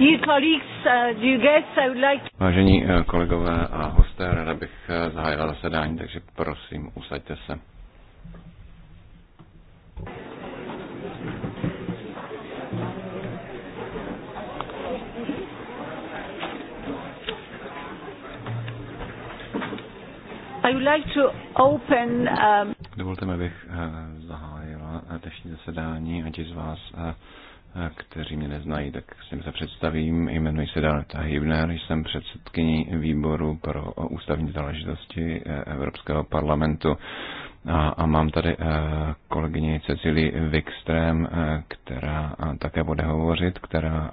Uh, Vážení uh, kolegové a hosté, ráda bych uh, zahájila zasedání, takže prosím, usaďte se. I would like to open, um- Dovolte mi, abych zahájila dnešní zasedání, ať z vás kteří mě neznají, tak jsem se představím. Jmenuji se Daneta Hibner, jsem předsedkyní výboru pro ústavní záležitosti eh, Evropského parlamentu a, a mám tady eh, kolegyni Cecily Wikström, eh, která také bude hovořit, která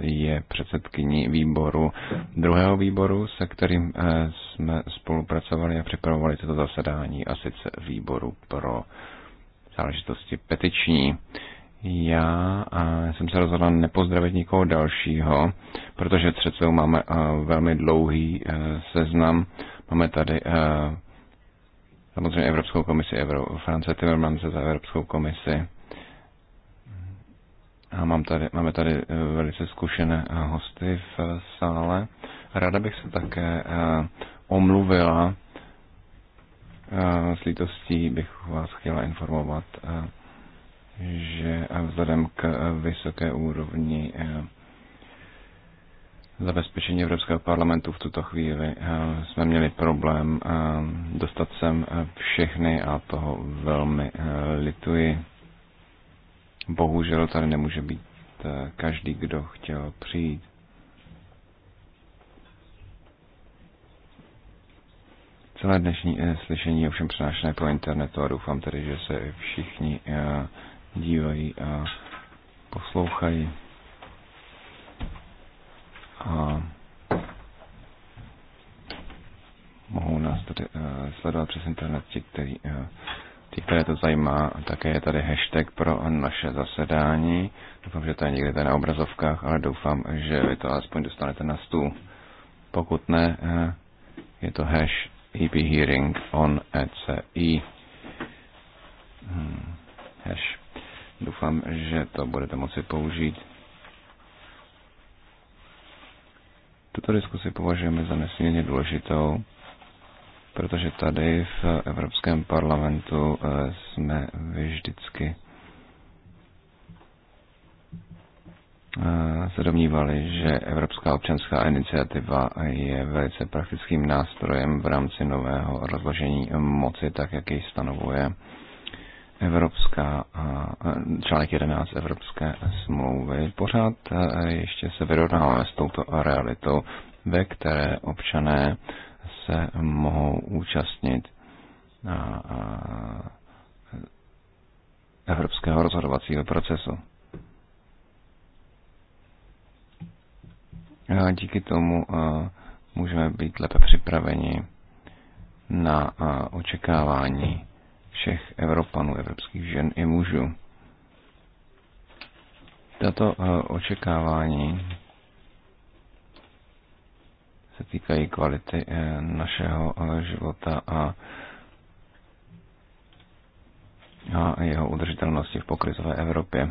je předsedkyní výboru, druhého výboru, se kterým jsme spolupracovali a připravovali toto zasedání, a sice výboru pro záležitosti petiční. Já jsem se rozhodla nepozdravit nikoho dalšího, protože před sebou máme eh, velmi dlouhý eh, seznam. Máme tady eh, samozřejmě Evropskou komisi, Evro, France Timmermans za Evropskou komisi. A mám tady, máme tady velice zkušené hosty v sále. Ráda bych se také omluvila. S lítostí bych vás chtěla informovat že vzhledem k vysoké úrovni eh, zabezpečení Evropského parlamentu v tuto chvíli eh, jsme měli problém eh, dostat sem všechny a toho velmi lituji. Bohužel tady nemůže být každý, kdo chtěl přijít. Celé dnešní slyšení je ovšem přenášené po internetu a doufám tedy, že se všichni dívají a poslouchají. A mohou nás tady uh, sledovat přes internet ti, který, uh, ti, které to zajímá. Také je tady hashtag pro naše zasedání. Doufám, že to je někde tady na obrazovkách, ale doufám, že vy to alespoň dostanete na stůl. Pokud ne, uh, je to hash EP hearing on ECI. Hmm. Hash Doufám, že to budete moci použít. Tuto diskusi považujeme za nesmírně důležitou, protože tady v Evropském parlamentu eh, jsme vždycky eh, se domnívali, že Evropská občanská iniciativa je velice praktickým nástrojem v rámci nového rozložení moci, tak jak ji stanovuje Evropská, článek 11 Evropské smlouvy, pořád ještě se vyrovnáváme s touto realitou, ve které občané se mohou účastnit na evropského rozhodovacího procesu. A díky tomu můžeme být lépe připraveni na očekávání všech Evropanů, evropských žen i mužů. Tato eh, očekávání se týkají kvality eh, našeho eh, života a a jeho udržitelnosti v pokrizové Evropě.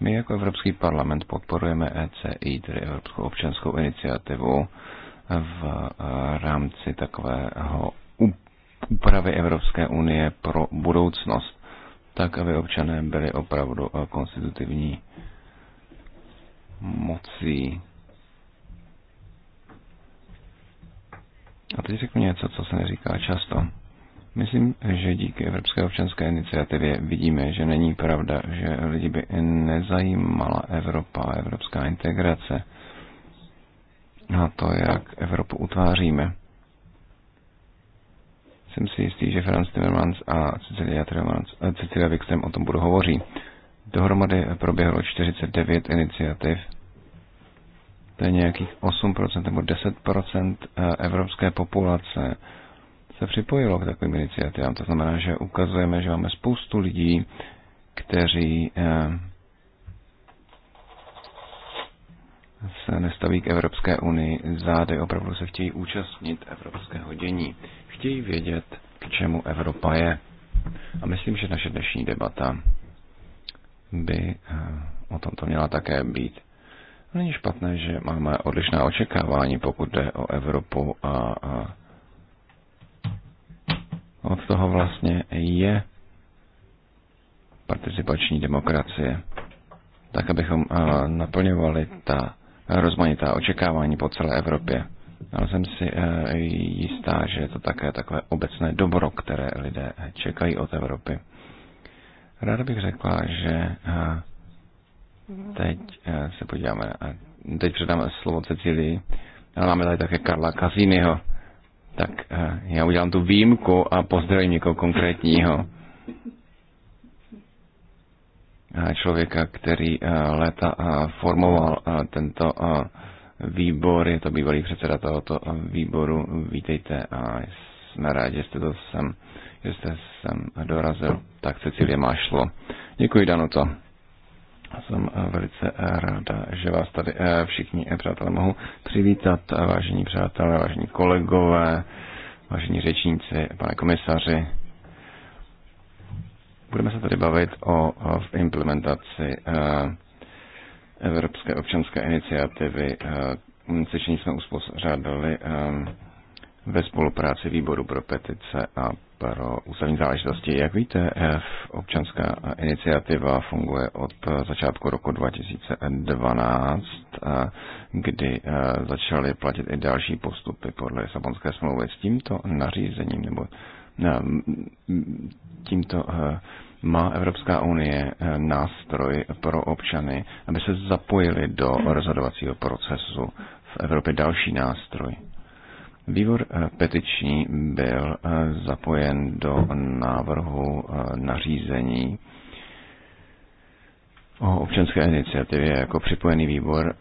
My jako Evropský parlament podporujeme ECI, tedy Evropskou občanskou iniciativu, v rámci takového úpravy Evropské unie pro budoucnost, tak aby občané byli opravdu eh, konstitutivní mocí. A teď řeknu něco, co se neříká často. Myslím, že díky Evropské občanské iniciativě vidíme, že není pravda, že lidi by nezajímala Evropa, evropská integrace a to, jak Evropu utváříme. Jsem si jistý, že Franz Timmermans a Cecilia, Timmermans, a eh, Cecilia Wikström o tom budou hovoří. Dohromady proběhlo 49 iniciativ. To je nějakých 8% nebo 10% eh, evropské populace se připojilo k takovým iniciativám. To znamená, že ukazujeme, že máme spoustu lidí, kteří eh, se nestaví k Evropské unii zády, opravdu se chtějí účastnit evropského dění chtějí vědět, k čemu Evropa je. A myslím, že naše dnešní debata by eh, o tomto měla také být. Není špatné, že máme odlišná očekávání, pokud jde o Evropu a, a od toho vlastně je participační demokracie. Tak, abychom eh, naplňovali ta rozmanitá očekávání po celé Evropě ale jsem si eh, jistá, že je to také takové obecné dobro, které lidé čekají od Evropy. Ráda bych řekla, že eh, teď eh, se podíváme, teď předáme slovo Cecílii, ale máme tady také Karla Kazínyho, tak já udělám tu výjimku a pozdravím někoho konkrétního. Člověka, který léta formoval tento výbor, je to bývalý předseda tohoto výboru. Vítejte a jsem rád, že jste to sem, že jste sem dorazil. Tak Cecilie má šlo. Děkuji Danuto. Jsem eh, velice eh, ráda, že vás tady eh, všichni přátelé mohu přivítat, vážení přátelé, vážení kolegové, vážení řečníci, pane komisaři. Budeme se tady bavit o, o implementaci Evropské občanské iniciativy. Eh, slyšení jsme uspořádali eh, ve spolupráci výboru pro petice a pro ústavní záležitosti. Jak víte, eh, občanská iniciativa funguje od začátku roku 2012, kdy začaly platit i další postupy podle Lisabonské smlouvy. S tímto nařízením nebo tímto má Evropská unie eh, nástroj pro občany, aby se zapojili do rozhodovacího procesu v Evropě další nástroj. Výbor eh, petiční byl eh, zapojen do návrhu nařízení o občanské iniciativě jako připojený výbor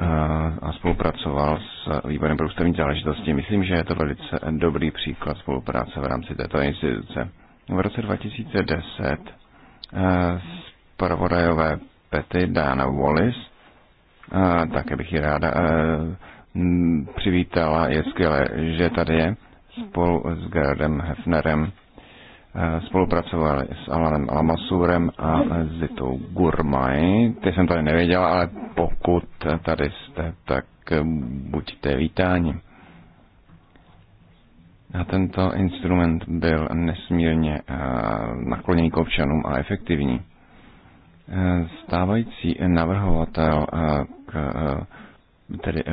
a spolupracoval s výborem pro ústavní záležitosti. Myslím, že je to velice dobrý příklad spolupráce v rámci této instituce. V roce 2010 zpravodajové Pety Dana Wallis. Také bych ji ráda e, přivítala. Je skvělé, že tady je spolu s Gerardem Hefnerem e, spolupracovali s Alanem Almasurem a Zitou Gurmai Ty jsem tady nevěděla, ale pokud tady jste, tak buďte vítáni. A tento instrument byl nesmírně eh, nakloněný k občanům a efektivní. Eh, stávající navrhovatel eh, k, tedy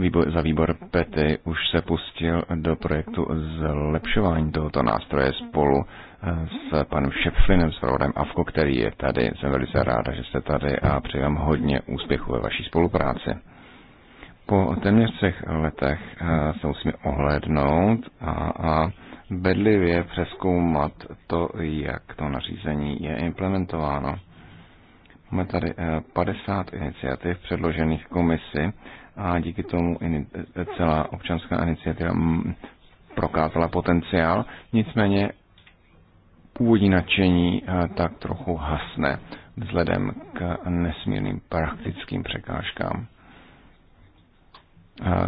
výbor, za výbor PETY už se pustil do projektu zlepšování tohoto nástroje spolu s panem Šepflinem, s Rodem Avko, který je tady. Jsem velice ráda, že jste tady a přeji vám hodně úspěchu ve vaší spolupráci. Po téměř třech letech eh, se musíme ohlédnout a, a bedlivě přeskoumat to, jak to nařízení je implementováno. Máme tady 50 eh, iniciativ předložených komisi a díky tomu celá občanská iniciativa mm, prokázala potenciál. Nicméně původní nadšení eh, tak trochu hasne vzhledem k nesmírným praktickým překážkám.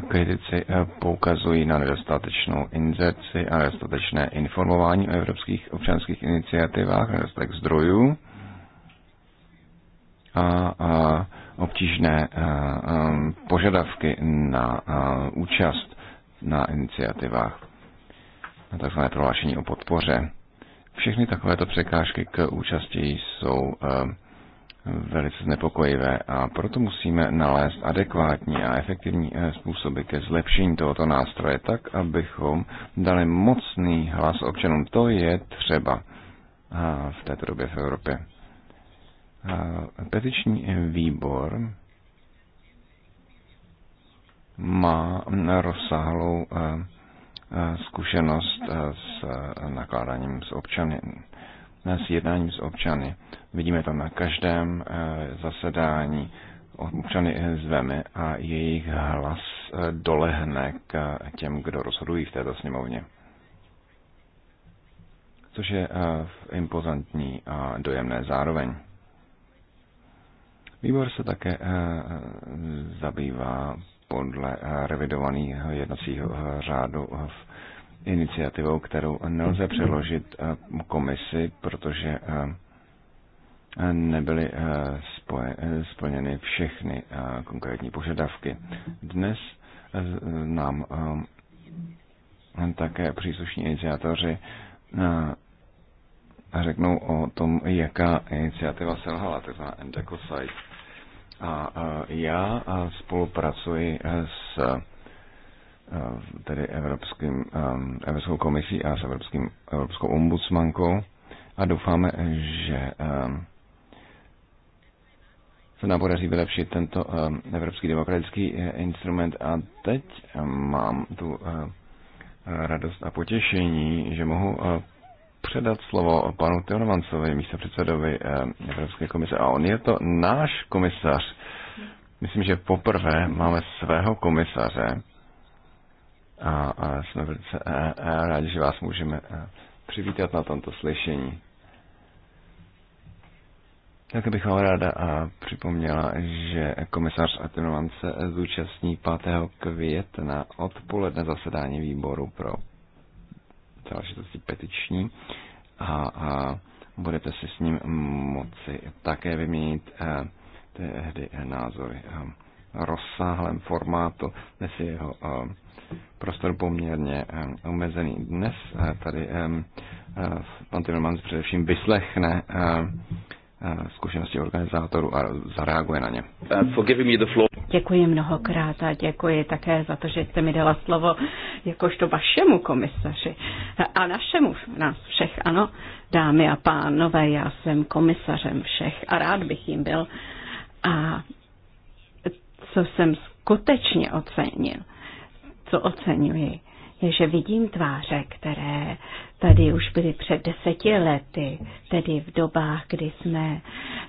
Kritici eh, poukazují na nedostatečnou inzerci a nedostatečné informování o evropských občanských iniciativách, nedostatek zdrojů a, a obtížné a, eh, a, eh, požadavky na a, účast na iniciativách, na takzvané prohlášení o podpoře. Všechny takovéto překážky k účasti jsou a, velice znepokojivé a proto musíme nalézt adekvátní a efektivní eh, způsoby ke zlepšení tohoto nástroje tak, abychom dali mocný hlas občanům. To je třeba eh, v této době v Evropě. Eh, petiční výbor má rozsáhlou zkušenost s nakládáním s občany na sjednání s občany. Vidíme to na každém eh, zasedání. Občany eh, zveme a jejich hlas eh, dolehne k těm, kdo rozhodují v této sněmovně. Což je impozantní a dojemné zároveň. Výbor se také zabývá podle revidovaného jednacího řádu v iniciativou, kterou nelze přeložit eh, komisi, protože eh, nebyly eh, splněny všechny konkrétní požadavky. Dnes nám také příslušní iniciátoři řeknou o tom, jaká iniciativa selhala, tzv. Endecosite. A já spolupracuji s Eh, tedy Evropským, eh, Evropskou komisí a s Evropským, Evropskou ombudsmankou a doufáme, že eh, se nám podaří vylepšit tento Evropský demokratický instrument a teď mám tu radost a potěšení, že mohu předat slovo panu Teodomancovi, místopředsedovi Evropské komise. A on je to náš komisař. Myslím, že poprvé máme svého komisaře a, a jsme velice e, e, rádi, že vás můžeme e, přivítat na tomto slyšení. Tak bych vám ráda připomněla, že komisař Atenovan se zúčastní 5. května odpoledne zasedání výboru pro záležitosti petiční a, a budete si s ním moci také vyměnit a, tehdy názory v rozsáhlém formátu. Dnes je jeho a, prostor poměrně eh, omezený. Dnes eh, tady eh, pan Timmermans především vyslechne zkušenosti organizátorů a zareaguje na ně. Uh, děkuji mnohokrát a děkuji také za to, že jste mi dala slovo jakožto vašemu komisaři a našemu, nás všech, ano, dámy a pánové, já jsem komisařem všech a rád bych jim byl. A co jsem skutečně ocenil, co oceňuji, je, že vidím tváře, které tady už byly před deseti lety, tedy v dobách, kdy jsme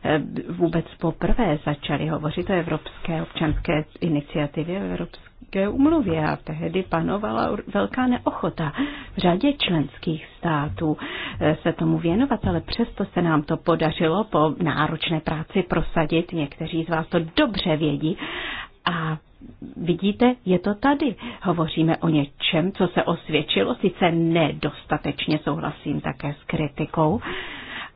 eh, vůbec poprvé začali hovořit o Evropské občanské iniciativě, Evropské umluvě a tehdy panovala velká neochota v řadě členských států eh, se tomu věnovat, ale přesto se nám to podařilo po náročné práci prosadit. Někteří z vás to dobře vědí a Vidíte, je to tady. Hovoříme o něčem, co se osvědčilo, sice nedostatečně souhlasím také s kritikou,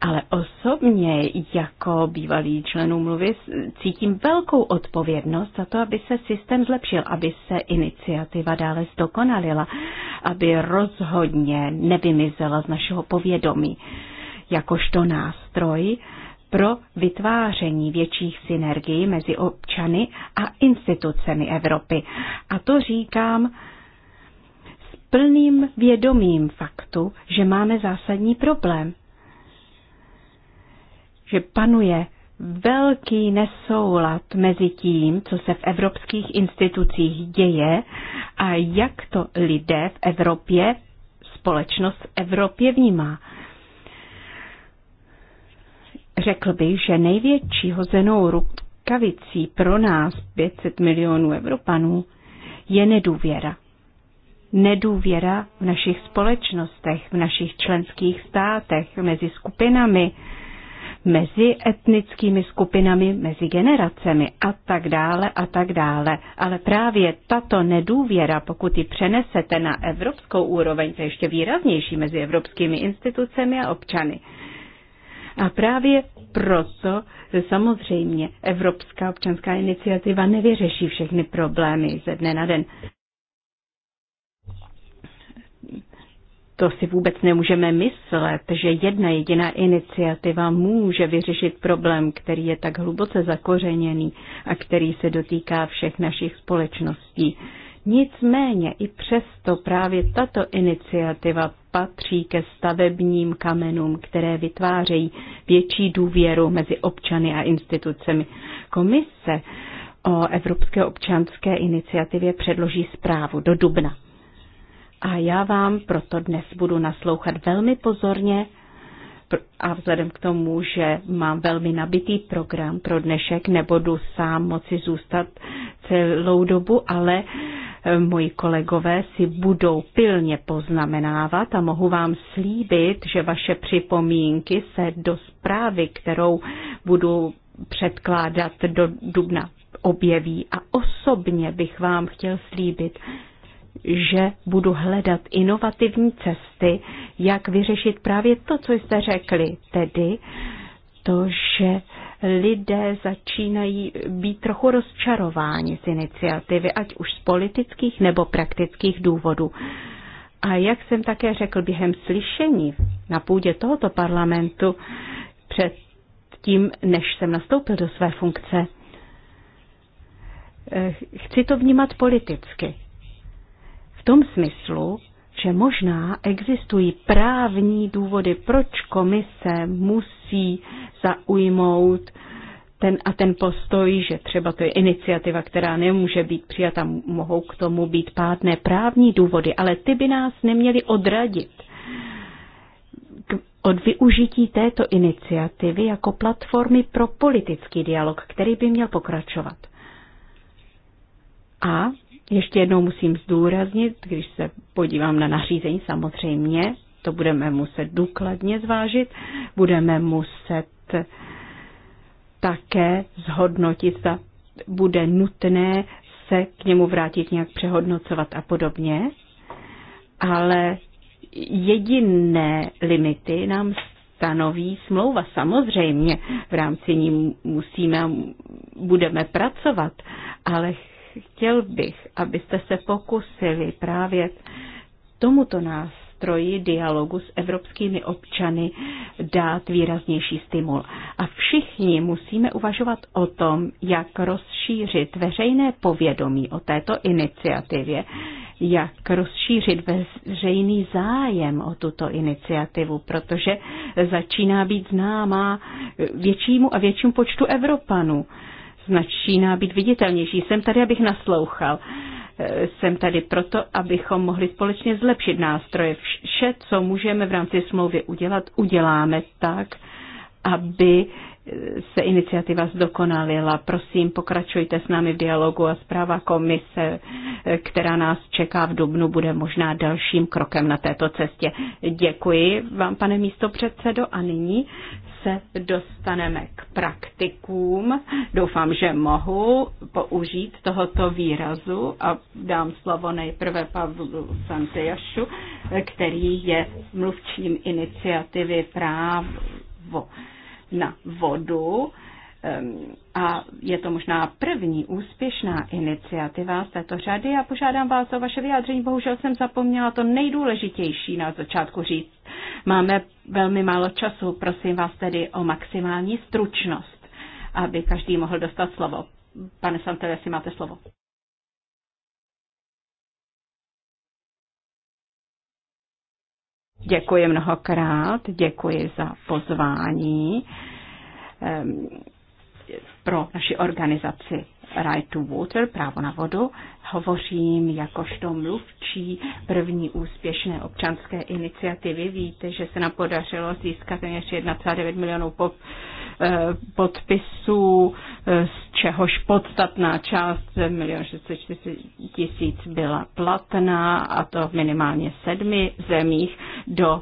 ale osobně jako bývalý člen úmluvy cítím velkou odpovědnost za to, aby se systém zlepšil, aby se iniciativa dále zdokonalila, aby rozhodně nevymizela z našeho povědomí jakožto nástroj, pro vytváření větších synergií mezi občany a institucemi Evropy. A to říkám s plným vědomím faktu, že máme zásadní problém. Že panuje velký nesoulad mezi tím, co se v evropských institucích děje a jak to lidé v Evropě, společnost v Evropě vnímá. Řekl bych, že největší hozenou rukavicí pro nás, 500 milionů Evropanů, je nedůvěra. Nedůvěra v našich společnostech, v našich členských státech, mezi skupinami, mezi etnickými skupinami, mezi generacemi a tak dále a tak dále. Ale právě tato nedůvěra, pokud ji přenesete na evropskou úroveň, to je ještě výraznější mezi evropskými institucemi a občany. A právě proto samozřejmě Evropská občanská iniciativa nevyřeší všechny problémy ze dne na den. To si vůbec nemůžeme myslet, že jedna jediná iniciativa může vyřešit problém, který je tak hluboce zakořeněný a který se dotýká všech našich společností. Nicméně i přesto právě tato iniciativa patří ke stavebním kamenům, které vytvářejí větší důvěru mezi občany a institucemi. Komise o Evropské občanské iniciativě předloží zprávu do dubna. A já vám proto dnes budu naslouchat velmi pozorně a vzhledem k tomu, že mám velmi nabitý program pro dnešek, nebudu sám moci zůstat celou dobu, ale eh, moji kolegové si budou pilně poznamenávat a mohu vám slíbit, že vaše připomínky se do zprávy, kterou budu předkládat do dubna, objeví. A osobně bych vám chtěl slíbit, že budu hledat inovativní cesty, jak vyřešit právě to, co jste řekli, tedy to, že lidé začínají být trochu rozčarováni z iniciativy, ať už z politických nebo praktických důvodů. A jak jsem také řekl během slyšení na půdě tohoto parlamentu před tím, než jsem nastoupil do své funkce, eh, chci to vnímat politicky. V tom smyslu, že možná existují právní důvody, proč komise musí zaujmout ten a ten postoj, že třeba to je iniciativa, která nemůže být přijata, mohou k tomu být pádné právní důvody, ale ty by nás neměly odradit od využití této iniciativy jako platformy pro politický dialog, který by měl pokračovat. A ještě jednou musím zdůraznit, když se podívám na nařízení, samozřejmě, to budeme muset důkladně zvážit, budeme muset také zhodnotit, zda bude nutné se k němu vrátit, nějak přehodnocovat a podobně, ale jediné limity nám stanoví smlouva. Samozřejmě v rámci ní musíme budeme pracovat, ale chtěl bych, abyste se pokusili právě tomuto nástroji dialogu s evropskými občany dát výraznější stimul. A všichni musíme uvažovat o tom, jak rozšířit veřejné povědomí o této iniciativě, jak rozšířit veřejný zájem o tuto iniciativu, protože začíná být známá většímu a většímu počtu Evropanů začíná být viditelnější. Jsem tady, abych naslouchal. Eh, Jsem tady proto, abychom mohli společně zlepšit nástroje. Vše, co můžeme v rámci smlouvy udělat, uděláme tak, aby eh, se iniciativa zdokonalila. Prosím, pokračujte s námi v dialogu a zpráva komise, eh, která nás čeká v Dubnu, bude možná dalším krokem na této cestě. Děkuji vám, pane místo předsedo, a nyní se dostaneme k praktikům. Doufám, že mohu použít tohoto výrazu a dám slovo nejprve Pavlu Santejašu, který je mluvčím iniciativy právo na vodu Ehm, a je to možná první úspěšná iniciativa z této řady a požádám vás o vaše vyjádření. Bohužel jsem zapomněla to nejdůležitější na začátku říct. Máme velmi málo času, prosím vás tedy o maximální stručnost, aby každý mohl dostat slovo. Pane Santele, si máte slovo. Děkuji mnohokrát, děkuji za pozvání ehm, pro naši organizaci Right to Water, právo na vodu. Hovořím jakožto mluvčí první úspěšné občanské iniciativy. Víte, že se nám podařilo získat téměř 1,9 milionů pop, eh, podpisů, eh, z čehož podstatná část 1 640 tisíc byla platná a to v minimálně sedmi zemích do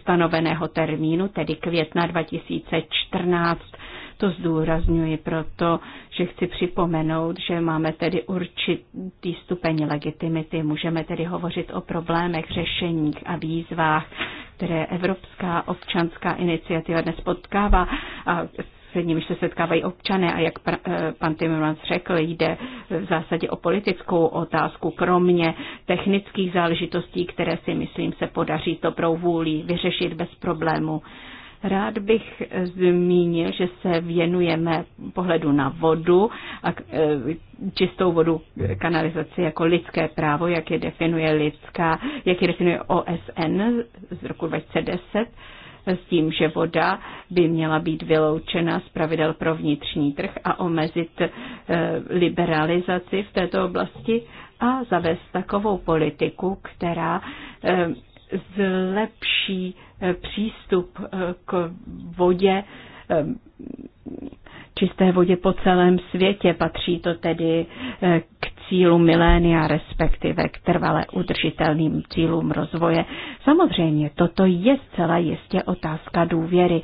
stanoveného termínu, tedy května 2014 to zdůrazňuji proto, že chci připomenout, že máme tedy určitý stupeň legitimity, můžeme tedy hovořit o problémech, řešeních a výzvách, které Evropská občanská iniciativa dnes potkává a se nimiž se setkávají občané a jak eh, pan Timmermans řekl, jde v zásadě o politickou otázku, kromě technických záležitostí, které si myslím se podaří to pro vůli vyřešit bez problému. Rád bych zmínil, že se věnujeme pohledu na vodu a e, čistou vodu kanalizaci jako lidské právo, jak je definuje lidská, jak je definuje OSN z roku 2010 s tím, že voda by měla být vyloučena z pravidel pro vnitřní trh a omezit e, liberalizaci v této oblasti a zavést takovou politiku, která e, zlepší přístup eh, k vodě, eh, čisté vodě po celém světě. Patří to tedy eh, k cílu milénia, respektive k trvale udržitelným cílům rozvoje. Samozřejmě, toto je zcela jistě otázka důvěry.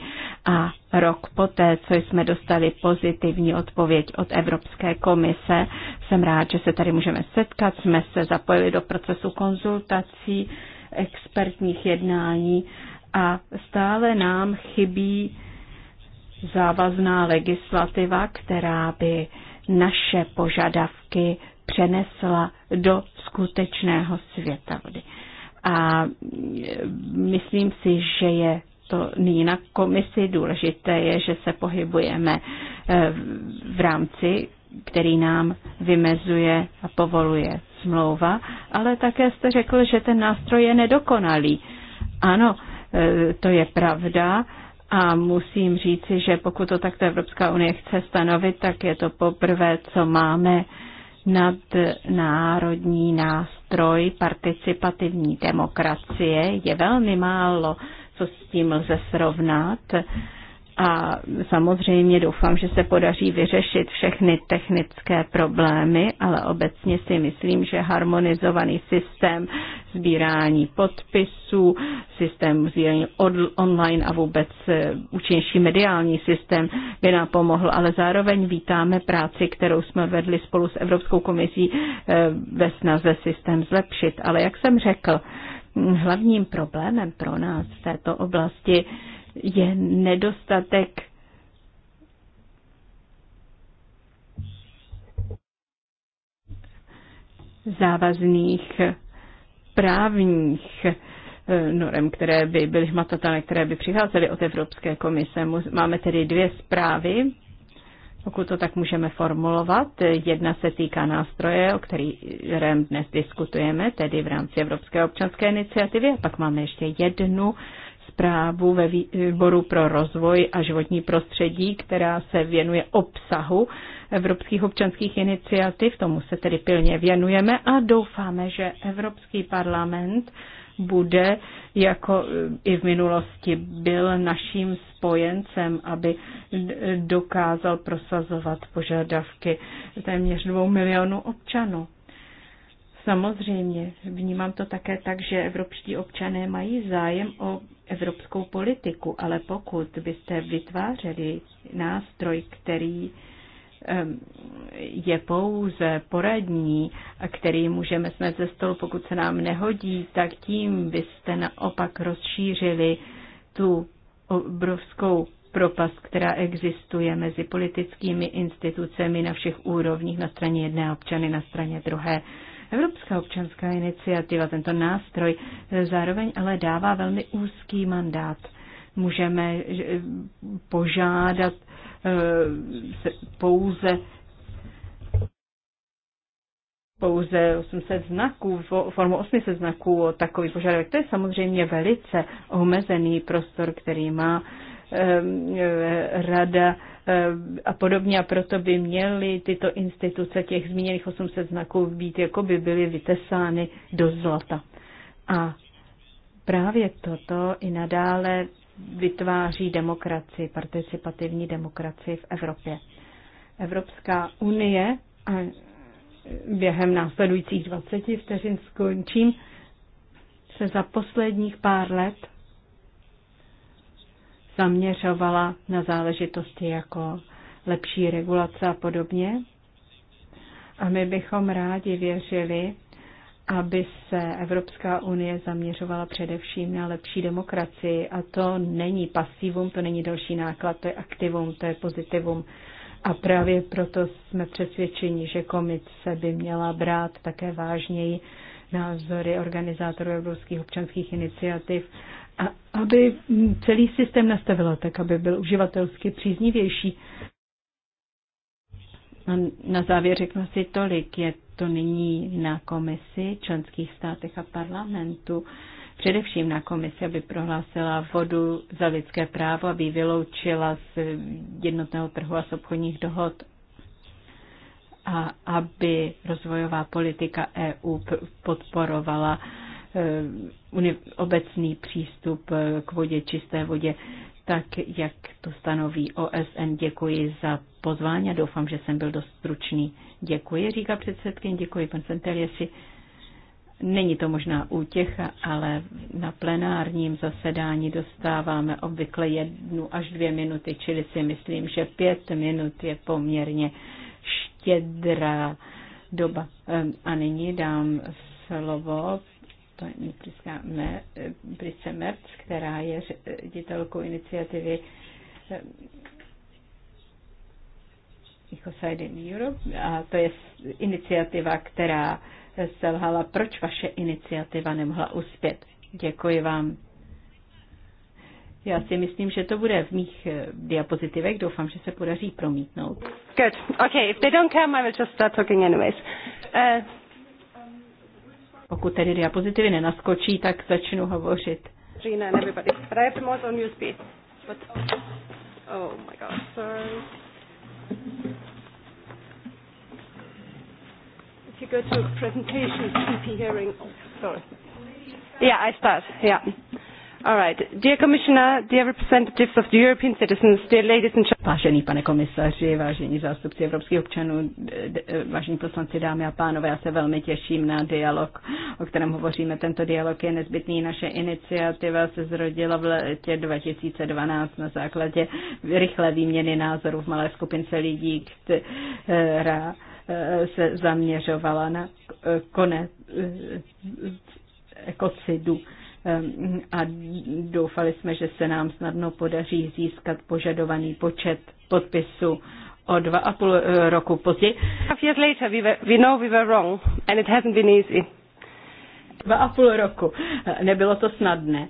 A rok poté, co jsme dostali pozitivní odpověď od Evropské komise, jsem rád, že se tady můžeme setkat. Jsme se zapojili do procesu konzultací expertních jednání a stále nám chybí závazná legislativa, která by naše požadavky přenesla do skutečného světa vody. A myslím si, že je to nyní na komisi důležité, je, že se pohybujeme eh, v rámci, který nám vymezuje a povoluje smlouva, ale také jste řekl, že ten nástroj je nedokonalý. Ano, Eh, to je pravda. A musím říci, že pokud to takto Evropská unie chce stanovit, tak je to poprvé, co máme nadnárodní nástroj participativní demokracie. Je velmi málo, co s tím lze srovnat a samozřejmě doufám, že se podaří vyřešit všechny technické problémy, ale obecně si myslím, že harmonizovaný systém sbírání podpisů, systém sbírání online a vůbec eh, účinnější mediální systém by nám pomohl, ale zároveň vítáme práci, kterou jsme vedli spolu s Evropskou komisí eh, ve snaze systém zlepšit. Ale jak jsem řekl, hm, hlavním problémem pro nás v této oblasti je nedostatek závazných právních eh, norem, které by byly hmatatelné, které by přicházely od Evropské komise. Máme tedy dvě zprávy, pokud to tak můžeme formulovat. Jedna se týká nástroje, o kterém dnes diskutujeme, tedy v rámci Evropské občanské iniciativy, a pak máme ještě jednu zprávu ve výboru pro rozvoj a životní prostředí, která se věnuje obsahu evropských občanských iniciativ. Tomu se tedy pilně věnujeme a doufáme, že Evropský parlament bude, jako eh, i v minulosti byl naším spojencem, aby dokázal prosazovat požadavky téměř dvou milionů občanů. Samozřejmě, vnímám to také tak, že evropští občané mají zájem o evropskou politiku, ale pokud byste vytvářeli nástroj, který je pouze poradní, který můžeme snad ze stolu, pokud se nám nehodí, tak tím byste naopak rozšířili tu obrovskou propast, která existuje mezi politickými institucemi na všech úrovních, na straně jedné občany, na straně druhé. Evropská občanská iniciativa, tento nástroj, eh, zároveň ale dává velmi úzký mandát. Můžeme eh, požádat eh, pouze pouze 800 znaků, formu 800 znaků o takový požadavek. To je samozřejmě velice omezený prostor, který má Ehm, eh, rada eh, a podobně a proto by měly tyto instituce těch zmíněných 800 znaků být, jako by byly vytesány do zlata. A právě toto i nadále vytváří demokracii, participativní demokracii v Evropě. Evropská unie, a během následujících 20 vteřin skončím, se za posledních pár let zaměřovala na záležitosti jako lepší regulace a podobně. A my bychom rádi věřili, aby se Evropská unie zaměřovala především na lepší demokracii. A to není pasivum, to není další náklad, to je aktivum, to je pozitivum. A právě proto jsme přesvědčeni, že komise by měla brát také vážněji názory organizátorů evropských občanských iniciativ a aby celý systém nastavila tak, aby byl uživatelsky příznivější. A na závěr řeknu si tolik, je to nyní na komisi, členských státech a parlamentu, především na komisi, aby prohlásila vodu za lidské právo, aby ji vyloučila z jednotného trhu a z obchodních dohod a aby rozvojová politika EU podporovala Eh, obecný přístup eh, k vodě, čisté vodě, tak jak to stanoví OSN. Děkuji za pozvání a doufám, že jsem byl dost stručný. Děkuji, říká předsedkyně, děkuji pan Senteliesi. Není to možná útěcha, ale na plenárním zasedání dostáváme obvykle jednu až dvě minuty, čili si myslím, že pět minut je poměrně štědrá doba. A nyní dám slovo to je paní Brice Merc, která je ředitelkou iniciativy eh, Ecoside in Europe. A to je iniciativa, která selhala. Proč vaše iniciativa nemohla uspět? Děkuji vám. Já si myslím, že to bude v mých eh, diapozitivech. Doufám, že se podaří promítnout. Good. Okay, if they don't come, I will just start talking anyways. Uh... Pokud tedy diapozitivy nenaskočí, tak začnu hovořit. Gina and everybody. But I have on USB. But, oh, oh my god, sorry. If you go to presentation, hearing, oh, sorry. Yeah, I start, yeah. All right. Dear Commissioner, dear representatives of the European citizens, dear ladies and gentlemen. Vážený pane komisaři, vážení zástupci evropských občanů, vážení poslanci, dámy a pánové, já se velmi těším na dialog, o kterém hovoříme. Tento dialog je nezbytný. Naše iniciativa se zrodila v letě 2012 na základě rychlé výměny názorů v malé skupince lidí, která e, se zaměřovala na e, konec e, ekocidu. Ehm, a doufali jsme, že se nám snadno podaří získat požadovaný počet podpisů o dva a půl eh, roku později. Dva a půl roku. Nebylo to snadné.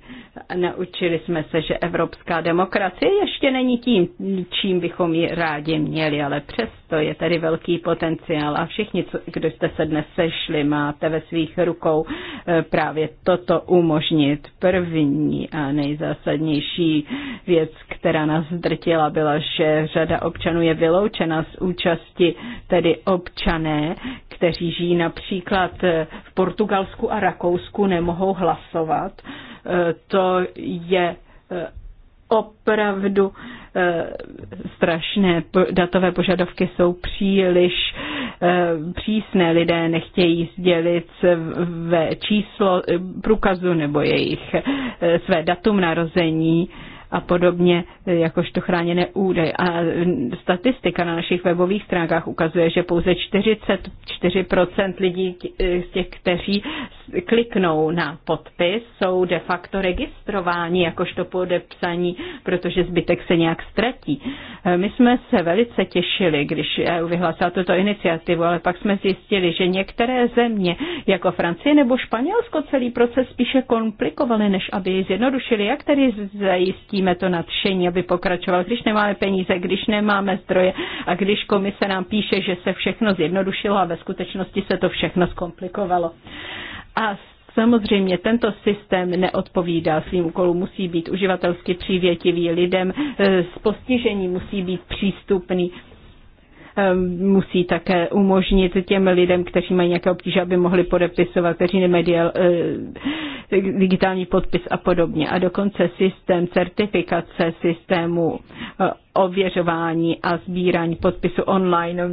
Naučili jsme se, že evropská demokracie ještě není tím, čím bychom ji rádi měli, ale přesto je tady velký potenciál a všichni, kdo jste se dnes sešli, máte ve svých rukou eh, právě toto umožnit. První a nejzásadnější věc, která nás zdrtila, byla, že řada občanů je vyloučena z účasti, tedy občané, kteří žijí například eh, v Portugalsku a Rakousku, nemohou hlasovat. Eh, to je eh, opravdu strašné. Datové požadavky jsou příliš přísné. Lidé nechtějí sdělit ve číslo průkazu nebo jejich své datum narození a podobně, jakožto chráněné údaje. A statistika na našich webových stránkách ukazuje, že pouze 44% lidí eh, z těch, kteří kliknou na podpis, jsou de facto registrováni jakožto podepsaní, protože zbytek se nějak ztratí. Eh, my jsme se velice těšili, když vyhlásila tuto iniciativu, ale pak jsme zjistili, že některé země, jako Francie nebo Španělsko, celý proces spíše komplikovaly, než aby je zjednodušili. Jak tedy zajistí vidíme to nadšení, aby pokračoval. Když nemáme peníze, když nemáme zdroje a když komise nám píše, že se všechno zjednodušilo a ve skutečnosti se to všechno zkomplikovalo. A Samozřejmě tento systém neodpovídá svým úkolům, musí být uživatelsky přívětivý lidem, eh, s postižením musí být přístupný Ehm, musí také umožnit těm lidem, kteří mají nějaké obtíže, aby mohli podepisovat, kteří nemají eh, digitální podpis a podobně. A dokonce systém certifikace systému eh, ověřování a sbírání podpisu online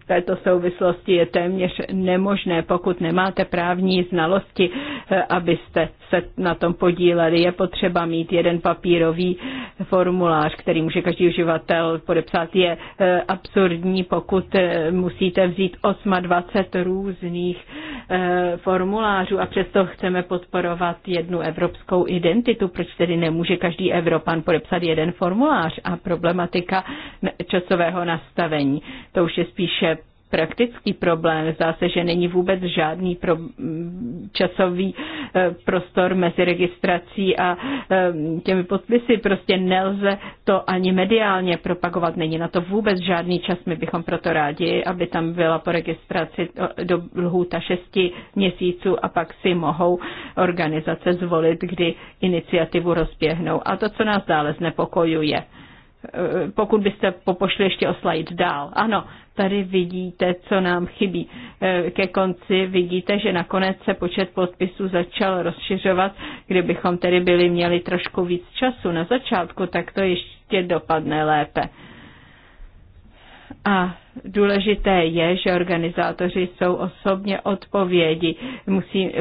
v této souvislosti je téměř nemožné, pokud nemáte právní znalosti, eh, abyste se na tom podíleli. Je potřeba mít jeden papírový formulář, který může každý uživatel podepsat. Je eh, absurdní, pokud eh, musíte vzít 28 různých formulářů a přesto chceme podporovat jednu evropskou identitu. Proč tedy nemůže každý Evropan podepsat jeden formulář a problém problematika časového nastavení. To už je spíše praktický problém. Zdá se, že není vůbec žádný pro, časový e, prostor mezi registrací a e, těmi podpisy. Prostě nelze to ani mediálně propagovat. Není na to vůbec žádný čas. My bychom proto rádi, aby tam byla po registraci e, do lhůta šesti měsíců a pak si mohou organizace zvolit, kdy iniciativu rozběhnou. A to, co nás dále znepokojuje, Eh, pokud byste popošli ještě o slide dál. Ano, tady vidíte, co nám chybí. Eh, ke konci vidíte, že nakonec se počet podpisů začal rozšiřovat. Kdybychom tedy byli měli trošku víc času na začátku, tak to ještě dopadne lépe. A důležité je, že organizátoři jsou osobně odpovědi, musí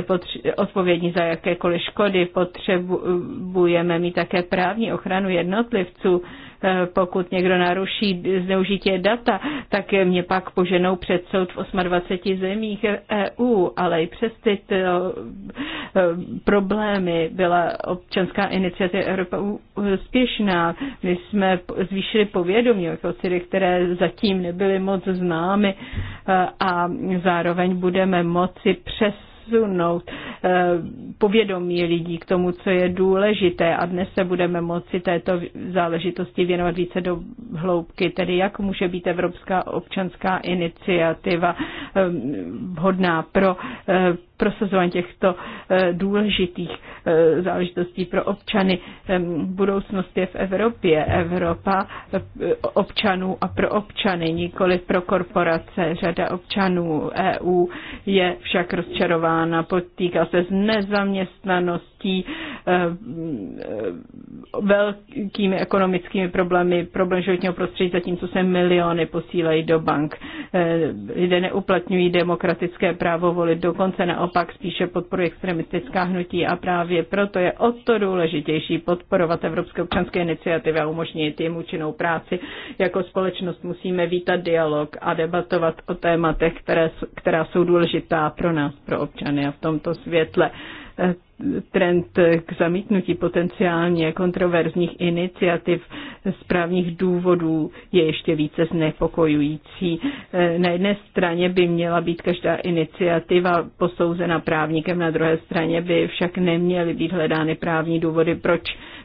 odpovědní za jakékoliv škody, potřebujeme mít také právní ochranu jednotlivců Eh, pokud někdo naruší zneužití data, tak mě pak poženou před soud v 28 zemích EU, ale i přes ty eh, problémy byla občanská iniciativa Evropa úspěšná. My jsme zvýšili povědomí o kocidy, které zatím nebyly moc známy eh, a zároveň budeme moci přes posunout eh, povědomí lidí k tomu, co je důležité a dnes se budeme moci této záležitosti věnovat více do hloubky, tedy jak může být Evropská občanská iniciativa eh, vhodná pro eh, prosazování těchto eh, důležitých eh, záležitostí pro občany. Eh, budoucnost je v Evropě. Evropa občanů a pro občany, nikoli pro korporace. Řada občanů EU je však rozčarována, potýká se s nezaměstnaností trápí eh, eh, velkými ekonomickými problémy, problém životního prostředí, zatímco se miliony posílají do bank. Eh, lidé neuplatňují demokratické právo volit, dokonce naopak spíše podporu extremistická hnutí a právě proto je o to důležitější podporovat Evropské občanské iniciativy a umožnit jim účinnou práci. Jako společnost musíme vítat dialog a debatovat o tématech, které, která jsou důležitá pro nás, pro občany a v tomto světle trend k zamítnutí potenciálně kontroverzních iniciativ z právních důvodů je ještě více znepokojující. Na jedné straně by měla být každá iniciativa posouzena právníkem, na druhé straně by však neměly být hledány právní důvody, proč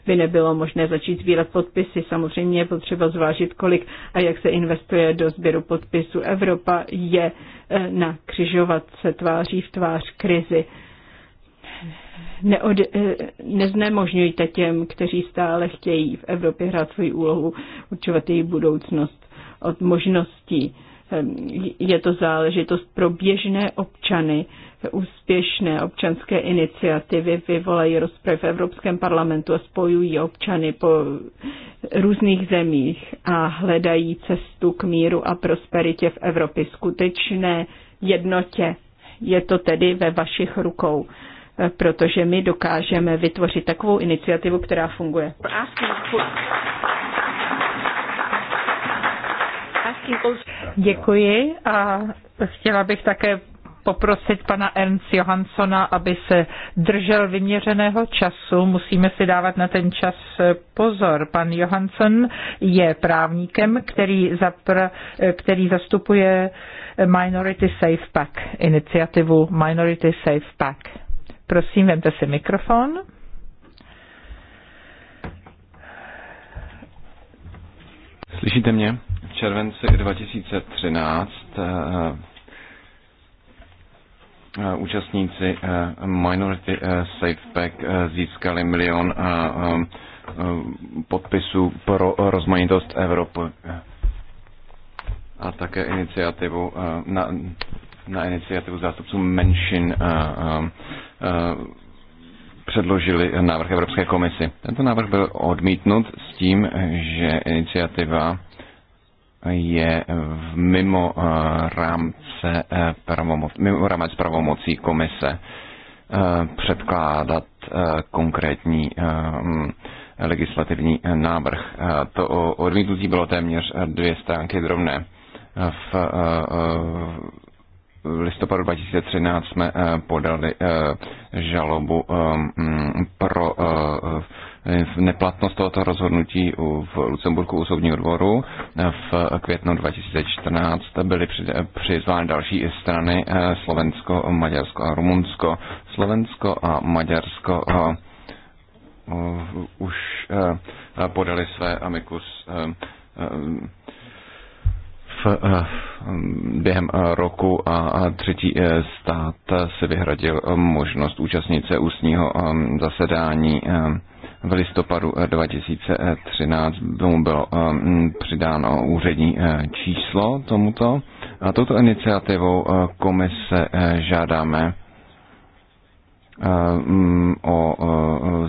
by nebylo možné začít sbírat podpisy. Samozřejmě je potřeba zvážit, kolik a jak se investuje do sběru podpisů. Evropa je eh, na křižovatce tváří v tvář krizi neod, eh, neznemožňujte těm, kteří stále chtějí v Evropě hrát svoji úlohu, určovat její budoucnost od možností. Ehm, je to záležitost pro běžné občany. Úspěšné občanské iniciativy vyvolají rozprav v Evropském parlamentu a spojují občany po různých zemích a hledají cestu k míru a prosperitě v Evropě, skutečné jednotě. Je to tedy ve vašich rukou protože my dokážeme vytvořit takovou iniciativu, která funguje. Děkuji a chtěla bych také poprosit pana Ernst Johanssona, aby se držel vyměřeného času. Musíme si dávat na ten čas pozor. Pan Johansson je právníkem, který, zapr, který zastupuje Minority Safe Pack, iniciativu Minority Safe Pack. Prosím, vemte si mikrofon. Slyšíte mě? V červenci 2013 eh, eh, účastníci eh, Minority Safe Pack získali milion podpisů pro rozmanitost Evropy a také iniciativu na, na iniciativu zástupců menšin eh, eh, předložili návrh Evropské komisi. Tento návrh byl odmítnut s tím, že iniciativa je v mimo eh, rámce pravomoc, mimo rámec pravomocí komise předkládat konkrétní mm, legislativní návrh. To odmítnutí bylo téměř dvě stránky drobné. V v listopadu 2013 jsme eh, podali eh, žalobu eh, mm, pro neplatnost tohoto rozhodnutí v Lucemburku u soudního dvoru. V květnu 2014 byly přizvány další strany Slovensko, Maďarsko a Rumunsko. Slovensko a Maďarsko už podali své amikus Eh, během eh, roku a třetí eh, stát si vyhradil možnost účastnit se ústního zasedání v listopadu 2013 tomu bylo přidáno úřední číslo tomuto. A touto iniciativou komise žádáme mm, o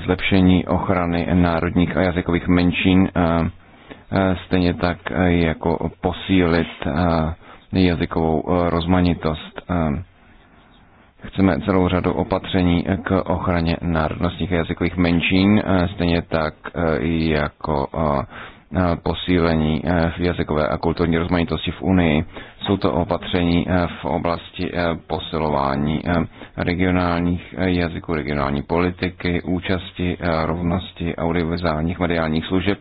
zlepšení ochrany národních a jazykových menšin Eh, stejně tak eh, jako posílit eh, jazykovou rozmanitost. Chceme celou řadu opatření k ochraně národnostních a jazykových menšin, stejně tak jako posílení v jazykové a kulturní rozmanitosti v Unii. Jsou to opatření v oblasti posilování regionálních jazyků, regionální politiky, účasti, rovnosti audiovizuálních mediálních služeb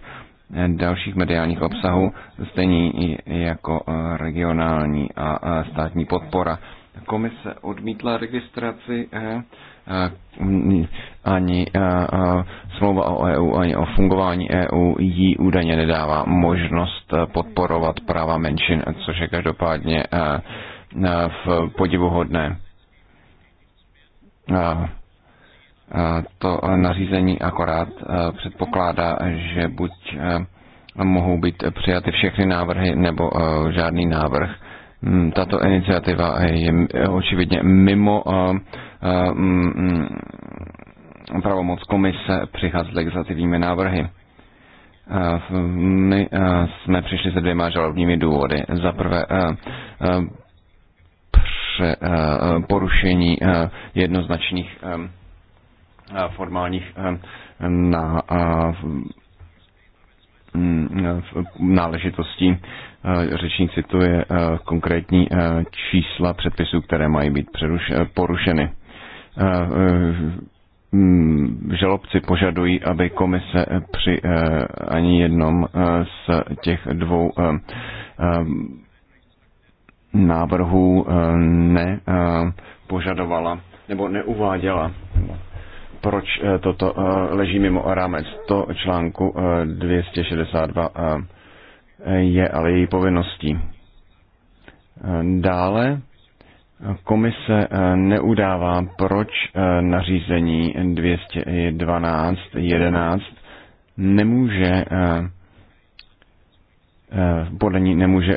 dalších mediálních obsahů, stejně jako eh, regionální a eh, státní podpora. Komise odmítla registraci eh, ani smlouva o EU, ani o fungování EU jí údajně nedává možnost podporovat práva menšin, což je každopádně v podivuhodné. hodné to nařízení akorát eh, předpokládá, že buď eh, mohou být přijaty všechny návrhy nebo eh, žádný návrh. Hmm, tato iniciativa je očividně mimo mm, pravomoc komise přicházet s legislativními návrhy. My jsme přišli se dvěma žalobními důvody. Za prvé porušení jednoznačných formálních eh, na mm, náležitostí. Eh, řečník cituje eh, konkrétní čísla předpisů, které mají být porušeny. Mm, žalobci požadují, aby komise při ani jednom z těch dvou návrhů nepožadovala nebo neuváděla proč eh, toto eh, leží mimo rámec to článku 262 eh, je ale její povinností. Dále komise neudává, proč nařízení 212.11 nemůže podle ní nemůže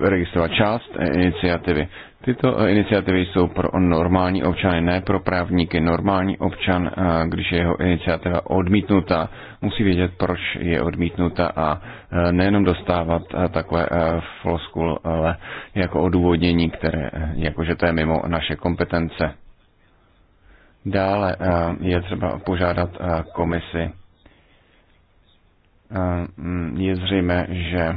registrovat část iniciativy. Tyto eh, iniciativy jsou pro normální občany, ne pro právníky. Normální občan, eh, když je jeho iniciativa odmítnuta, musí vědět, proč je odmítnuta a eh, nejenom dostávat takové ale jako odůvodnění, které, jakože to je mimo naše kompetence. Dále je třeba požádat komisi. Mm, je zřejmé, že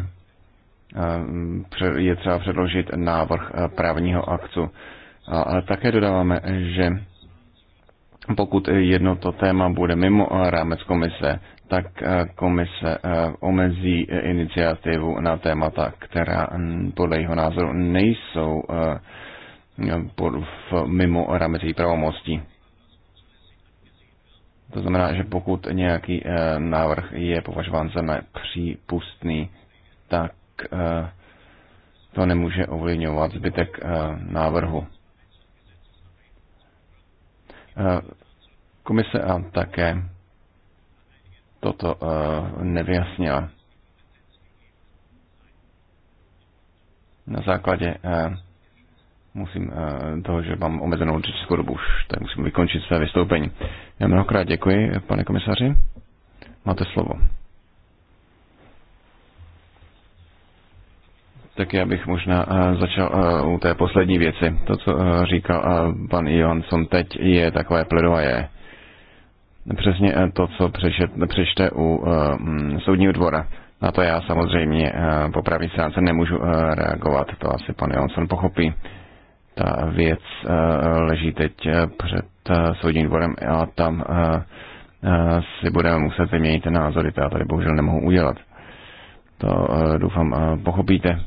Eh, je třeba předložit návrh eh, právního aktu. Ale také dodáváme, že pokud jedno to téma bude mimo eh, rámec komise, tak komise omezí iniciativu na témata, která podle jeho názoru nejsou v mimo rámec její pravomostí. To znamená, že pokud nějaký návrh je považován za nepřípustný, tak Eh, to nemůže ovlivňovat zbytek eh, návrhu. Eh, komise a také toto nevyjasnila. Na základě musím toho, že mám omezenou řečskou dobu, už tak musím vykončit své vystoupení. Já mnohokrát děkuji, pane komisaři. Máte slovo. Tak já bych možná eh, začal eh, u té poslední věci. To, co eh, říkal pan Johansson teď, je takové pledoje. Přesně to, co přečte u mm, soudního dvora. Na to já samozřejmě po pravý stránce nemůžu reagovat, to asi pan Johansson pochopí. Ta věc leží teď před soudním dvorem a tam si budeme muset vyměnit názory, to já tady bohužel nemohu udělat. To doufám pochopíte.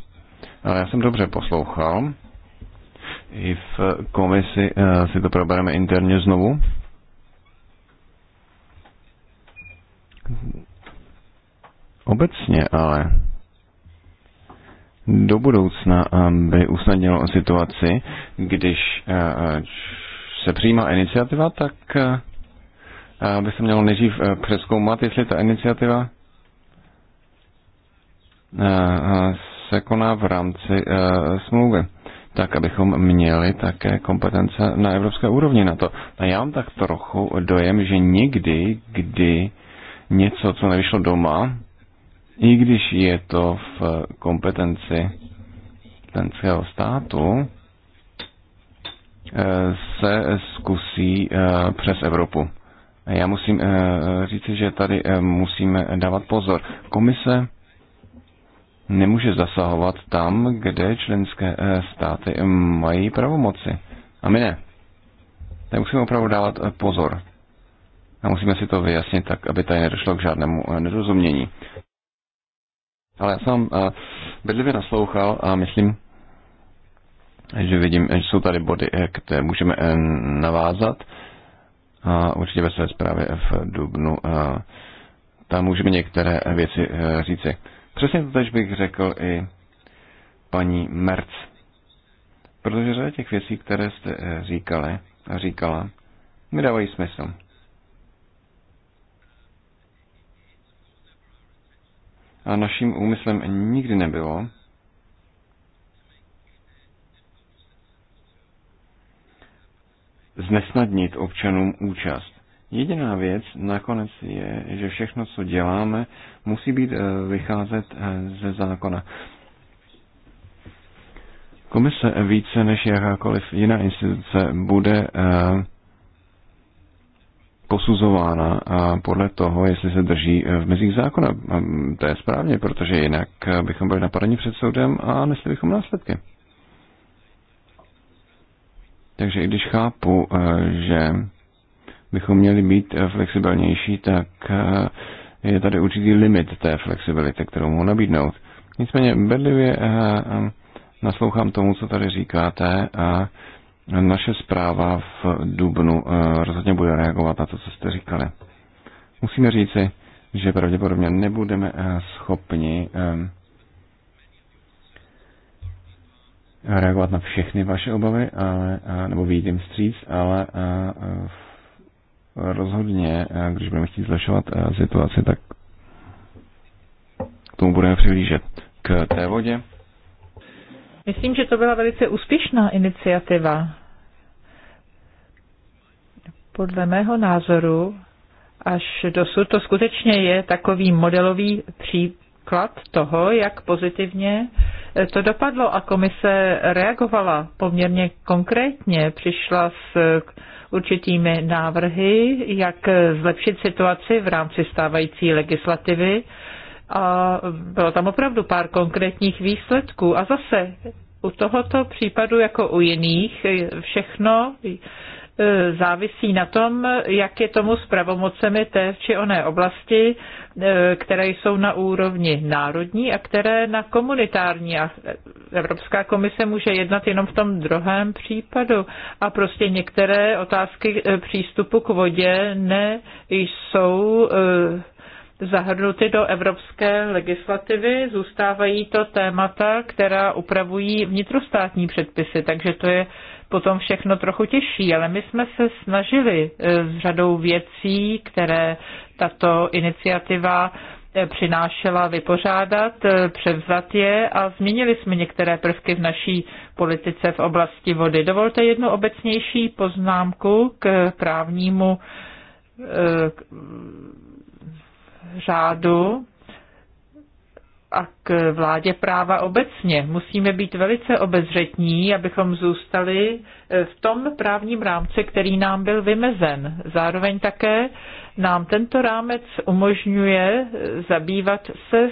Ale Já jsem dobře poslouchal. I v komisi eh, si to probereme interně znovu. Obecně ale do budoucna eh, by usnadnilo situaci, když eh, se přijímá iniciativa, tak by se mělo nejdřív přeskoumat, jestli ta iniciativa se koná v rámci eh, smlouvy tak abychom měli také kompetence na evropské úrovni na to. A já mám tak trochu dojem, že někdy, kdy něco, co nevyšlo doma, i když je to v kompetenci členského státu, eh, se zkusí eh, přes Evropu. Já musím říci, že tady musíme dávat pozor. Komise nemůže zasahovat tam, kde členské eh, státy mají pravomoci. A my ne. Tak musíme opravdu dávat eh, pozor. A musíme si to vyjasnit tak, aby tady nedošlo k žádnému eh, nerozumění. Ale já jsem bedlivě naslouchal a myslím, že vidím, že jsou tady body, které můžeme navázat. A určitě ve své zprávě v Dubnu tam můžeme některé věci říci. Přesně to tež bych řekl i paní Merc. Protože řada těch věcí, které jste eh, říkali a říkala, mi dávají smysl. A naším úmyslem nikdy nebylo, znesnadnit občanům účast. Jediná věc nakonec je, že všechno, co děláme, musí být eh, vycházet eh, ze zákona. Komise více než jakákoliv jiná instituce bude eh, posuzována podle toho, jestli se drží v mezích zákona. Ehm, to je správně, protože jinak bychom byli napadeni před soudem a nesli bychom následky. Takže i když chápu, že bychom měli být eh, flexibilnější, tak eh, je tady určitý limit té flexibility, kterou mohu nabídnout. Nicméně bedlivě eh, naslouchám tomu, co tady říkáte a naše zpráva v Dubnu rozhodně bude reagovat na to, co jste říkali. Musíme říci, že pravděpodobně nebudeme schopni reagovat na všechny vaše obavy, ale, nebo výjít jim vstříc, ale rozhodně, eh, když budeme chtít zlepšovat eh, situaci, tak k tomu budeme přihlížet. K té vodě. Myslím, že to byla velice úspěšná iniciativa. Podle mého názoru až dosud to skutečně je takový modelový pří, příklad toho, jak pozitivně eh, to dopadlo a komise reagovala poměrně konkrétně, přišla s eh, určitými návrhy, jak eh, zlepšit situaci v rámci stávající legislativy a bylo tam opravdu pár konkrétních výsledků a zase u tohoto případu jako u jiných všechno E, závisí na tom, jak je tomu s pravomocemi té či oné oblasti, e, které jsou na úrovni národní a které na komunitární. A Evropská komise může jednat jenom v tom druhém případu. A prostě některé otázky e, přístupu k vodě ne jsou zahrnuty do evropské legislativy, zůstávají to témata, která upravují vnitrostátní předpisy, takže to je potom všechno trochu těžší, ale my jsme se snažili eh, s řadou věcí, které tato iniciativa eh, přinášela vypořádat, eh, převzat je a změnili jsme některé prvky v naší politice v oblasti vody. Dovolte jednu obecnější poznámku k právnímu k řádu a k vládě práva obecně. Musíme být velice obezřetní, abychom zůstali eh, v tom právním rámci, který nám byl vymezen. Zároveň také nám tento rámec umožňuje eh, zabývat se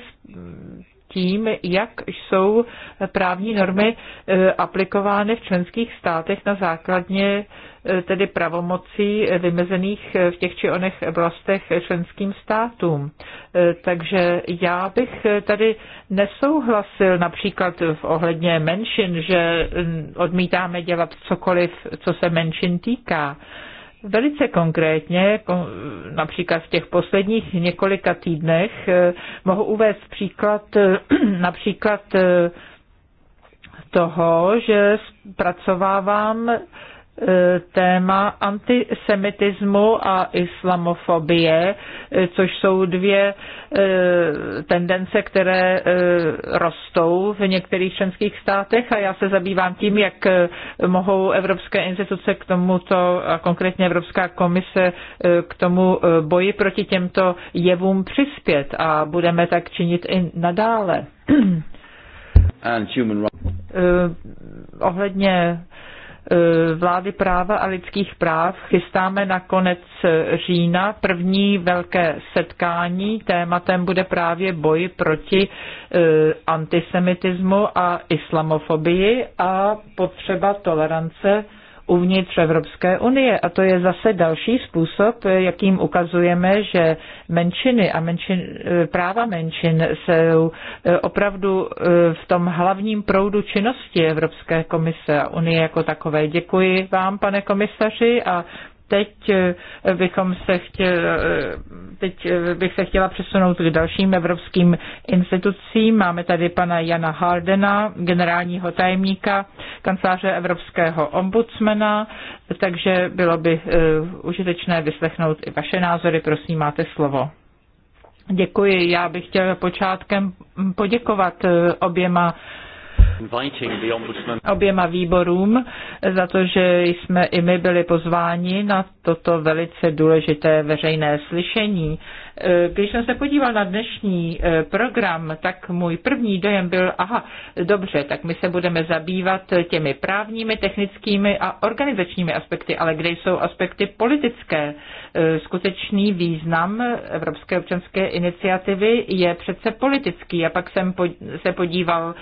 tím, jak jsou právní normy eh, aplikovány v členských státech na základně. Eh, tedy pravomocí eh, vymezených eh, v těch či onech oblastech členským státům. Takže já bych tady nesouhlasil například v ohledně menšin, že mm, odmítáme dělat cokoliv, co se menšin týká. Velice konkrétně, například v těch posledních několika týdnech, mohu uvést příklad například toho, že zpracovávám E, téma antisemitismu a islamofobie, e, což jsou dvě e, tendence, které rostou v některých členských státech a já se zabývám tím, jak mohou evropské instituce k tomuto, a konkrétně Evropská komise k tomu boji proti těmto jevům přispět a budeme tak činit i nadále. And human... ohledně E, vlády práva a lidských práv chystáme na konec října první velké setkání. Tématem bude právě boj proti e, antisemitismu a islamofobii a potřeba tolerance uvnitř Evropské unie. A to je zase další způsob, jakým ukazujeme, že menšiny a menšin, eh, práva menšin jsou eh, opravdu eh, v tom hlavním proudu činnosti Evropské komise a unie jako takové. Děkuji vám, pane komisaři, a teď eh, bychom se chtěli, eh, teď eh, bych se chtěla přesunout k dalším evropským institucím. Máme tady pana Jana Hardena, generálního tajemníka kanceláře Evropského ombudsmana, takže bylo by užitečné vyslechnout i vaše názory. Prosím, máte slovo. Děkuji. Já bych chtěla počátkem poděkovat oběma oběma výborům za to, že jsme i my byli pozváni na toto velice důležité veřejné slyšení. Eh, když jsem se podíval na dnešní eh, program, tak můj první dojem byl, aha, dobře, tak my se budeme zabývat těmi právními, technickými a organizačními aspekty, ale kde jsou aspekty politické? Eh, skutečný význam Evropské občanské iniciativy je přece politický. A pak jsem se podíval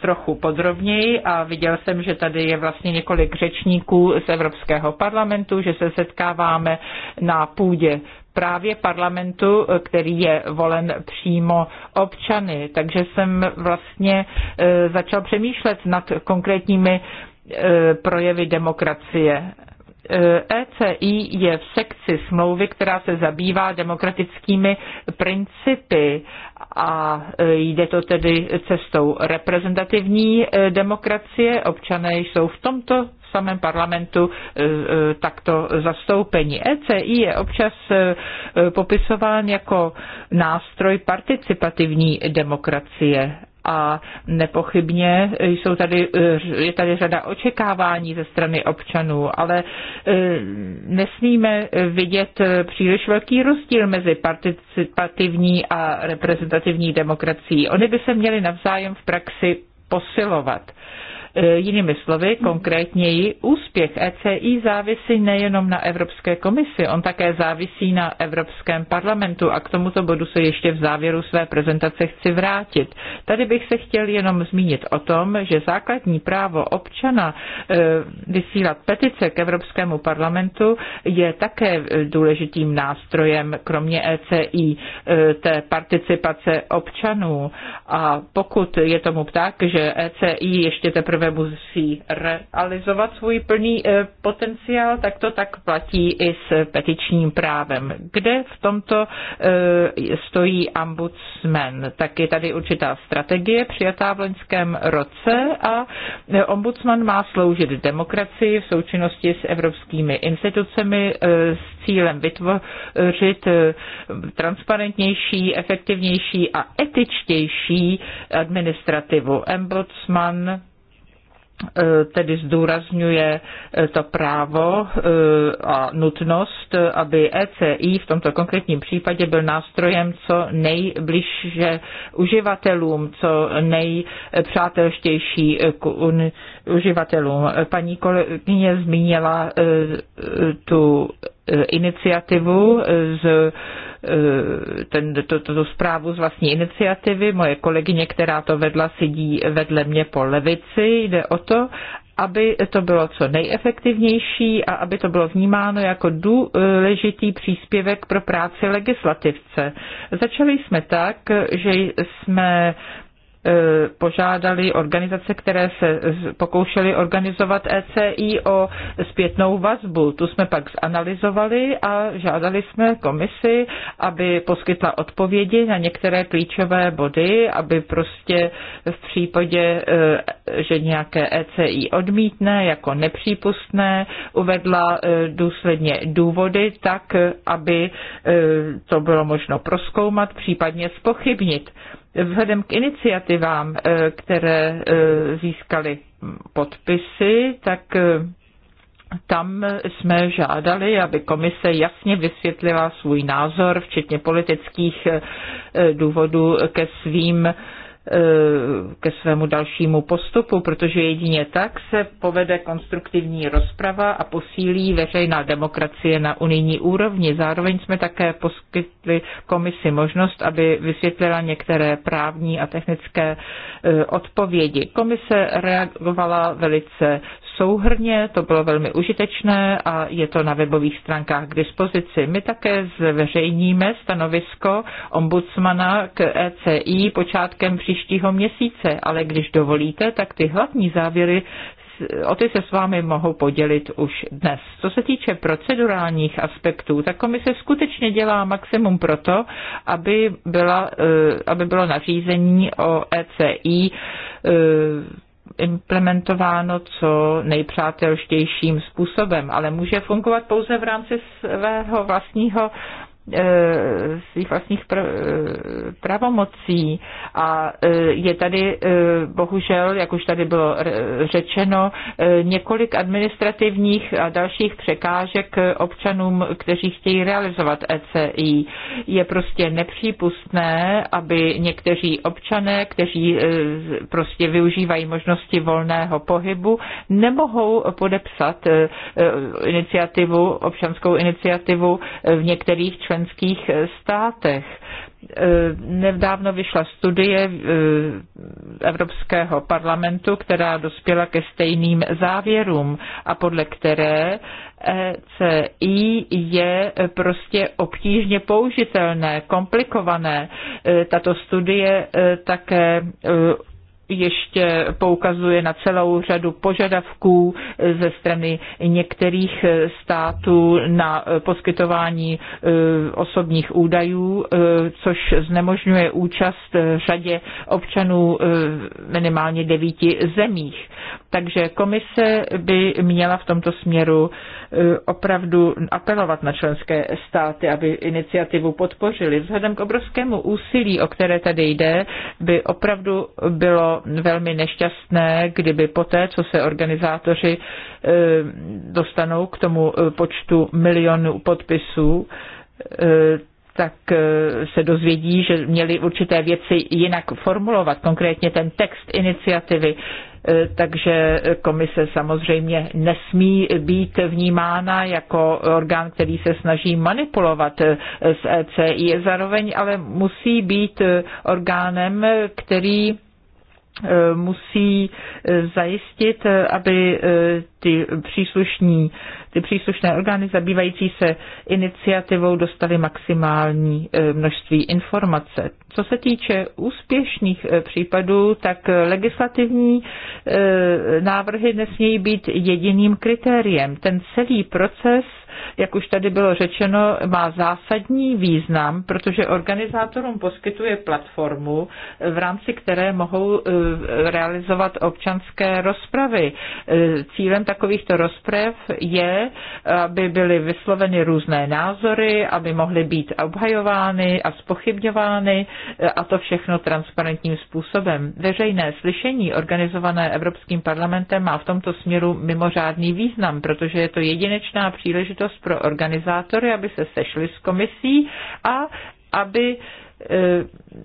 trochu podrobněji a viděl jsem, že tady je vlastně několik řečníků z Evropského parlamentu, že se setkáváme na půdě právě parlamentu, který je volen přímo občany. Takže jsem vlastně e, začal přemýšlet nad konkrétními e, projevy demokracie. ECI e je v sekci smlouvy, která se zabývá demokratickými principy a jde to tedy cestou reprezentativní demokracie. Občané jsou v tomto samém parlamentu e, e, takto zastoupení. ECI je občas e, popisován jako nástroj participativní demokracie a nepochybně jsou tady, je tady řada očekávání ze strany občanů, ale nesmíme vidět příliš velký rozdíl mezi participativní a reprezentativní demokracií. Ony by se měly navzájem v praxi posilovat. E, jinými slovy, konkrétněji, úspěch ECI závisí nejenom na Evropské komisi, on také závisí na Evropském parlamentu a k tomuto bodu se ještě v závěru své prezentace chci vrátit. Tady bych se chtěl jenom zmínit o tom, že základní právo občana e, vysílat petice k Evropskému parlamentu je také důležitým nástrojem, kromě ECI, e, té participace občanů. A pokud je tomu tak, že ECI ještě teprve teprve musí realizovat svůj plný e, potenciál, tak to tak platí i s petičním právem. Kde v tomto e, stojí ombudsman? Tak je tady určitá strategie přijatá v loňském roce a e, ombudsman má sloužit demokracii v součinnosti s evropskými institucemi s cílem vytvořit transparentnější, efektivnější a etičtější administrativu. Ombudsman E, tedy zdůrazňuje e, to právo e, a nutnost, aby ECI v tomto konkrétním případě byl nástrojem co nejbližší uživatelům, co nejpřátelštější k uživatelům. Paní kolegyně zmínila tu iniciativu z Eh, ten, to, to, tu zprávu z vlastní iniciativy. Moje kolegyně, která to vedla, sedí vedle mě po levici. Jde o to, aby to bylo co nejefektivnější a aby to bylo vnímáno jako důležitý příspěvek pro práci legislativce. Začali jsme tak, že jsme Eh, požádali organizace, které se pokoušely organizovat ECI o zpětnou vazbu. Tu jsme pak zanalizovali a žádali jsme komisi, aby poskytla odpovědi na některé klíčové body, aby prostě v případě, eh, že nějaké ECI odmítne jako nepřípustné, uvedla eh, důsledně důvody tak, aby to bylo možno proskoumat, případně spochybnit. Vzhledem k iniciativám, eh, které eh, získaly podpisy, tak eh, tam jsme žádali, aby komise jasně vysvětlila svůj názor, včetně politických důvodů ke svým E, ke svému dalšímu postupu, protože jedině tak se povede konstruktivní rozprava a posílí veřejná demokracie na unijní úrovni. Zároveň jsme také poskytli komisi možnost, aby vysvětlila některé právní a technické e, odpovědi. Komise reagovala velice souhrně, to bylo velmi užitečné a je to na webových stránkách k dispozici. My také zveřejníme stanovisko ombudsmana k ECI počátkem příštího měsíce, ale když dovolíte, tak ty hlavní závěry o ty se s vámi mohu podělit už dnes. Co se týče procedurálních aspektů, tak komise skutečně dělá maximum proto, aby, byla, eh, aby bylo nařízení o ECI eh, implementováno co nejpřátelštějším způsobem, ale může fungovat pouze v rámci svého vlastního Eh, svých vlastních eh, pravomocí. A eh, je tady bohužel, jak už tady bylo řečeno, několik administrativních a dalších překážek občanům, kteří chtějí realizovat ECI. Je prostě nepřípustné, aby někteří občané, kteří prostě využívají možnosti volného pohybu, nemohou podepsat iniciativu, občanskou iniciativu v některých členských členských eh, státech. Eh, nedávno vyšla studie eh, Evropského parlamentu, která dospěla ke stejným závěrům a podle které ECI je prostě obtížně použitelné, komplikované. Tato studie také ještě poukazuje na celou řadu požadavků ze strany některých států na poskytování e, osobních údajů, e, což znemožňuje účast řadě občanů e, minimálně devíti zemích. Takže komise by měla v tomto směru E, opravdu apelovat na členské státy, aby iniciativu podpořili. Vzhledem k obrovskému úsilí, o které tady jde, by opravdu bylo velmi nešťastné, kdyby poté, co se organizátoři e, dostanou k tomu e, počtu milionů podpisů, tak se dozvědí, že měli určité věci jinak formulovat, konkrétně ten text iniciativy E, takže komise samozřejmě nesmí být vnímána jako orgán, který se snaží manipulovat e, s ECI. Zároveň ale musí být e, orgánem, který musí eh, zajistit, eh, aby eh, ty, příslušní, ty příslušné orgány zabývající se iniciativou dostaly maximální množství informace. Co se týče úspěšných případů, tak legislativní návrhy nesmějí být jediným kritériem. Ten celý proces jak už tady bylo řečeno, má zásadní význam, protože organizátorům poskytuje platformu, v rámci které mohou eh, realizovat občanské rozpravy. Eh, cílem takovýchto rozprav je, aby byly vysloveny různé názory, aby mohly být obhajovány a spochybňovány eh, a to všechno transparentním způsobem. Veřejné slyšení organizované Evropským parlamentem má v tomto směru mimořádný význam, protože je to jedinečná příležitost možnost pro organizátory, aby se sešli s komisí a aby e,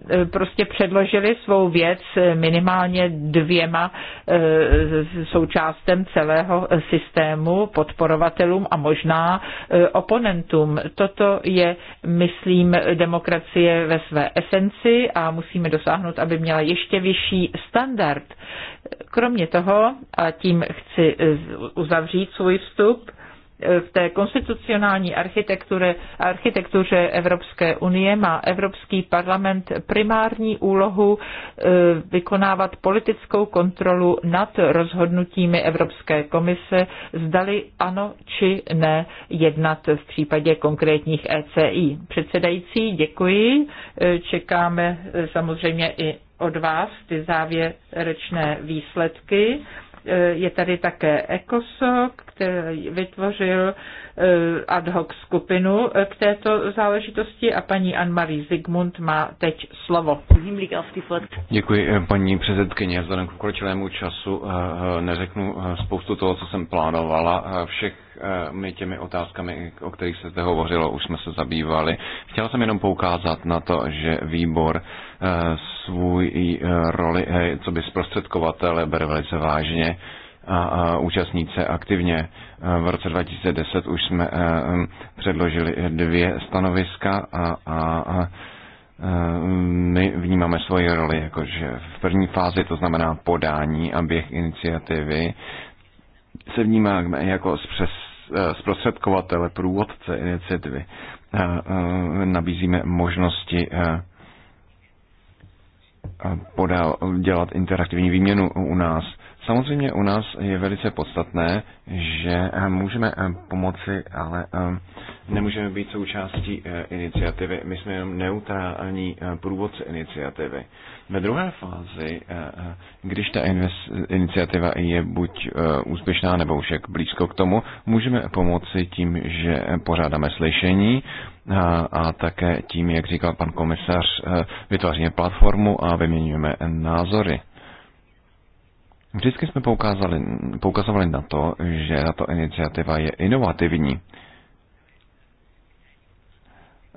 e, prostě předložili svou věc minimálně dvěma e, součástem celého systému, podporovatelům a možná oponentům. Toto je, myslím, demokracie ve své esenci a musíme dosáhnout, aby měla ještě vyšší standard. Kromě toho, a tím chci uzavřít svůj vstup, v té konstitucionální architektuře, architektuře Evropské unie má Evropský parlament primární úlohu e, vykonávat politickou kontrolu nad rozhodnutími Evropské komise, zdali ano či ne jednat v případě konkrétních ECI. Předsedající, děkuji. E, čekáme e, samozřejmě i od vás ty závěrečné výsledky. Eh, je tady také ECOSOC, který vytvořil Eh, ad hoc skupinu eh, k této záležitosti a paní Anne-Marie Zigmund má teď slovo. Děkuji, eh, paní předsedkyně. Vzhledem k ukročilému času neřeknu spoustu toho, co jsem plánovala. Všech my těmi otázkami, o kterých se zde hovořilo, už jsme se zabývali. Chtěl jsem jenom poukázat na to, že výbor svůj roli, co by zprostředkovatele, bere velice vážně a, a účastnit se aktivně. V roce 2010 už jsme eh, předložili dvě stanoviska a, a, a eh, my vnímáme svoji roli jakože v první fázi, to znamená podání a běh iniciativy, se vnímáme jako zpřes, eh, zprostředkovatele, průvodce iniciativy. Nabízíme možnosti podal, dělat interaktivní výměnu u nás Samozřejmě u nás je velice podstatné, že eh, můžeme eh, pomoci, ale eh, nemůžeme být součástí iniciativy. My jsme jenom neutrální průvodce iniciativy. Ve druhé fázi, když ta iniciativa je buď úspěšná nebo už je blízko k tomu, můžeme pomoci tím, že pořádáme slyšení a také tím, jak říkal pan komisař, vytváříme platformu a vyměňujeme názory. Vždycky jsme poukázali, poukazovali na to, že tato iniciativa je inovativní.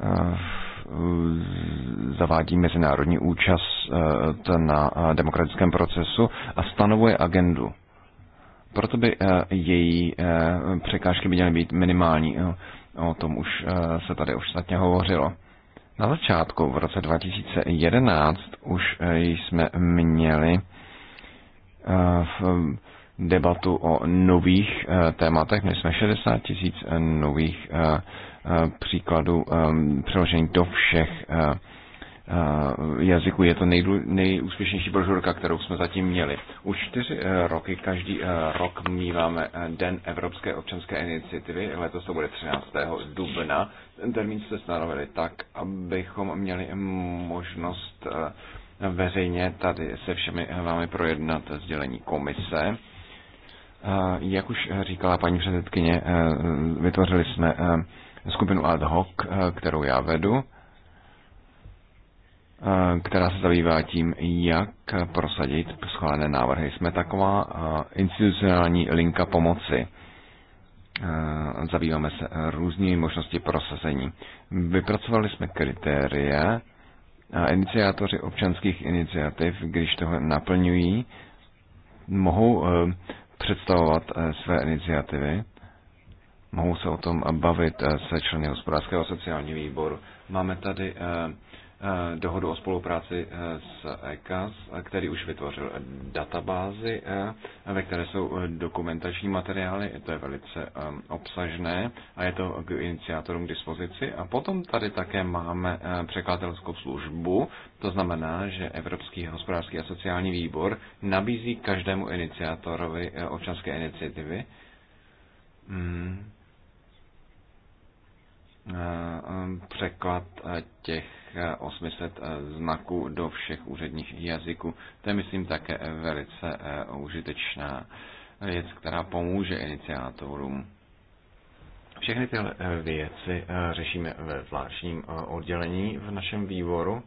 Eh, zavádí mezinárodní účast eh, na eh, demokratickém procesu a stanovuje agendu. Proto by její překážky by měly být minimální. O tom už se tady už statně hovořilo. Na začátku v roce 2011 už jsme měli Eh, v mm, debatu o nových eh, tématech. Měli jsme 60 tisíc eh, nových příkladů přeložení do všech jazyků. Je to nejdů, nejúspěšnější brožurka, kterou jsme zatím měli. Už čtyři roky, každý rok míváme Den Evropské občanské iniciativy. Letos to bude 13. dubna. Termín jste stanovili tak, abychom měli možnost veřejně tady se všemi vámi projednat sdělení komise. Jak už říkala paní předsedkyně, eh, vytvořili jsme eh, skupinu ad hoc, eh, kterou já vedu, která se zabývá tím, jak prosadit schválené návrhy. Jsme taková institucionální linka pomoci. Zabýváme se různými možnosti prosazení. Vypracovali jsme kritéria, a iniciátoři občanských iniciativ, když toho naplňují, mohou eh, představovat eh, své iniciativy, mohou se o tom bavit eh, se členy hospodářského sociálního výboru. Máme tady Eh, dohodu o spolupráci eh, s ECAS, který už vytvořil databázi, eh, ve které jsou dokumentační materiály, to je velice obsažné a je to k iniciátorům k dispozici. A potom tady také máme překladatelskou službu, to znamená, že Evropský hospodářský a sociální výbor nabízí každému iniciátorovi občanské iniciativy hmm. překlad těch 800 eh, znaků do všech úředních jazyků. To je, myslím, také eh, velice eh, užitečná věc, která pomůže iniciátorům. Všechny tyhle věci řešíme ve zvláštním oddělení v našem výboru.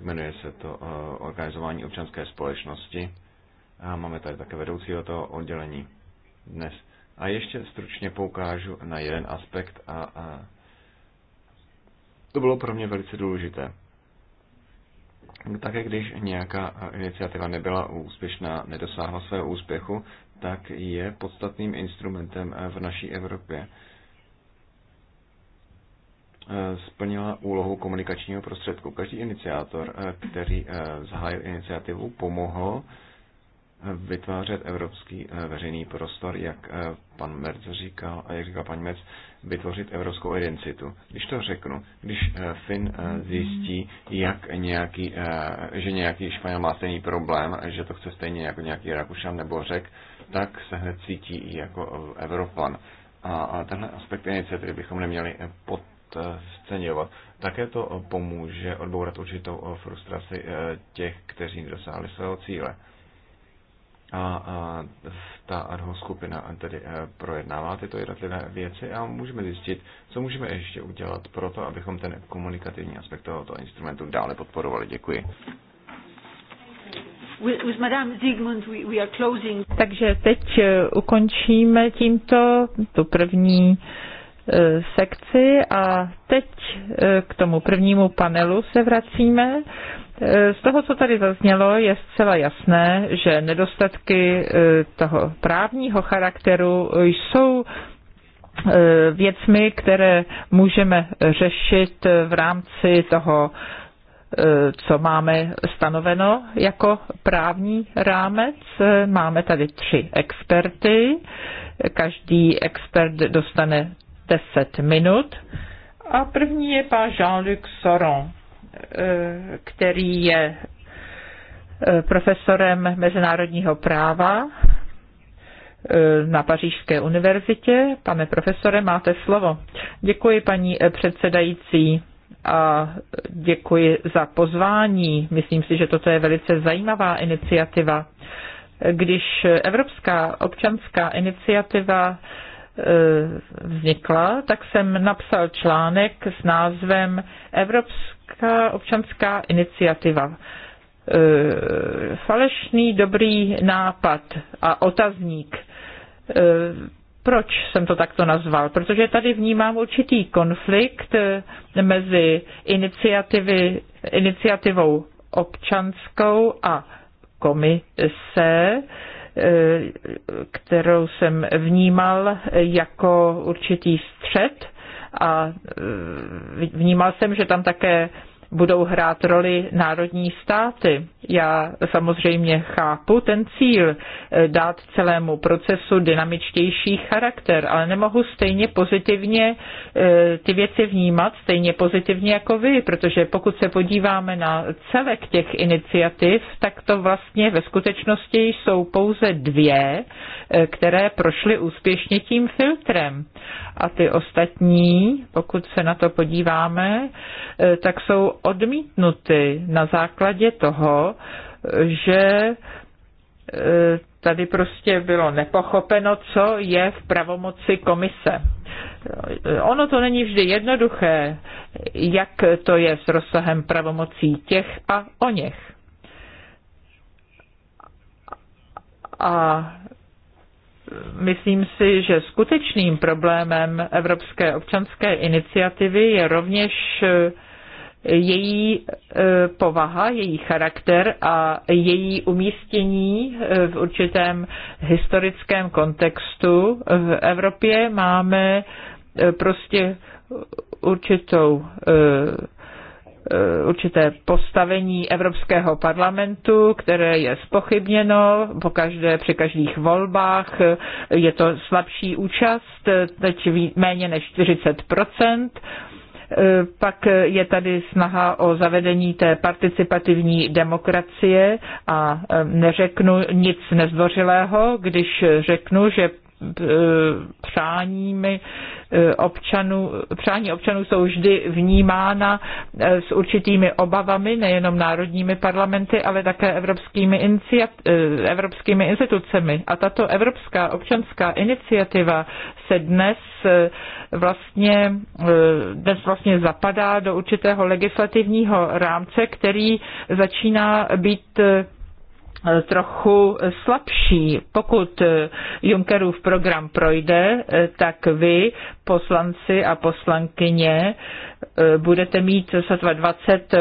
Jmenuje se to Organizování občanské společnosti. A máme tady také vedoucího toho oddělení dnes. A ještě stručně poukážu na jeden aspekt a, a to bylo pro mě velice důležité. Také když nějaká iniciativa nebyla úspěšná, nedosáhla svého úspěchu, tak je podstatným instrumentem v naší Evropě. Splnila úlohu komunikačního prostředku. Každý iniciátor, který zahájil iniciativu, pomohl vytvářet evropský veřejný prostor, jak pan Merc říkal, a jak říkal pan Merc, vytvořit evropskou identitu. Když to řeknu, když eh, Fin eh, zjistí, jak nějaký, eh, že nějaký Španěl má stejný problém, že to chce stejně jako nějaký Rakušan nebo Řek, tak se hned cítí i jako Evropan. A tenhle aspekt iniciativy bychom neměli pod sceňovat. Také to pomůže odbourat určitou frustraci těch, kteří dosáhli svého cíle. A, a ta ad hoc skupina tedy e, projednává tyto jednotlivé věci a můžeme zjistit, co můžeme ještě udělat pro to, abychom ten komunikativní aspekt tohoto instrumentu dále podporovali. Děkuji. With Madame Zygmunt we, we are closing. Takže teď e, ukončíme tímto tu první E, sekci a teď e, k tomu prvnímu panelu se vracíme. E, z toho, co tady zaznělo, je zcela jasné, že nedostatky toho právního charakteru jsou věcmi, které můžeme řešit v rámci toho, co máme stanoveno jako právní rámec. Máme tady tři experty. Každý expert dostane 10 minut. A první je pan Jean-Luc Soron, eh, který je eh, profesorem mezinárodního práva eh, na Pařížské univerzitě. Pane profesore, máte slovo. Děkuji, paní předsedající, a děkuji za pozvání. Myslím si, že toto je velice zajímavá iniciativa. Když Evropská občanská iniciativa Eh, vznikla, tak jsem napsal článek s názvem Evropská občanská iniciativa. Eh, falešný dobrý nápad a otazník. Eh, proč jsem to takto nazval? Protože tady vnímám určitý konflikt mezi iniciativy, iniciativou občanskou a komise Eh, kterou jsem vnímal jako určitý střed a eh, vnímal jsem, že tam také budou hrát roli národní státy. Já samozřejmě chápu ten cíl eh, dát celému procesu dynamičtější charakter, ale nemohu stejně pozitivně eh, ty věci vnímat, stejně pozitivně jako vy, protože pokud se podíváme na celek těch iniciativ, tak to vlastně ve skutečnosti jsou pouze dvě, eh, které prošly úspěšně tím filtrem. A ty ostatní, pokud se na to podíváme, tak jsou odmítnuty na základě toho, že e, tady prostě bylo nepochopeno, co je v pravomoci komise. Ono to není vždy jednoduché, jak to je s rozsahem pravomocí těch a o něch. A myslím si, že skutečným problémem Evropské občanské iniciativy je rovněž e, její e, povaha, její charakter a její umístění e, v určitém historickém kontextu. V Evropě máme e, prostě určitou určité postavení Evropského parlamentu, které je spochybněno po každé, při každých volbách. Je to slabší účast, teď méně než 40 E, pak je tady snaha o zavedení té participativní demokracie a e, neřeknu nic nezdvořilého, když řeknu, že e, přáními E, občanů, přání občanů jsou vždy vnímána e, s určitými obavami, nejenom národními parlamenty, ale také evropskými, iniciat, e, evropskými institucemi. A tato evropská občanská iniciativa se dnes vlastně, dnes vlastně zapadá do určitého legislativního rámce, který začíná být trochu slabší. Pokud Junckerův program projde, tak vy, poslanci a poslankyně, budete mít sotva 20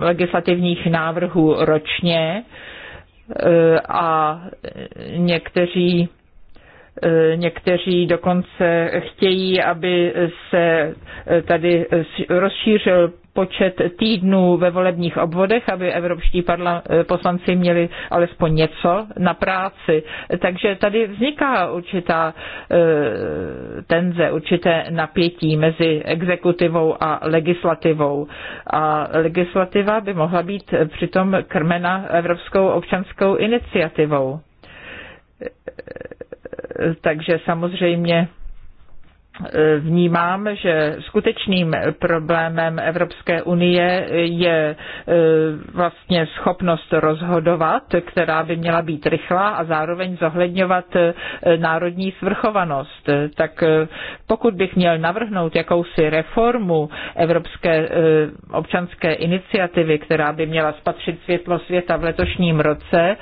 legislativních návrhů ročně a někteří Někteří dokonce chtějí, aby se tady rozšířil počet týdnů ve volebních obvodech, aby evropští parla, eh, poslanci měli alespoň něco na práci. Takže tady vzniká určitá eh, tenze, určité napětí mezi exekutivou a legislativou. A legislativa by mohla být přitom krmena Evropskou občanskou iniciativou. Eh, takže samozřejmě vnímám, že skutečným problémem Evropské unie je e, vlastně schopnost rozhodovat, která by měla být rychlá a zároveň zohledňovat e, národní svrchovanost. Tak e, pokud bych měl navrhnout jakousi reformu Evropské občanské iniciativy, která by měla spatřit světlo světa v letošním roce,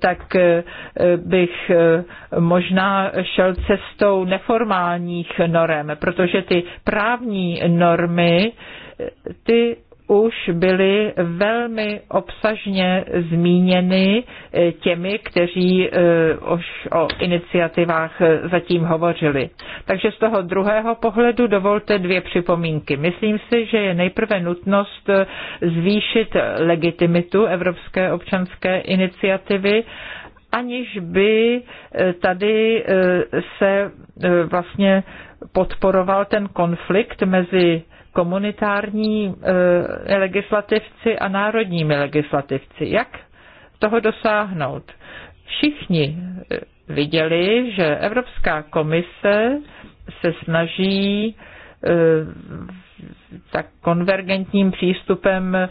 tak bych možná šel cestou neformálních norem, protože ty právní normy, ty už byly velmi obsažně zmíněny eh, těmi, kteří eh, už o iniciativách eh, zatím hovořili. Takže z toho druhého pohledu dovolte dvě připomínky. Myslím si, že je nejprve nutnost zvýšit legitimitu Evropské občanské iniciativy aniž by tady se vlastně podporoval ten konflikt mezi komunitární eh, legislativci a národními legislativci. Jak toho dosáhnout? Všichni eh, viděli, že Evropská komise se snaží eh, tak konvergentním přístupem e,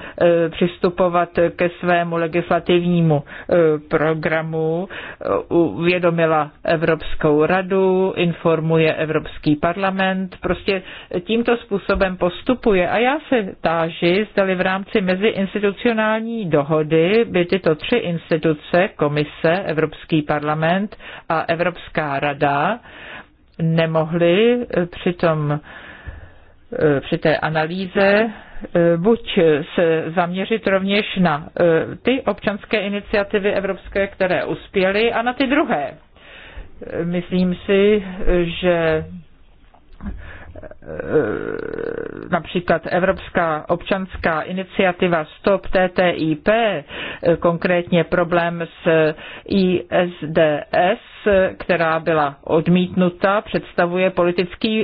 přistupovat ke svému legislativnímu e, programu. E, uvědomila Evropskou radu, informuje Evropský parlament, prostě tímto způsobem postupuje. A já se táži, zdali v rámci meziinstitucionální dohody by tyto tři instituce, komise, Evropský parlament a Evropská rada, nemohly přitom Eh, při té analýze eh, buď se zaměřit rovněž na eh, ty občanské iniciativy evropské, které uspěly, a na ty druhé. Myslím si, že například Evropská občanská iniciativa Stop TTIP, konkrétně problém s ISDS, která byla odmítnuta, představuje politický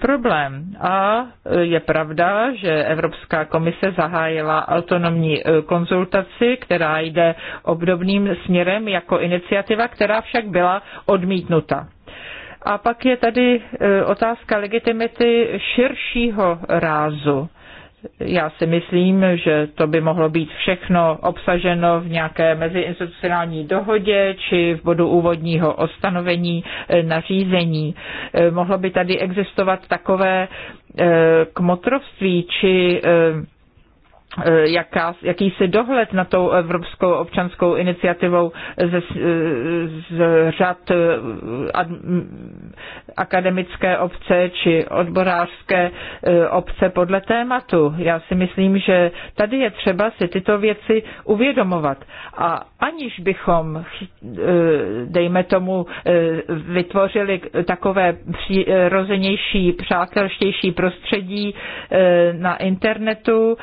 problém. A je pravda, že Evropská komise zahájila autonomní e, konzultaci, která jde obdobným směrem jako iniciativa, která však byla odmítnuta. A pak je tady e, otázka legitimity širšího rázu. Já si myslím, že to by mohlo být všechno obsaženo v nějaké meziinstitucionální dohodě či v bodu úvodního ostanovení eh, nařízení. Eh, mohlo by tady existovat takové eh, kmotrovství či Eh, jaká, jakýsi dohled na tou Evropskou občanskou iniciativou ze, eh, z řad eh, ad, akademické obce či odborářské obce podle tématu. Já si myslím, že tady je třeba si tyto věci uvědomovat. A aniž bychom, dejme tomu, vytvořili takové přirozenější, přátelštější prostředí na internetu,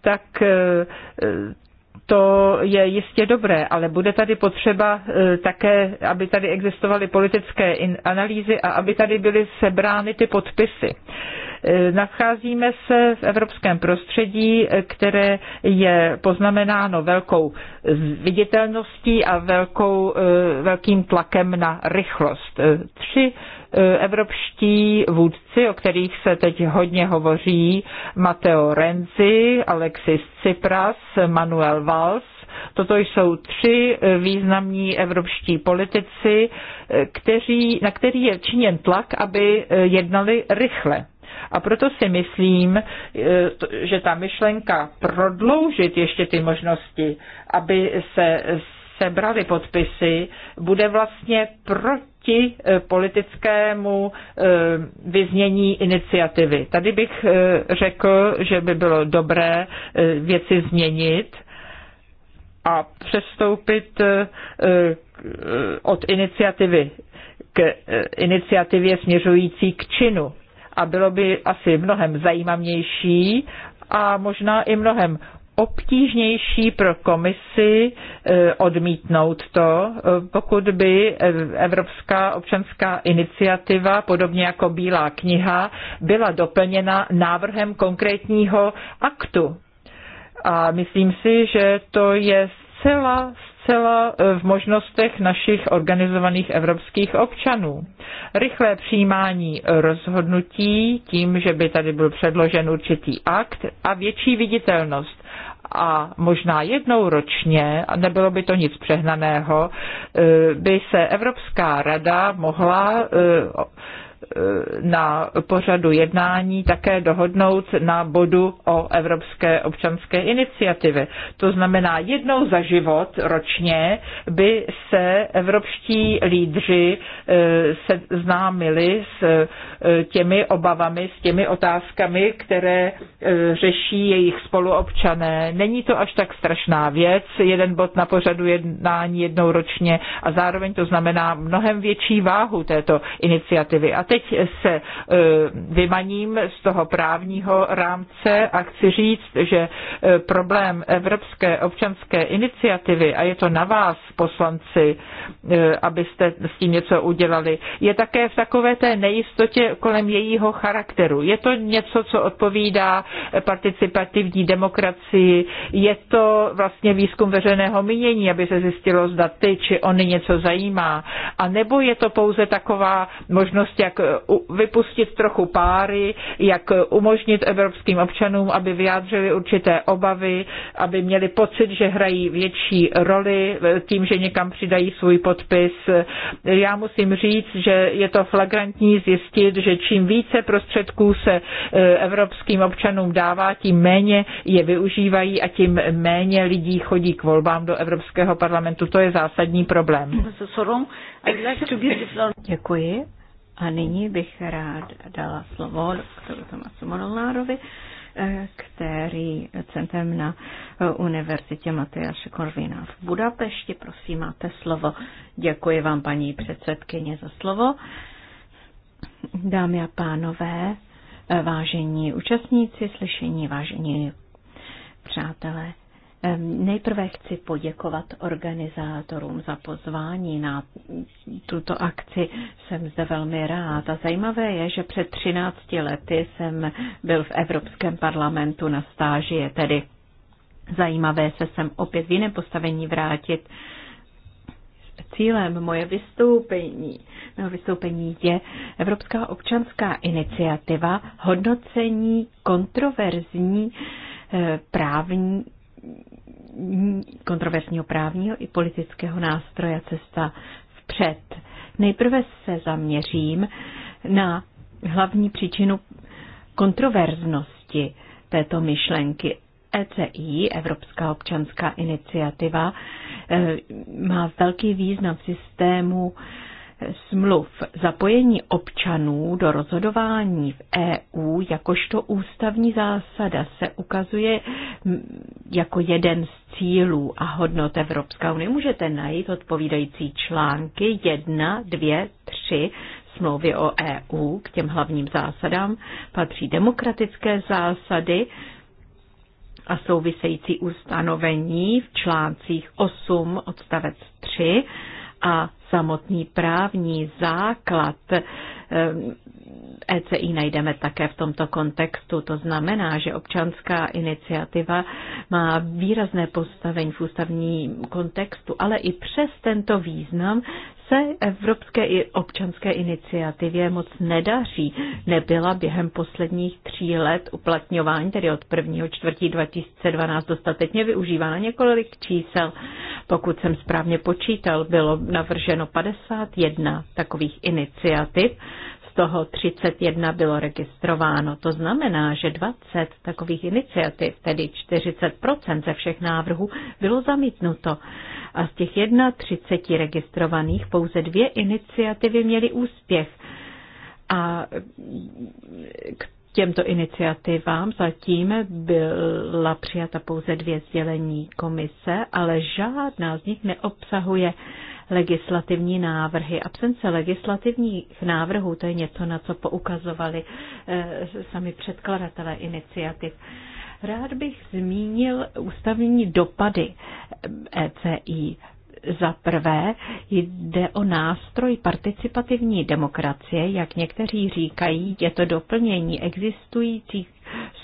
tak eh, to je jistě dobré, ale bude tady potřeba eh, také, aby tady existovaly politické analýzy a aby tady byly sebrány ty podpisy. Eh, nacházíme se v evropském prostředí, které je poznamenáno velkou viditelností a velkou, velkým tlakem na rychlost. Tři E, evropští vůdci, o kterých se teď hodně hovoří, Matteo Renzi, Alexis Tsipras, Manuel Valls, Toto jsou tři e, významní evropští politici, e, kteří, na který je činěn tlak, aby jednali rychle. A proto si myslím, že ta myšlenka prodloužit ještě ty možnosti, aby se sebrali podpisy, bude vlastně proti proti eh, politickému eh, vyznění iniciativy. Tady bych eh, řekl, že by bylo dobré věci změnit a přestoupit od iniciativy k iniciativě směřující k činu. A bylo by asi mnohem zajímavější a možná i mnohem obtížnější pro komisi eh, odmítnout to, eh, pokud by eh, Evropská občanská iniciativa, podobně jako Bílá kniha, byla doplněna návrhem konkrétního aktu. A myslím si, že to je zcela, zcela v možnostech našich organizovaných evropských občanů. Rychlé přijímání rozhodnutí tím, že by tady byl předložen určitý akt a větší viditelnost a možná jednou ročně, a nebylo by to nic přehnaného, eh, by se Evropská rada mohla eh, na pořadu jednání také dohodnout na bodu o Evropské občanské iniciativě. To znamená, jednou za život ročně by se evropští lídři eh, seznámili s eh, těmi obavami, s těmi otázkami, které eh, řeší jejich spoluobčané. Není to až tak strašná věc, jeden bod na pořadu jednání jednou ročně a zároveň to znamená mnohem větší váhu této iniciativy. A teď teď se e, vymaním z toho právního rámce a chci říct, že e, problém Evropské občanské iniciativy, a je to na vás, poslanci, e, abyste s tím něco udělali, je také v takové té nejistotě kolem jejího charakteru. Je to něco, co odpovídá participativní demokracii, je to vlastně výzkum veřejného mínění, aby se zjistilo, zda ty či ony něco zajímá, a nebo je to pouze taková možnost, jak vypustit trochu páry, jak umožnit evropským občanům, aby vyjádřili určité obavy, aby měli pocit, že hrají větší roli eh, tím, že někam přidají svůj podpis. Já musím říct, že je to flagrantní zjistit, že čím více prostředků se eh, evropským občanům dává, tím méně je využívají a tím méně lidí chodí k volbám do Evropského parlamentu. To je zásadní problém. Děkuji. A nyní bych rád dala slovo doktoru Tomasu Monolárovi, eh, který centrem na eh, Univerzitě Matyáše Korvina v Budapešti. Prosím, máte slovo. Děkuji vám, paní předsedkyně, za slovo. Dámy a pánové, eh, vážení účastníci slyšení, vážení přátelé, Nejprve chci poděkovat organizátorům za pozvání na tuto akci. Jsem zde velmi rád. A zajímavé je, že před 13 lety jsem byl v Evropském parlamentu na stáži. Je tedy zajímavé se sem opět v jiném postavení vrátit. Cílem moje vystoupení, mého vystoupení je Evropská občanská iniciativa hodnocení kontroverzní eh, právní kontroverzního právního i politického nástroje cesta vpřed. Nejprve se zaměřím na hlavní příčinu kontroverznosti této myšlenky. ECI, Evropská občanská iniciativa, eh, má velký význam v systému smluv. Zapojení občanů do rozhodování v EU jakožto ústavní zásada se ukazuje jako jeden z cílů a hodnot Evropské unie. Můžete najít odpovídající články 1, 2, 3 smlouvy o EU. K těm hlavním zásadám patří demokratické zásady, a související ustanovení v článcích 8 odstavec 3 a samotný právní základ ECI eh, e najdeme také v tomto kontextu. To znamená, že občanská iniciativa má výrazné postavení v ústavním kontextu, ale i přes tento význam se evropské i občanské iniciativě moc nedaří. Nebyla během posledních tří let uplatňování, tedy od 1. čtvrtí 2012, dostatečně využívána několik čísel. Pokud jsem správně počítal, bylo navrženo 51 takových iniciativ, z toho 31 bylo registrováno. To znamená, že 20 takových iniciativ, tedy 40 ze všech návrhů, bylo zamítnuto a z těch 31 registrovaných pouze dvě iniciativy měly úspěch. A k těmto iniciativám zatím byla přijata pouze dvě sdělení komise, ale žádná z nich neobsahuje legislativní návrhy. Absence legislativních návrhů, to je něco, na co poukazovali eh, sami předkladatelé iniciativ. Rád bych zmínil ústavní dopady ECI. Za prvé jde o nástroj participativní demokracie, jak někteří říkají, je to doplnění existujících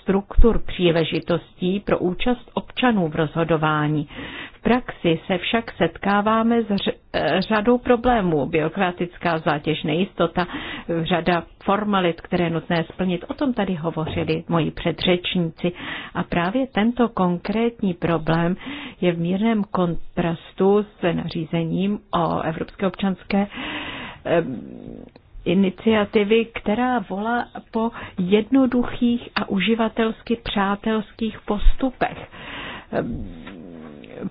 struktur příležitostí pro účast občanů v rozhodování. V praxi se však setkáváme s řadou problémů. Byrokratická zátěž, nejistota, řada formalit, které je nutné splnit. O tom tady hovořili moji předřečníci. A právě tento konkrétní problém je v mírném kontrastu s nařízením o Evropské občanské iniciativy, která volá po jednoduchých a uživatelsky přátelských postupech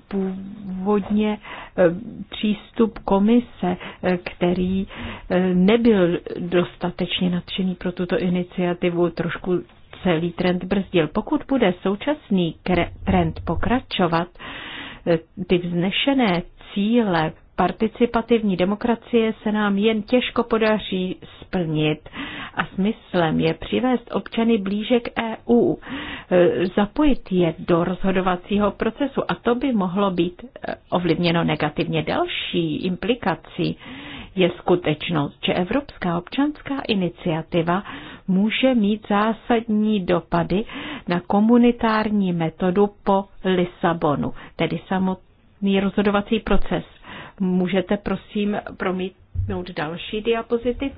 původně eh, přístup komise, eh, který eh, nebyl dostatečně nadšený pro tuto iniciativu, trošku celý trend brzdil. Pokud bude současný trend pokračovat, ty vznešené cíle participativní demokracie se nám jen těžko podaří splnit a smyslem je přivést občany blíže k EU, e, zapojit je do rozhodovacího procesu a to by mohlo být e, ovlivněno negativně další implikací je skutečnost, že Evropská občanská iniciativa může mít zásadní dopady na komunitární metodu po Lisabonu, tedy samotný rozhodovací proces. Můžete prosím promítnout další diapozitiv?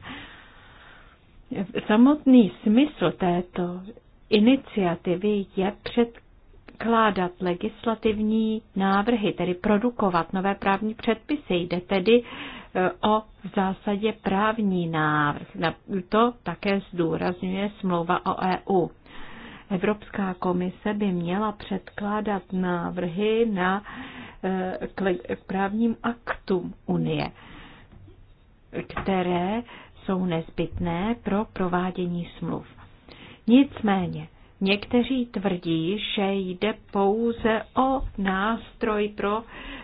Samotný smysl této iniciativy je předkládat legislativní návrhy, tedy produkovat nové právní předpisy. Jde tedy e, o v zásadě právní návrh. To také zdůrazňuje smlouva o EU. Evropská komise by měla předkládat návrhy na k právním aktům Unie, které jsou nezbytné pro provádění smluv. Nicméně, Někteří tvrdí, že jde pouze o nástroj pro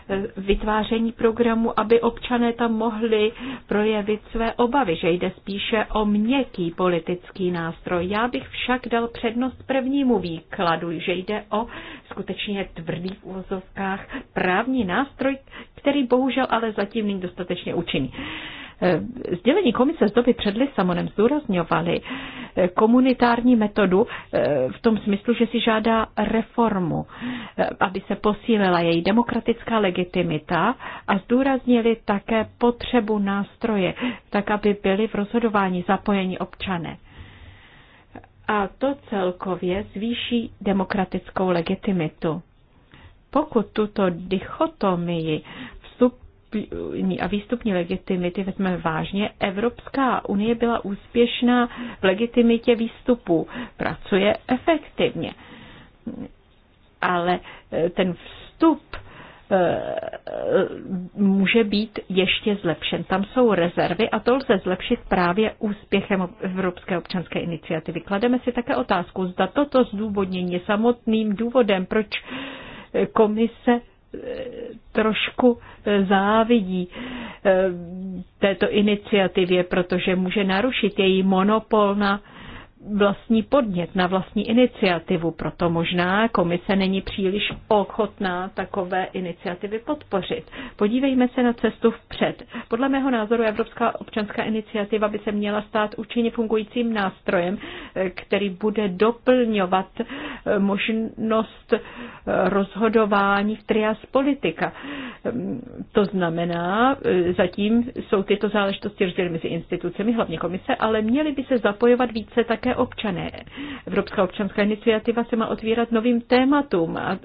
eh, vytváření programu, aby občané tam mohli projevit své obavy, že jde spíše o měkký politický nástroj. Já bych však dal přednost prvnímu výkladu, že jde o skutečně tvrdý v úvozovkách právní nástroj, který bohužel ale zatím není dostatečně účinný. Eh, sdělení komise z doby před Lisamonem zdůrazňovali eh, komunitární metodu eh, v tom smyslu, že si žádá reformu, aby se posílila její demokratická legitimita a zdůraznili také potřebu nástroje, tak aby byli v rozhodování zapojeni občané a to celkově zvýší demokratickou legitimitu. Pokud tuto dichotomii vstupní a výstupní legitimity vezmeme vážně, Evropská unie byla úspěšná v legitimitě výstupu, pracuje efektivně. Ale e, ten vstup e, e, může být ještě zlepšen. Tam jsou rezervy a to lze zlepšit právě úspěchem Evropské občanské iniciativy. Klademe si také otázku, zda toto zdůvodnění je samotným důvodem, proč komise trošku závidí eh, této iniciativě, protože může narušit její monopol na vlastní podnět, na vlastní iniciativu. Proto možná komise není příliš ochotná takové iniciativy podpořit. Podívejme se na cestu vpřed. Podle mého názoru Evropská občanská iniciativa by se měla stát účinně fungujícím nástrojem, eh, který bude doplňovat eh, možnost eh, rozhodování v trias politika. Ehm, to znamená, zatím jsou tyto záležitosti rozděleny mezi institucemi, hlavně komise, ale měly by se zapojovat více také občané. Evropská občanská iniciativa se má otvírat novým tématům a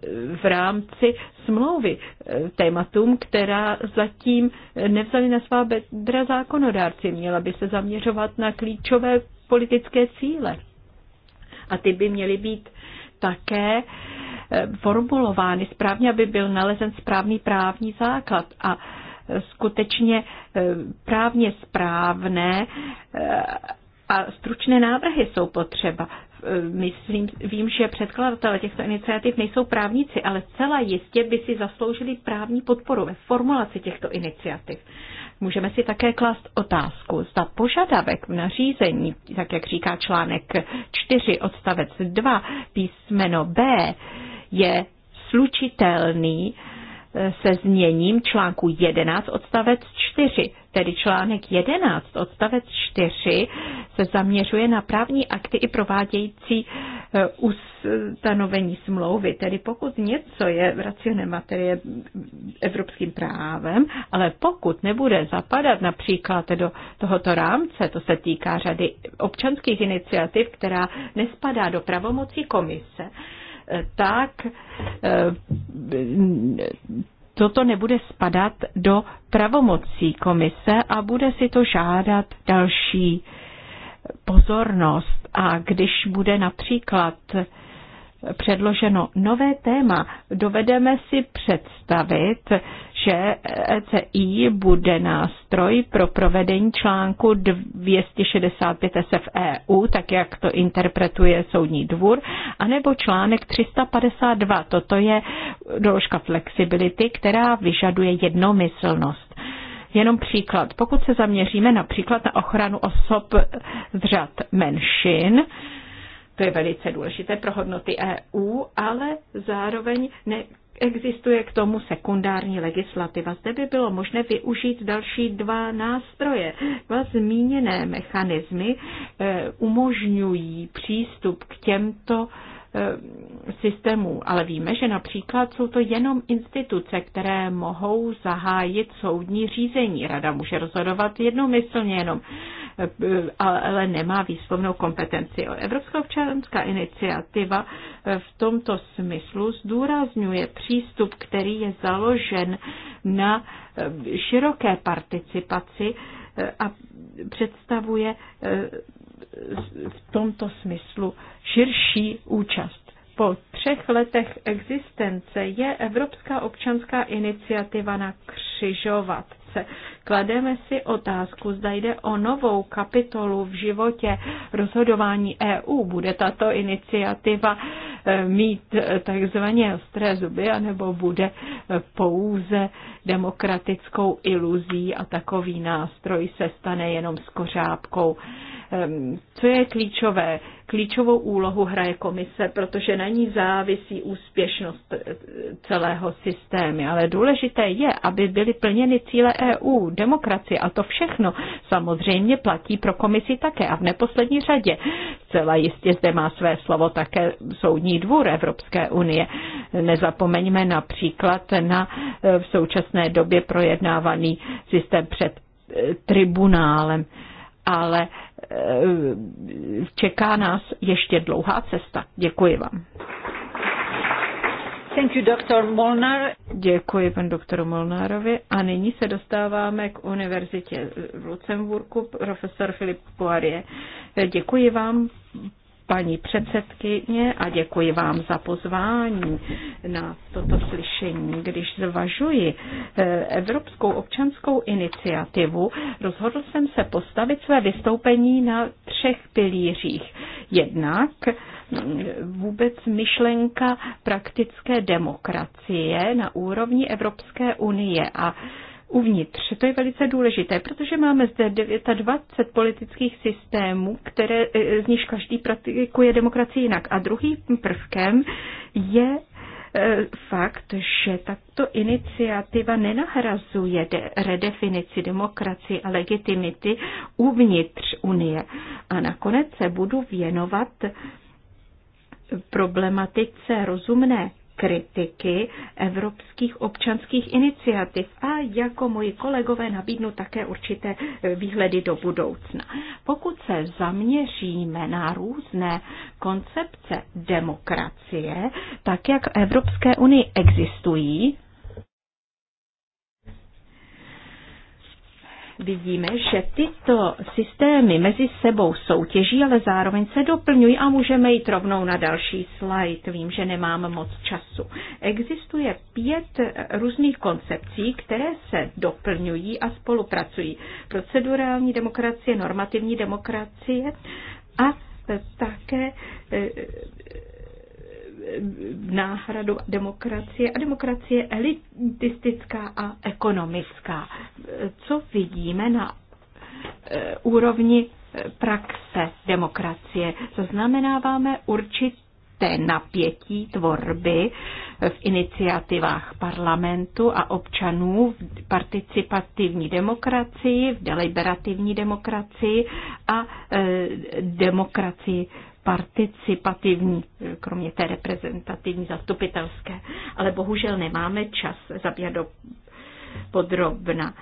v rámci smlouvy eh, tématům, která zatím nevzali na svá bedra zákonodárci. Měla by se zaměřovat na klíčové politické cíle. A ty by měly být také eh, formulovány správně, aby byl nalezen správný právní základ. A eh, skutečně právně správné, a stručné návrhy jsou potřeba. Myslím, vím, že předkladatelé těchto iniciativ nejsou právníci, ale celá jistě by si zasloužili právní podporu ve formulaci těchto iniciativ. Můžeme si také klást otázku, zda požadavek v nařízení, tak jak říká článek 4 odstavec 2 písmeno B, je slučitelný uh, se změním článku 11 odstavec 4. Tedy článek 11 odstavec 4 se zaměřuje na právní akty i provádějící e, ustanovení smlouvy. Tedy pokud něco je v racioné materie evropským právem, ale pokud nebude zapadat například do tohoto rámce, to se týká řady občanských iniciativ, která nespadá do pravomocí komise, tak eh, toto nebude spadat do pravomocí komise a bude si to žádat další pozornost. A když bude například předloženo nové téma, dovedeme si představit, že ECI bude nástroj pro provedení článku 265 SF EU, tak jak to interpretuje Soudní dvůr, anebo článek 352. Toto je doložka flexibility, která vyžaduje jednomyslnost. Jenom příklad. Pokud se zaměříme například na ochranu osob z řad menšin, to je velice důležité pro hodnoty EU, ale zároveň ne, Existuje k tomu sekundární legislativa. Zde by bylo možné využít další dva nástroje. Dva zmíněné mechanismy eh, umožňují přístup k těmto Eh, systémů, ale víme, že například jsou to jenom instituce, které mohou zahájit soudní řízení. Rada může rozhodovat jednomyslně jenom, eh, ale nemá výslovnou kompetenci. Evropská občanská iniciativa eh, v tomto smyslu zdůrazňuje přístup, který je založen na široké participaci a představuje v tomto smyslu širší účast. Po třech letech existence je Evropská občanská iniciativa na křižovatce. Klademe si otázku, zda jde o novou kapitolu v životě rozhodování EU. Bude tato iniciativa eh, mít eh, takzvaně ostré zuby, anebo bude eh, pouze demokratickou iluzí a takový nástroj se stane jenom skořápkou. Ehm, co je klíčové? Klíčovou úlohu hraje komise, protože na ní závisí úspěšnost eh, celého systému. Ale důležité je, aby byly plněny cíle EU, demokracie a to všechno samozřejmě platí pro komisi také. A v neposlední řadě, celá jistě zde má své slovo také Soudní dvůr Evropské unie. Nezapomeňme například na eh, v současné době projednávaný systém před eh, tribunálem. Ale Eh, čeká nás ještě dlouhá cesta. Děkuji vám. Thank you, Dr. Molnar. Děkuji panu doktoru Molnárovi. A nyní se dostáváme k univerzitě v Lucemburku, profesor Filip Poirier. Děkuji vám, paní předsedkyně a děkuji vám za pozvání na toto slyšení. Když zvažuji eh, Evropskou občanskou iniciativu, rozhodl jsem se postavit své vystoupení na třech pilířích. Jednak mm, vůbec myšlenka praktické demokracie na úrovni Evropské unie a uvnitř. To je velice důležité, protože máme zde 29 politických systémů, které, eh, z nich každý praktikuje demokracii jinak. A druhým prvkem je eh, fakt, že takto iniciativa nenahrazuje de- redefinici demokracie a legitimity uvnitř Unie. A nakonec se budu věnovat problematice rozumné kritiky evropských občanských iniciativ a jako moji kolegové nabídnu také určité eh, výhledy do budoucna. Pokud se zaměříme na různé koncepce demokracie, tak jak v Evropské unii existují, vidíme, že tyto systémy mezi sebou soutěží, ale zároveň se doplňují a můžeme jít rovnou na další slide. Vím, že nemám moc času. Existuje pět různých koncepcí, které se doplňují a spolupracují. Procedurální demokracie, normativní demokracie a také eh, náhradu demokracie a demokracie elitistická a ekonomická. Co vidíme na eh, úrovni eh, praxe demokracie? Zaznamenáváme určité napětí tvorby eh, v iniciativách parlamentu a občanů v participativní demokracii, v deliberativní demokracii a demokracii participativní, kromě té reprezentativní zastupitelské. Ale bohužel nemáme čas zabíhat do podrobna.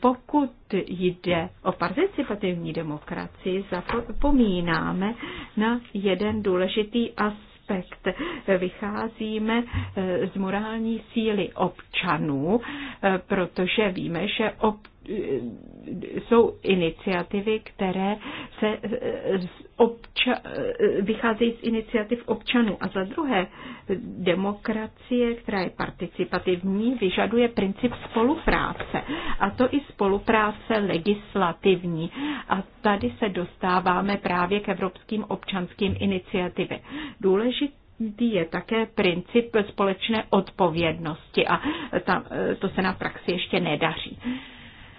Pokud jde o participativní demokracii, zapomínáme na jeden důležitý aspekt. Vycházíme eh, z morální síly občanů, eh, protože víme, že občanů jsou iniciativy, které se eh, obča, eh, vycházejí z iniciativ občanů. A za druhé, demokracie, která je participativní, vyžaduje princip spolupráce. A to i spolupráce legislativní. A tady se dostáváme právě k evropským občanským iniciativy. Důležité je také princip společné odpovědnosti a tam, eh, to se na praxi ještě nedaří.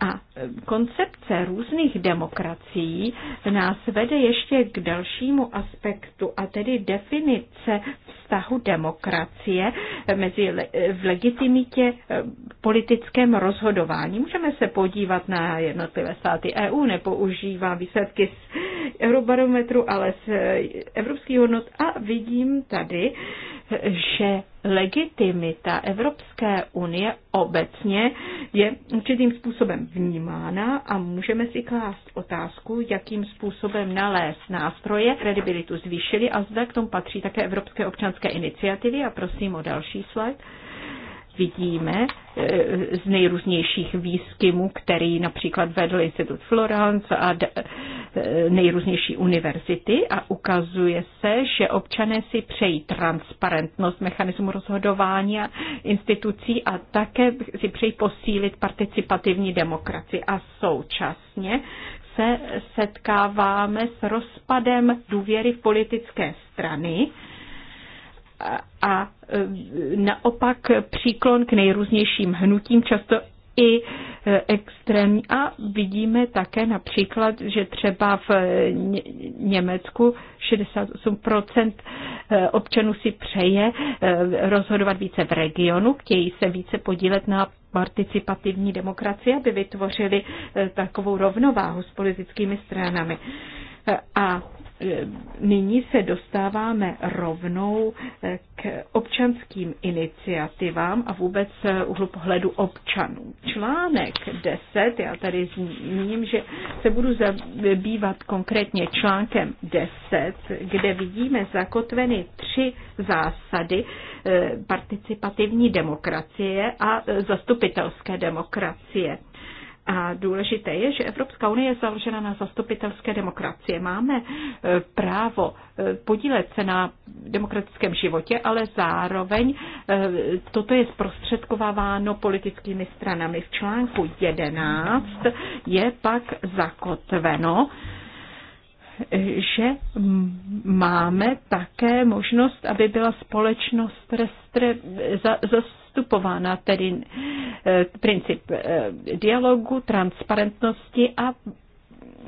A e, koncepce různých demokracií nás vede ještě k dalšímu aspektu, a tedy definice vztahu demokracie mezi e, v legitimitě e, politickém rozhodování. Můžeme se podívat na jednotlivé státy EU, nepoužívá výsledky z Eurobarometru, ale z evropských hodnot a vidím tady, že legitimita Evropské unie obecně je určitým způsobem vnímána a můžeme si klást otázku, jakým způsobem nalézt nástroje, kredibilitu zvýšili a zde k tomu patří také Evropské občanské iniciativy a prosím o další slide vidíme eh, z nejrůznějších výzkumů, který například vedl Institut Florence a eh, nejrůznější univerzity a ukazuje se, že občané si přejí transparentnost mechanismu rozhodování a institucí a také si přejí posílit participativní demokracii a současně se setkáváme s rozpadem důvěry v politické strany a e, naopak příklon k nejrůznějším hnutím, často i e, extrémní. A vidíme také například, že třeba v e, Německu 68% občanů si přeje rozhodovat více v regionu, chtějí se více podílet na participativní demokracii, aby vytvořili takovou rovnováhu s politickými stranami. A Eh, nyní se dostáváme rovnou eh, k občanským iniciativám a vůbec uhlu eh, pohledu občanů. Článek 10, já tady zmíním, že se budu zabývat konkrétně článkem 10, kde vidíme zakotveny tři zásady participativní demokracie a zastupitelské demokracie. A důležité je, že Evropská unie je založena na zastupitelské demokracie. Máme e, právo e, podílet se na demokratickém životě, ale zároveň e, toto je zprostředkováváno politickými stranami. V článku 11 je pak zakotveno, že máme také možnost, aby byla společnost restre, za, za, zastupována, tedy eh, princip eh, dialogu, transparentnosti a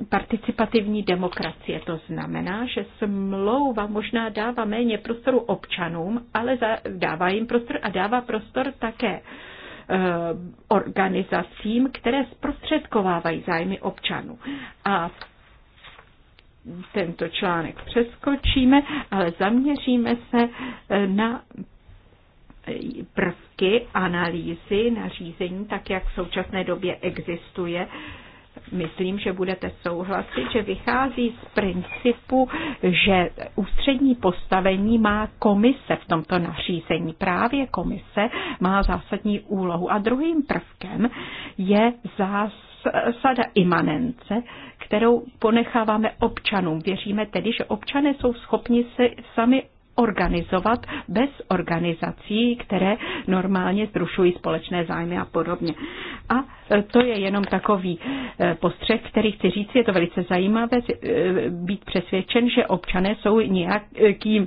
participativní demokracie. To znamená, že smlouva možná dává méně prostoru občanům, ale dává jim prostor a dává prostor také eh, organizacím, které zprostředkovávají zájmy občanů. A tento článek přeskočíme, ale zaměříme se na prvky analýzy nařízení, tak jak v současné době existuje, myslím, že budete souhlasit, že vychází z principu, že ústřední postavení má komise v tomto nařízení. Právě komise má zásadní úlohu. A druhým prvkem je zásada imanence, kterou ponecháváme občanům. Věříme tedy, že občané jsou schopni se sami organizovat bez organizací, které normálně zrušují společné zájmy a podobně. A e, to je jenom takový e, postřeh, který chci říct, je to velice zajímavé e, být přesvědčen, že občané jsou nějakým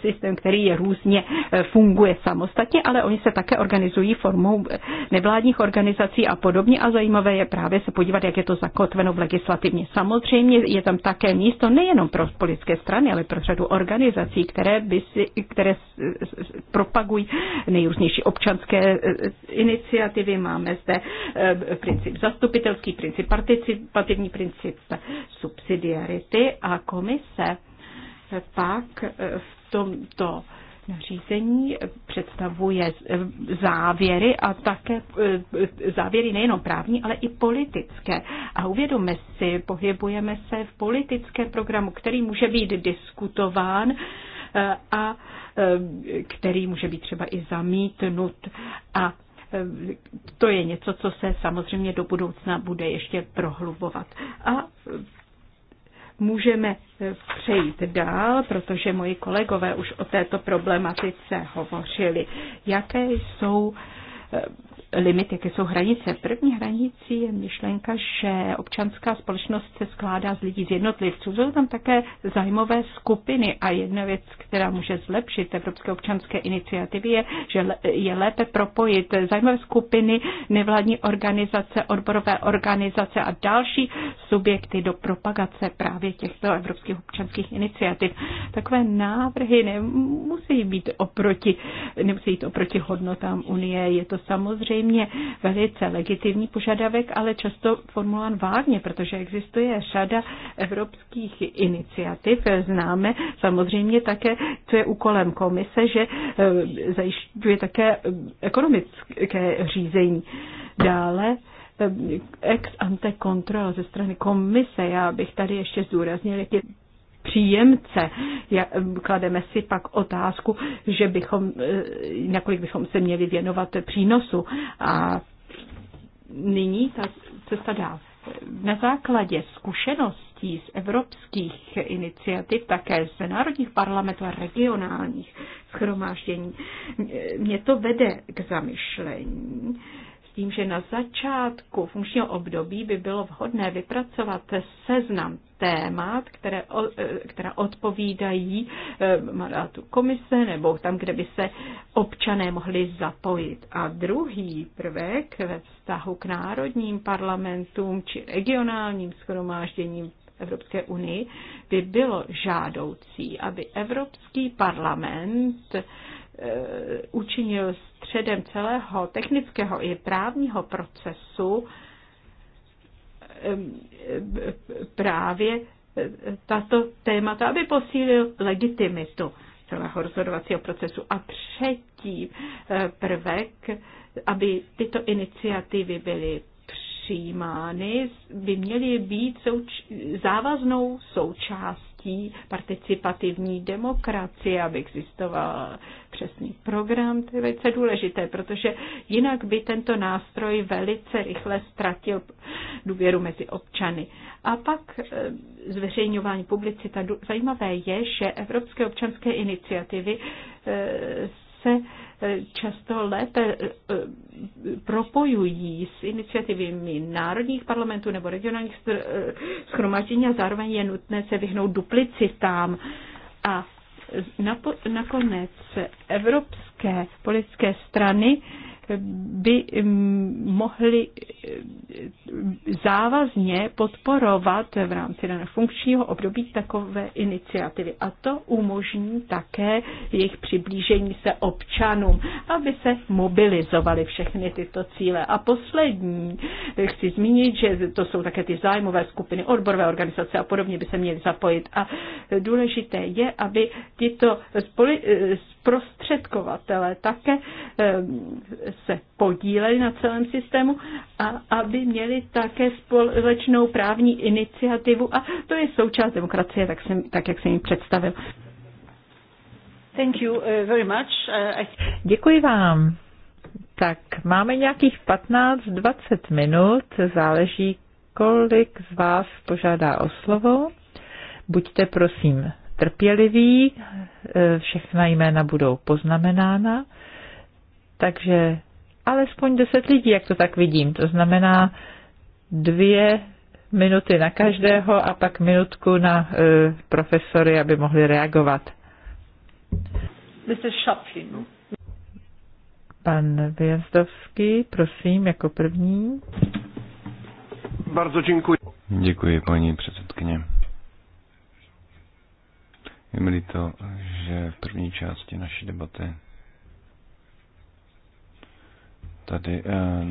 systém, který je různě funguje samostatně, ale oni se také organizují formou nevládních organizací a podobně a zajímavé je právě se podívat, jak je to zakotveno v legislativně. Samozřejmě je tam také místo nejenom pro politické strany, ale pro řadu organizací organizací, které, by si, které propagují nejrůznější občanské e, iniciativy. Máme zde e, princip zastupitelský, princip participativní, princip subsidiarity a komise pak e, v tomto nařízení představuje závěry a také e, závěry nejenom právní, ale i politické. A uvědomme si, pohybujeme se v politickém programu, který může být diskutován e, a e, který může být třeba i zamítnut. A to je něco, co se samozřejmě do budoucna bude ještě prohlubovat. A můžeme e, přejít dál, protože moji kolegové už o této problematice hovořili. Jaké jsou Eh, limit, jaké jsou hranice. První hranicí je myšlenka, že občanská společnost se skládá z lidí, z jednotlivců. Jsou tam také zájmové skupiny a jedna věc, která může zlepšit Evropské občanské iniciativy, je, že je lépe propojit zájmové skupiny, nevládní organizace, odborové organizace a další subjekty do propagace právě těchto evropských občanských iniciativ. Takové návrhy nemusí být oproti, nemusí jít oproti hodnotám Unie, je to samozřejmě velice legitimní požadavek, ale často formulovan vágně, protože existuje řada evropských iniciativ. Známe samozřejmě také, co je úkolem komise, že eh, zajišťuje také eh, ekonomické řízení. Dále eh, ex ante kontrola ze strany komise. Já bych tady ještě zdůraznil, jak je příjemce. Klademe si pak otázku, že bychom, eh, nakolik bychom se měli věnovat přínosu. A nyní ta cesta dál. Na základě zkušeností z evropských iniciativ, také z národních parlamentů a regionálních schromáždění, mě to vede k zamyšlení, tím, že na začátku funkčního období by bylo vhodné vypracovat seznam témat, které, eh, která odpovídají eh, mandátu komise nebo tam, kde by se občané mohli zapojit. A druhý prvek ve vztahu k národním parlamentům či regionálním schromážděním Evropské unii by bylo žádoucí, aby Evropský parlament Eh, učinil středem celého technického i právního procesu eh, právě eh, tato témata, aby posílil legitimitu celého rozhodovacího procesu. A třetí prvek, aby tyto iniciativy byly přijímány, by měly být souč- závaznou součástí platí participativní demokracie, aby existoval přesný program. To je velice důležité, protože jinak by tento nástroj velice rychle ztratil důvěru mezi občany. A pak eh, zveřejňování publicita. Zajímavé je, že Evropské občanské iniciativy eh, se eh, často lépe eh, eh, propojují s iniciativami národních parlamentů nebo regionálních schromáždění a zároveň je nutné se vyhnout duplicitám. A napo- nakonec evropské politické strany by mm, mohli mm, závazně podporovat v rámci daného funkčního období takové iniciativy. A to umožní také jejich přiblížení se občanům, aby se mobilizovaly všechny tyto cíle. A poslední, chci zmínit, že to jsou také ty zájmové skupiny, odborové organizace a podobně by se měly zapojit. A důležité je, aby tyto spoli, zprostředkovatele také ehm, se podíleli na celém systému a aby měli také společnou právní iniciativu a to je součást demokracie, tak, jsem, tak jak jsem ji představil. Thank you eh, very much. Eh, Děkuji vám. Tak máme nějakých 15-20 minut, záleží, kolik z vás požádá o slovo. Buďte prosím trpěliví, eh, všechna jména budou poznamenána, takže alespoň deset lidí, jak to tak vidím, to znamená dvě minuty na každého a pak minutku na eh, profesory, aby mohli reagovat. Mr. Pan Vyjazdovský, prosím, jako první. Bardzo děkuji. Děkuji, pani předsedkyně. Je mi líto, že v první části naší debaty tady eh,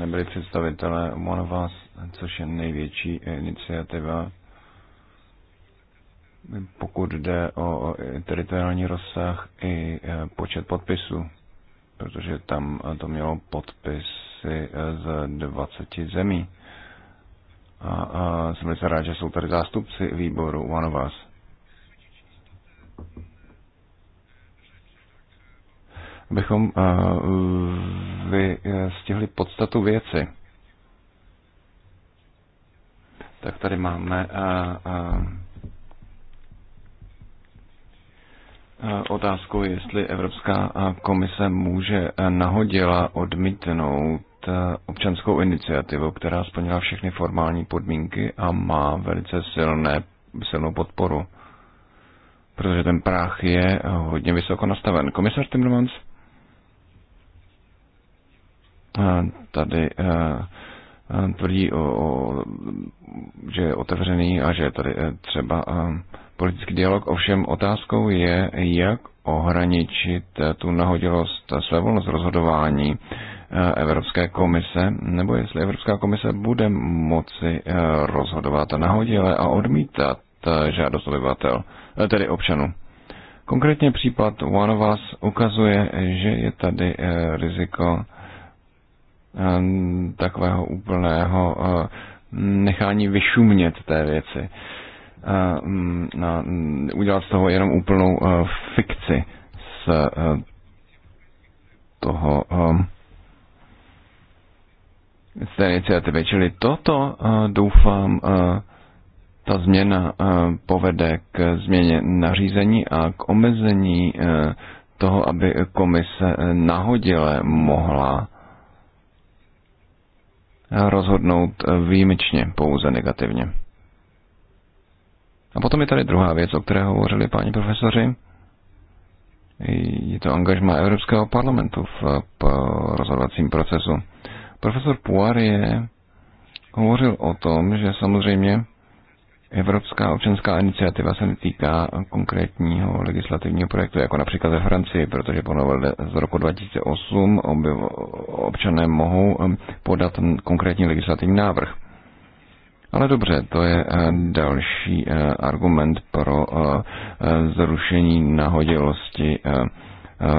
nebyli představitelé One of Us, což je největší iniciativa, pokud jde o teritoriální rozsah i eh, počet podpisů, protože tam eh, to mělo podpisy z 20 zemí. A, a jsem velice rád, že jsou tady zástupci výboru One of Us abychom eh, vystihli eh, podstatu věci. Tak tady máme eh, otázku, jestli Evropská komise může nahodila odmítnout občanskou iniciativu, která splnila všechny formální podmínky a má velice silné, silnou podporu protože ten práh je hodně vysoko nastaven. Komisař Timmermans tady eh, eh, tvrdí, o, o, že je otevřený a že je tady eh, třeba politický dialog. Ovšem otázkou je, jak ohraničit tu nahodilost, volnost rozhodování Evropské komise, nebo jestli Evropská komise bude moci rozhodovat nahodile a odmítat žádost obyvatel. Eh, tedy občanů. Konkrétně případ One of Us ukazuje, že je tady eh, riziko eh, takového úplného nechání vyšumět té věci. Mm, mm, udělat z toho jenom úplnou fikci z toho z té iniciativy. Čili toto doufám ta změna eh, povede k změně nařízení a k omezení eh, toho, aby komise eh, nahodile mohla rozhodnout výjimečně pouze negativně. A potom je tady druhá věc, o které hovořili páni profesoři. Je to angažma Evropského parlamentu v rozhodovacím procesu. Profesor Poirier hovořil o tom, že samozřejmě Evropská občanská iniciativa se netýká konkrétního legislativního projektu, jako například ve Francii, protože po novele z roku 2008 občané mohou podat konkrétní legislativní návrh. Ale dobře, to je eh, další eh, argument pro eh, zrušení nahodilosti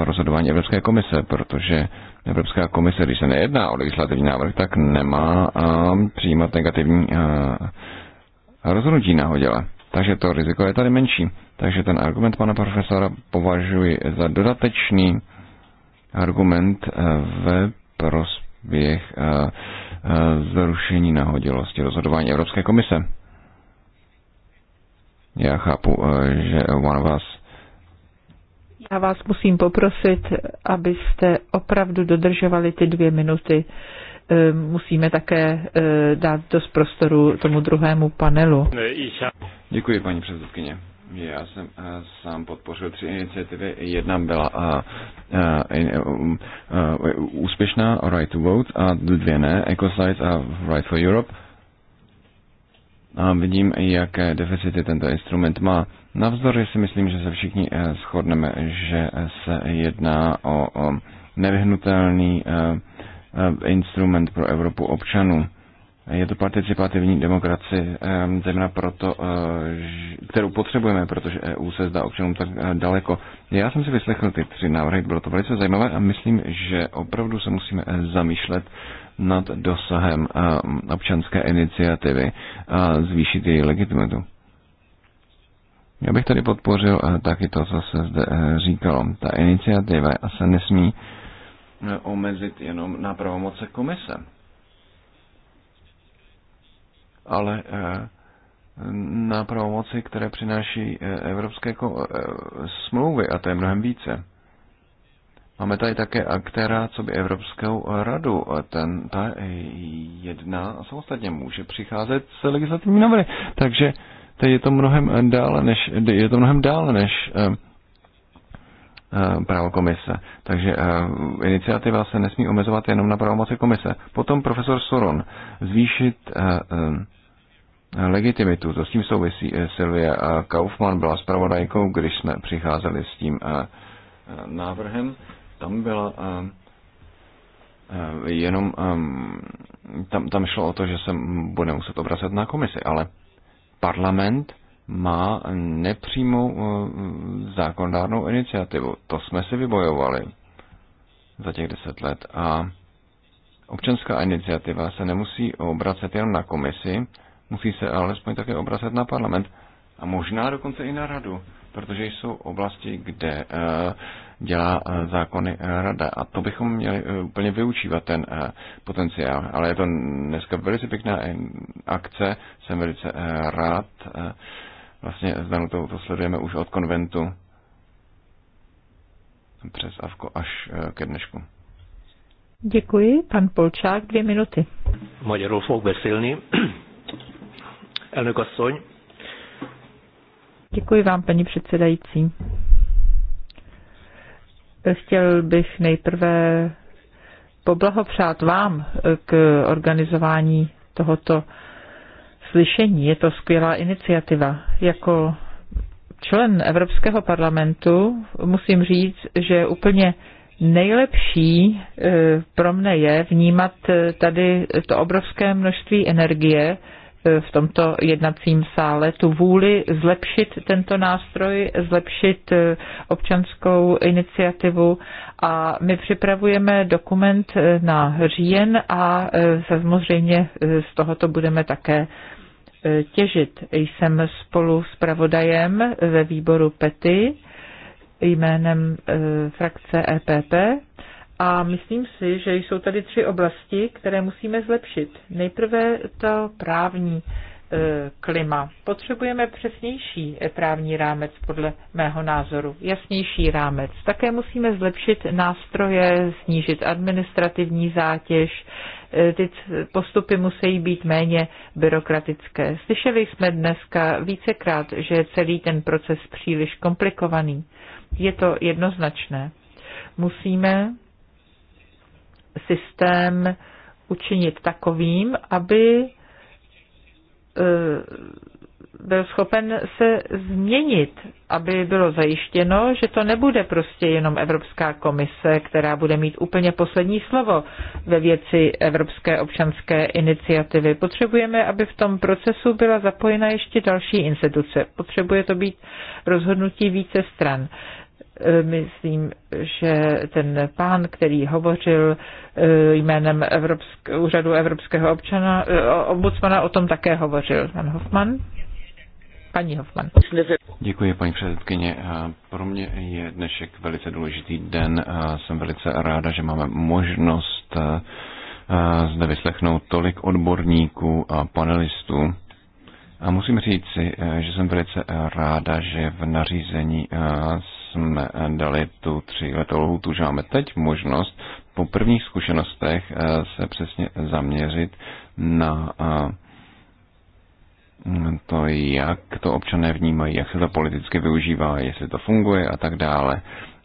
rozhodování Evropské komise, protože Evropská komise, když se nejedná o legislativní návrh, tak nemá přijímat negativní rozhodnutí nahodila. Takže to riziko je tady menší. Takže ten argument pana profesora považuji za dodatečný argument eh, ve prospěch eh, eh, zrušení nahodilosti rozhodování Evropské komise. Já chápu, že má vás já vás musím poprosit, abyste opravdu dodržovali ty dvě minuty. Eh, musíme také eh, dát dost prostoru tomu druhému panelu. Děkuji, paní předsedkyně. Já jsem eh, sám podpořil tři iniciativy. Jedna byla a, a, a, úspěšná Right to Vote a dvě ne, Ecosize a Right for Europe. A vidím, jaké deficity tento instrument má. Navzdory si myslím, že se všichni shodneme, že se jedná o, o nevyhnutelný uh, Eh, instrument pro Evropu občanů. Je to participativní demokracie, eh, zejména proto, eh, kterou potřebujeme, protože EU se zdá občanům tak daleko. Já jsem si vyslechl ty tři návrhy, bylo to velice zajímavé a myslím, že opravdu se musíme zamýšlet nad dosahem občanské iniciativy a zvýšit její legitimitu. Já bych tady podpořil taky to, co se zde říkalo. Ta iniciativa se nesmí omezit jenom na pravomoce komise. Ale eh, na pravomoci, které přináší eh, evropské eh, smlouvy, a to je mnohem více. Máme tady také aktéra, co by Evropskou radu. Ten, ta jedna samostatně může přicházet s legislativní návrhy. Takže tady je to mnohem dále než, je to mnohem dále než Eh, právo komise. Takže eh, iniciativa se nesmí omezovat jenom na pravomoci komise. Potom profesor Soron zvýšit eh, legitimitu, to s tím souvisí Silvia Kaufmann byla zpravodajkou, když jsme přicházeli s tím návrhem. Tam byla jenom tam, tam šlo o to, že se bude muset obracet na komisi, ale parlament má nepřímou eh, zákonodárnou iniciativu. To jsme si vybojovali za těch deset let a občanská iniciativa se nemusí obracet jen na komisi, musí se alespoň také obracet na parlament a možná dokonce i na radu, protože jsou oblasti, kde eh, dělá eh, zákony rada a to bychom měli úplně vyučívat ten potenciál. Ale je to dneska velice pěkná akce, jsem velice rád, vlastně s Danutou to sledujeme už od konventu přes Avko až eh, ke dnešku. Děkuji. Pan Polčák, dvě minuty. Magyarul fog beszélni. Elnök asszony. Děkuji vám, paní předsedající. Chtěl bych nejprve poblahopřát vám eh, k organizování tohoto slyšení. Je to skvělá iniciativa. Jako člen Evropského parlamentu musím říct, že úplně nejlepší eh, pro mne je vnímat eh, tady to obrovské množství energie eh, v tomto jednacím sále, tu vůli zlepšit tento nástroj, zlepšit občanskou iniciativu a my připravujeme dokument na říjen a samozřejmě z tohoto budeme také E, těžit. Jsem spolu s pravodajem ve výboru PETY jménem e, frakce EPP a myslím si, že jsou tady tři oblasti, které musíme zlepšit. Nejprve to právní e, klima. Potřebujeme přesnější právní rámec, podle mého názoru, jasnější rámec. Také musíme zlepšit nástroje, snížit administrativní zátěž, ty postupy musí být méně byrokratické. Slyšeli jsme dneska vícekrát, že je celý ten proces příliš komplikovaný. Je to jednoznačné. Musíme systém učinit takovým, aby eh, byl schopen se změnit, aby bylo zajištěno, že to nebude prostě jenom Evropská komise, která bude mít úplně poslední slovo ve věci Evropské občanské iniciativy. Potřebujeme, aby v tom procesu byla zapojena ještě další instituce. Potřebuje to být rozhodnutí více stran e, myslím, že ten pán, který hovořil e, jménem Evropsk, úřadu Evropského občana, e, ombudsmana, o tom také hovořil. Pan Hoffman? Paní Hoffman. Děkuji, paní předsedkyně. Pro mě je dnešek velice důležitý den. Jsem velice ráda, že máme možnost zde vyslechnout tolik odborníků a panelistů. A musím říci, že jsem velice ráda, že v nařízení jsme dali tu tříletou lhůtu, že máme teď možnost po prvních zkušenostech se přesně zaměřit na to, jak to občané vnímají, jak se to politicky využívá, jestli to funguje a tak dále.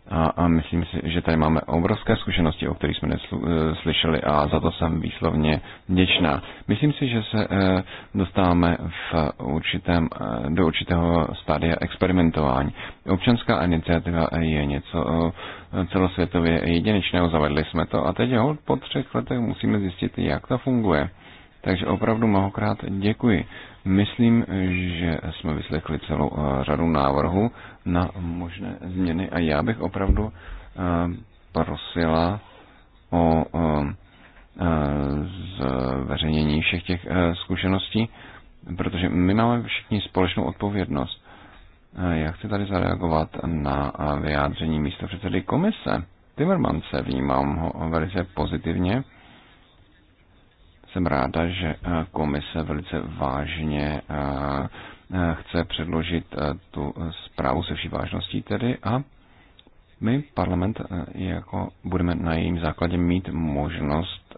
A, a myslím si, že tady máme obrovské zkušenosti, o kterých jsme neslyšeli eh, a za to jsem výslovně vděčná. Myslím si, že se e, dostáváme v určitém, e, do určitého stádia experimentování. Občanská iniciativa je něco e, celosvětově jedinečného, zavedli jsme to a teď hold po třech letech musíme zjistit, jak to funguje. Takže opravdu mnohokrát děkuji Myslím, že jsme vyslechli celou eh, řadu návrhů na možné změny a já bych opravdu eh, prosila o eh, zveřejnění všech těch zkušeností, protože my máme všichni společnou odpovědnost. Já chci tady zareagovat na vyjádření místo předsedy komise. Timmermans vnímám ho velice pozitivně jsem ráda, že eh, komise velice vážně eh, eh, chce předložit tu zprávu se vší vážností tedy a my, parlament, jako budeme na jejím základě mít možnost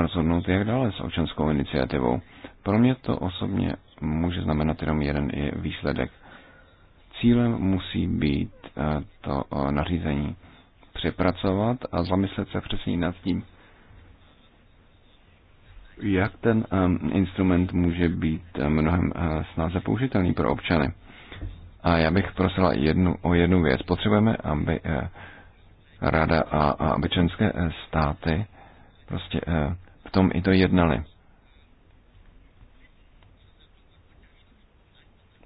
rozhodnout, jak dále s občanskou iniciativou. Pro mě to osobně může znamenat jenom jeden výsledek. Cílem musí být to nařízení přepracovat a zamyslet se přesně nad tím, jak ten um, instrument může být eh, mnohem eh, snáze použitelný pro občany. A já bych prosila jednu, o jednu věc. Potřebujeme, aby eh, rada a, a aby členské státy prostě v tom i to jednali.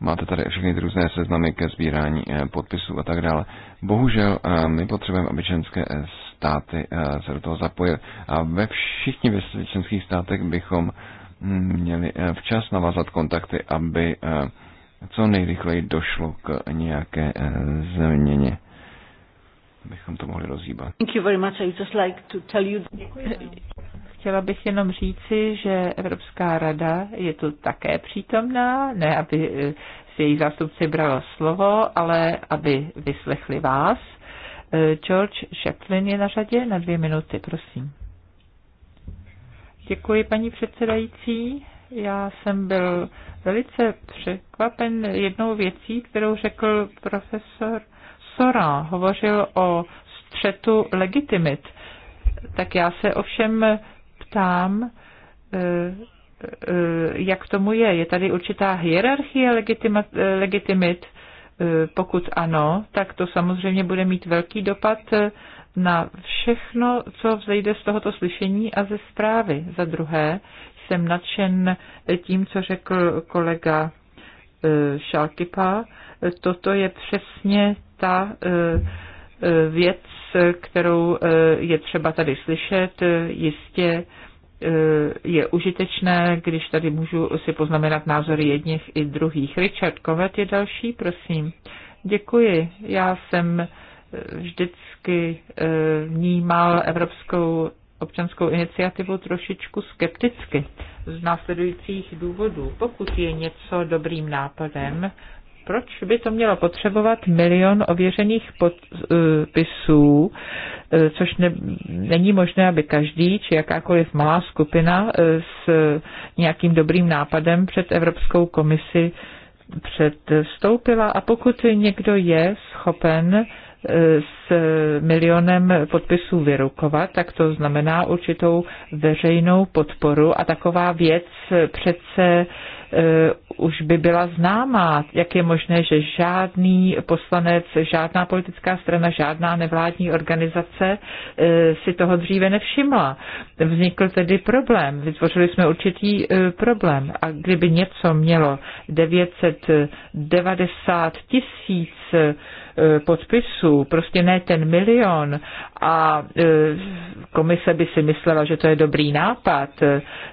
Máte tady všechny ty různé seznamy ke sbírání podpisů a tak dále. Bohužel my potřebujeme, aby členské státy eh, se do toho zapojil A ve všichni členských státech bychom mm, měli eh, včas navázat kontakty, aby eh, co nejrychleji došlo k nějaké změně bychom to mohli rozhýbat. Thank you very much. I just like to tell you... Chtěla bych jenom říci, že Evropská rada je tu také přítomná, ne aby si její zástupci bralo slovo, ale aby vyslechli vás George Shacklin je na řadě na dvě minuty, prosím. Děkuji, paní předsedající. Já jsem byl velice překvapen jednou věcí, kterou řekl profesor Sora. Hovořil o střetu legitimit. Tak já se ovšem ptám, eh, eh, jak tomu je. Je tady určitá hierarchie eh, legitimit, E, pokud ano, tak to samozřejmě bude mít velký dopad e, na všechno, co vzejde z tohoto slyšení a ze zprávy. Za druhé, jsem nadšen tím, co řekl kolega e, Šalkypa. Toto je přesně ta věc, kterou je třeba tady slyšet. Jistě Eh, je užitečné, když tady můžu si poznamenat názory jedních i druhých. Richard Kovet je další, prosím. Děkuji. Já jsem eh, vždycky eh, vnímal Evropskou občanskou iniciativu trošičku skepticky z následujících důvodů. Pokud je něco dobrým nápadem, proč by to mělo potřebovat milion ověřených podpisů, eh, eh, což ne, není možné, aby každý či jakákoliv malá skupina eh, s nějakým dobrým nápadem před Evropskou komisi předstoupila a pokud někdo je schopen s milionem podpisů vyrukovat, tak to znamená určitou veřejnou podporu a taková věc přece E, už by byla známá. Jak je možné, že žádný poslanec, žádná politická strana, žádná nevládní organizace e, si toho dříve nevšimla. Vznikl tedy problém, vytvořili jsme určitý e, problém. A kdyby něco mělo 990 tisíc E, podpisů, prostě ne ten milion a e, komise by si myslela, že to je dobrý nápad,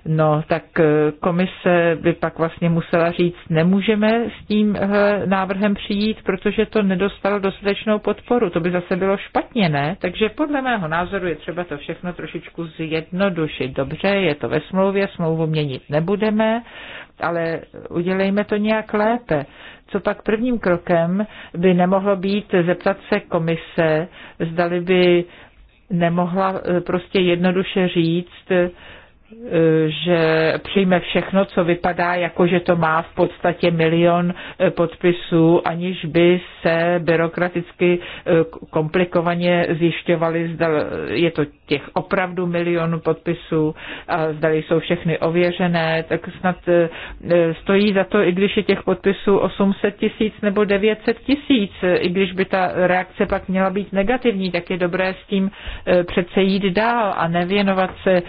no tak e, komise by pak vlastně musela říct, nemůžeme s tím návrhem přijít, protože to nedostalo dostatečnou podporu. To by zase bylo špatně, ne? Takže podle mého názoru je třeba to všechno trošičku zjednodušit. Dobře, je to ve smlouvě, smlouvu měnit nebudeme, ale udělejme to nějak lépe co pak prvním krokem by nemohlo být zeptat se komise, zdali by nemohla eh, prostě jednoduše říct, že přijme všechno, co vypadá jako, že to má v podstatě milion eh, podpisů, aniž by se byrokraticky eh, komplikovaně zjišťovali, zda je to těch opravdu milion podpisů, a zda jsou všechny ověřené, tak snad eh, stojí za to, i když je těch podpisů 800 tisíc nebo 900 tisíc, i když by ta reakce pak měla být negativní, tak je dobré s tím přece jít dál a nevěnovat se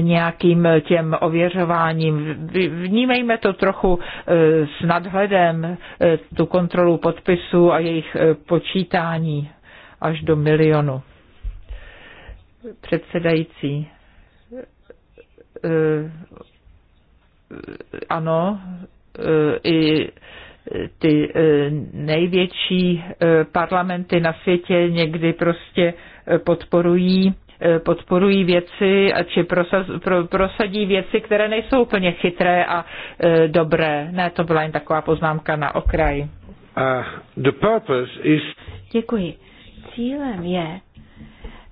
nějakým těm ověřováním. Vnímejme to trochu e, s nadhledem, e, tu kontrolu podpisů a jejich e, počítání až do milionu. Předsedající. Ano, i ty největší parlamenty na světě někdy prostě podporují E, podporují věci či prosaz, pro, prosadí věci, které nejsou úplně chytré a e, dobré. Ne, to byla jen taková poznámka na okraji. Uh, the purpose is... Děkuji. Cílem je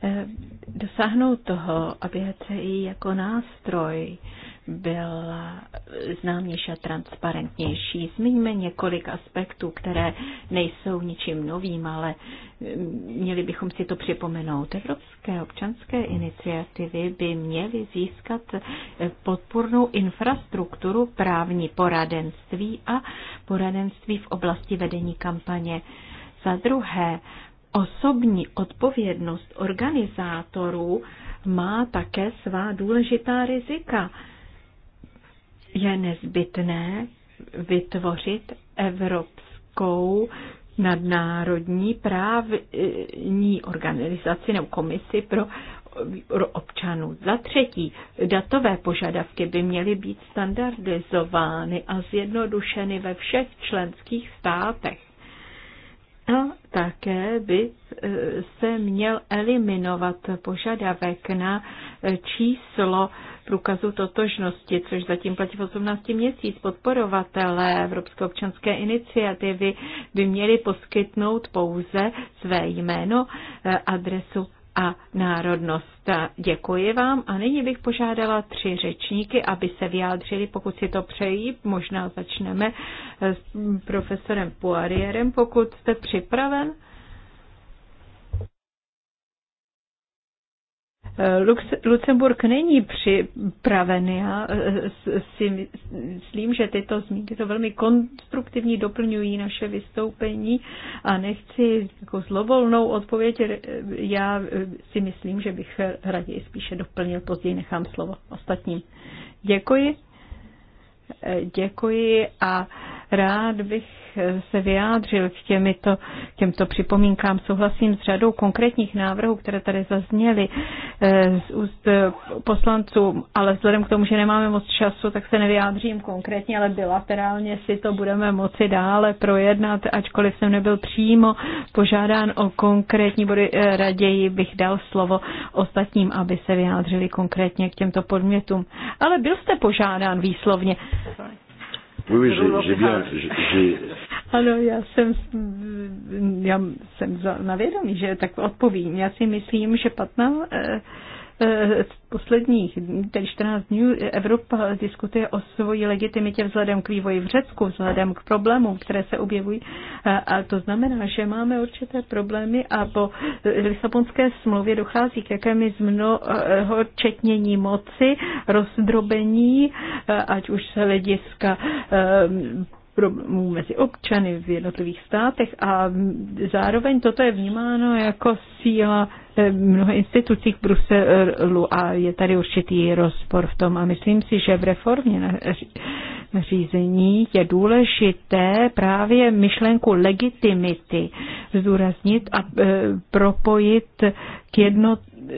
e, dosáhnout toho, aby HCI jako nástroj byla známější a transparentnější. Zmiňme několik aspektů, které nejsou ničím novým, ale mm, měli bychom si to připomenout. Evropské občanské iniciativy by měly získat eh, podpornou infrastrukturu právní poradenství a poradenství v oblasti vedení kampaně. Za druhé, osobní odpovědnost organizátorů má také svá důležitá rizika je nezbytné vytvořit evropskou nadnárodní právní organizaci nebo komisi pro občanů. Za třetí, datové požadavky by měly být standardizovány a zjednodušeny ve všech členských státech. A také by se měl eliminovat požadavek na číslo průkazu totožnosti, což zatím platí v 18 měsíc. Podporovatelé Evropské občanské iniciativy by měli poskytnout pouze své jméno, eh, adresu a národnost. Děkuji vám a nyní bych požádala tři řečníky, aby se vyjádřili, pokud si to přejí. Možná začneme eh, s profesorem Poirierem, pokud jste připraven. Lucemburg není připraven. Já eh, si myslím, že tyto zmínky to velmi konstruktivní doplňují naše vystoupení a nechci jako zlovolnou odpověď. Eh, já eh, si myslím, že bych raději spíše doplnil, později nechám slovo ostatním. Děkuji. Děkuji a Rád bych se vyjádřil k, těmito, těmto připomínkám. Souhlasím s řadou konkrétních návrhů, které tady zazněly eh, z úst eh, poslanců, ale vzhledem k tomu, že nemáme moc času, tak se nevyjádřím konkrétně, ale bilaterálně si to budeme moci dále projednat, ačkoliv jsem nebyl přímo požádán o konkrétní body, eh, raději bych dal slovo ostatním, aby se vyjádřili konkrétně k těmto podmětům. Ale byl jste požádán výslovně. Sorry. Oui, oui, j'ai bien, J j ai, ai... Ano, já jsem, já jsem na vědomí, že tak odpovím. Já si myslím, že 15, z eh, posledních 14 dní Evropa diskutuje o svoji legitimitě vzhledem k vývoji v Řecku, vzhledem k problémům, které se objevují. A to znamená, že máme určité problémy a po eh, Lisabonské smlouvě dochází k jakémi z mnoho četnění moci, rozdrobení, eh, ať už se hlediska problémů mezi občany v jednotlivých státech a zároveň toto je vnímáno jako síla E, mnoha institucí v Bruselu a je tady určitý rozpor v tom a myslím si, že v reformě řízení je důležité právě myšlenku legitimity zdůraznit a e, propojit k jedno, e,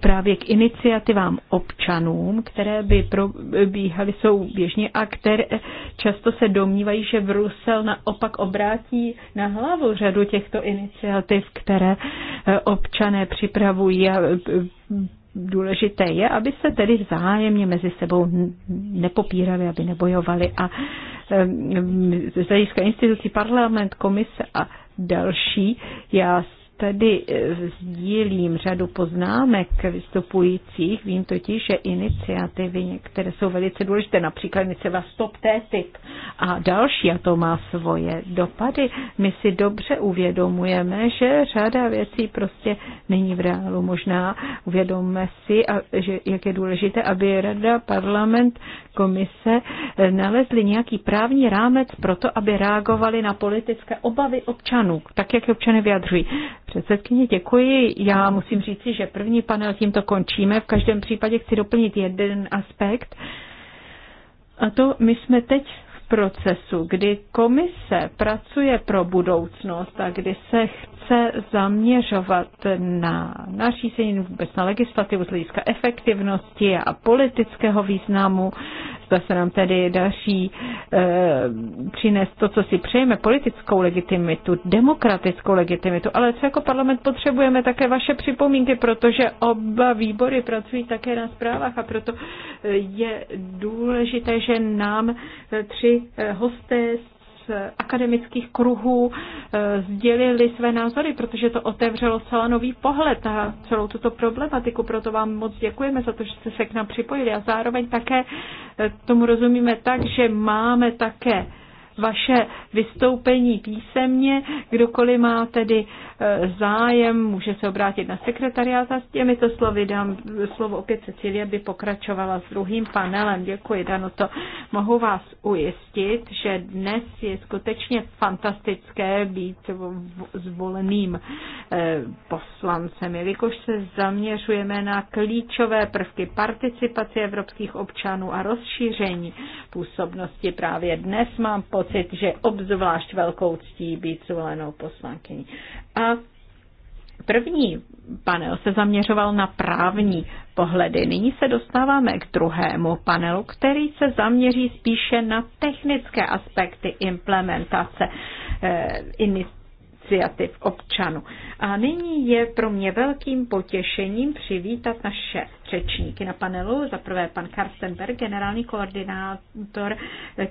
právě k iniciativám občanům, které by probíhaly souběžně a které často se domnívají, že Brusel naopak obrátí na hlavu řadu těchto iniciativ, které e, občané připravují a e, důležité je, aby se tedy vzájemně mezi sebou nepopírali, aby nebojovali a z hlediska institucí parlament, komise a další, já tady eh, sdílím řadu poznámek vystupujících. Vím totiž, že iniciativy, které jsou velice důležité, například iniciativa Stop TTIP a další, a to má svoje dopady. My si dobře uvědomujeme, že řada věcí prostě není v reálu možná. Uvědomme si, a, že, jak je důležité, aby Rada, Parlament, Komise eh, nalezli nějaký právní rámec pro to, aby reagovali na politické obavy občanů, tak jak je občany vyjadřují. Předsedkyně, děkuji. Já musím říci, že první panel tímto končíme. V každém případě chci doplnit jeden aspekt. A to my jsme teď procesu, kdy komise pracuje pro budoucnost a kdy se chce zaměřovat na nařízení, vůbec na legislativu z hlediska efektivnosti a politického významu, zda se nám tedy daří e, přinést to, co si přejeme, politickou legitimitu, demokratickou legitimitu, ale co jako parlament potřebujeme také vaše připomínky, protože oba výbory pracují také na zprávách a proto eh, je důležité, že nám eh, tři Eh, hosté z akademických kruhů eh, sdělili své názory, protože to otevřelo celá nový pohled na celou tuto problematiku. Proto vám moc děkujeme za to, že jste se k nám připojili a zároveň také eh, tomu rozumíme tak, že máme také vaše vystoupení písemně. Kdokoliv má tedy e, zájem, může se obrátit na sekretariát a s těmito slovy dám slovo opět Cecilie, aby pokračovala s druhým panelem. Děkuji, Dano, to mohu vás ujistit, že dnes je skutečně fantastické být zvoleným e, poslancem, jelikož se zaměřujeme na klíčové prvky participace evropských občanů a rozšíření působnosti. Právě dnes mám po pocit, že obzvlášť velkou ctí být zvolenou poslankyní. A První panel se zaměřoval na právní pohledy. Nyní se dostáváme k druhému panelu, který se zaměří spíše na technické aspekty implementace eh, iniciativ občanů. A nyní je pro mě velkým potěšením přivítat naše řečníky na panelu. Za prvé pan Karstenberg, generální koordinátor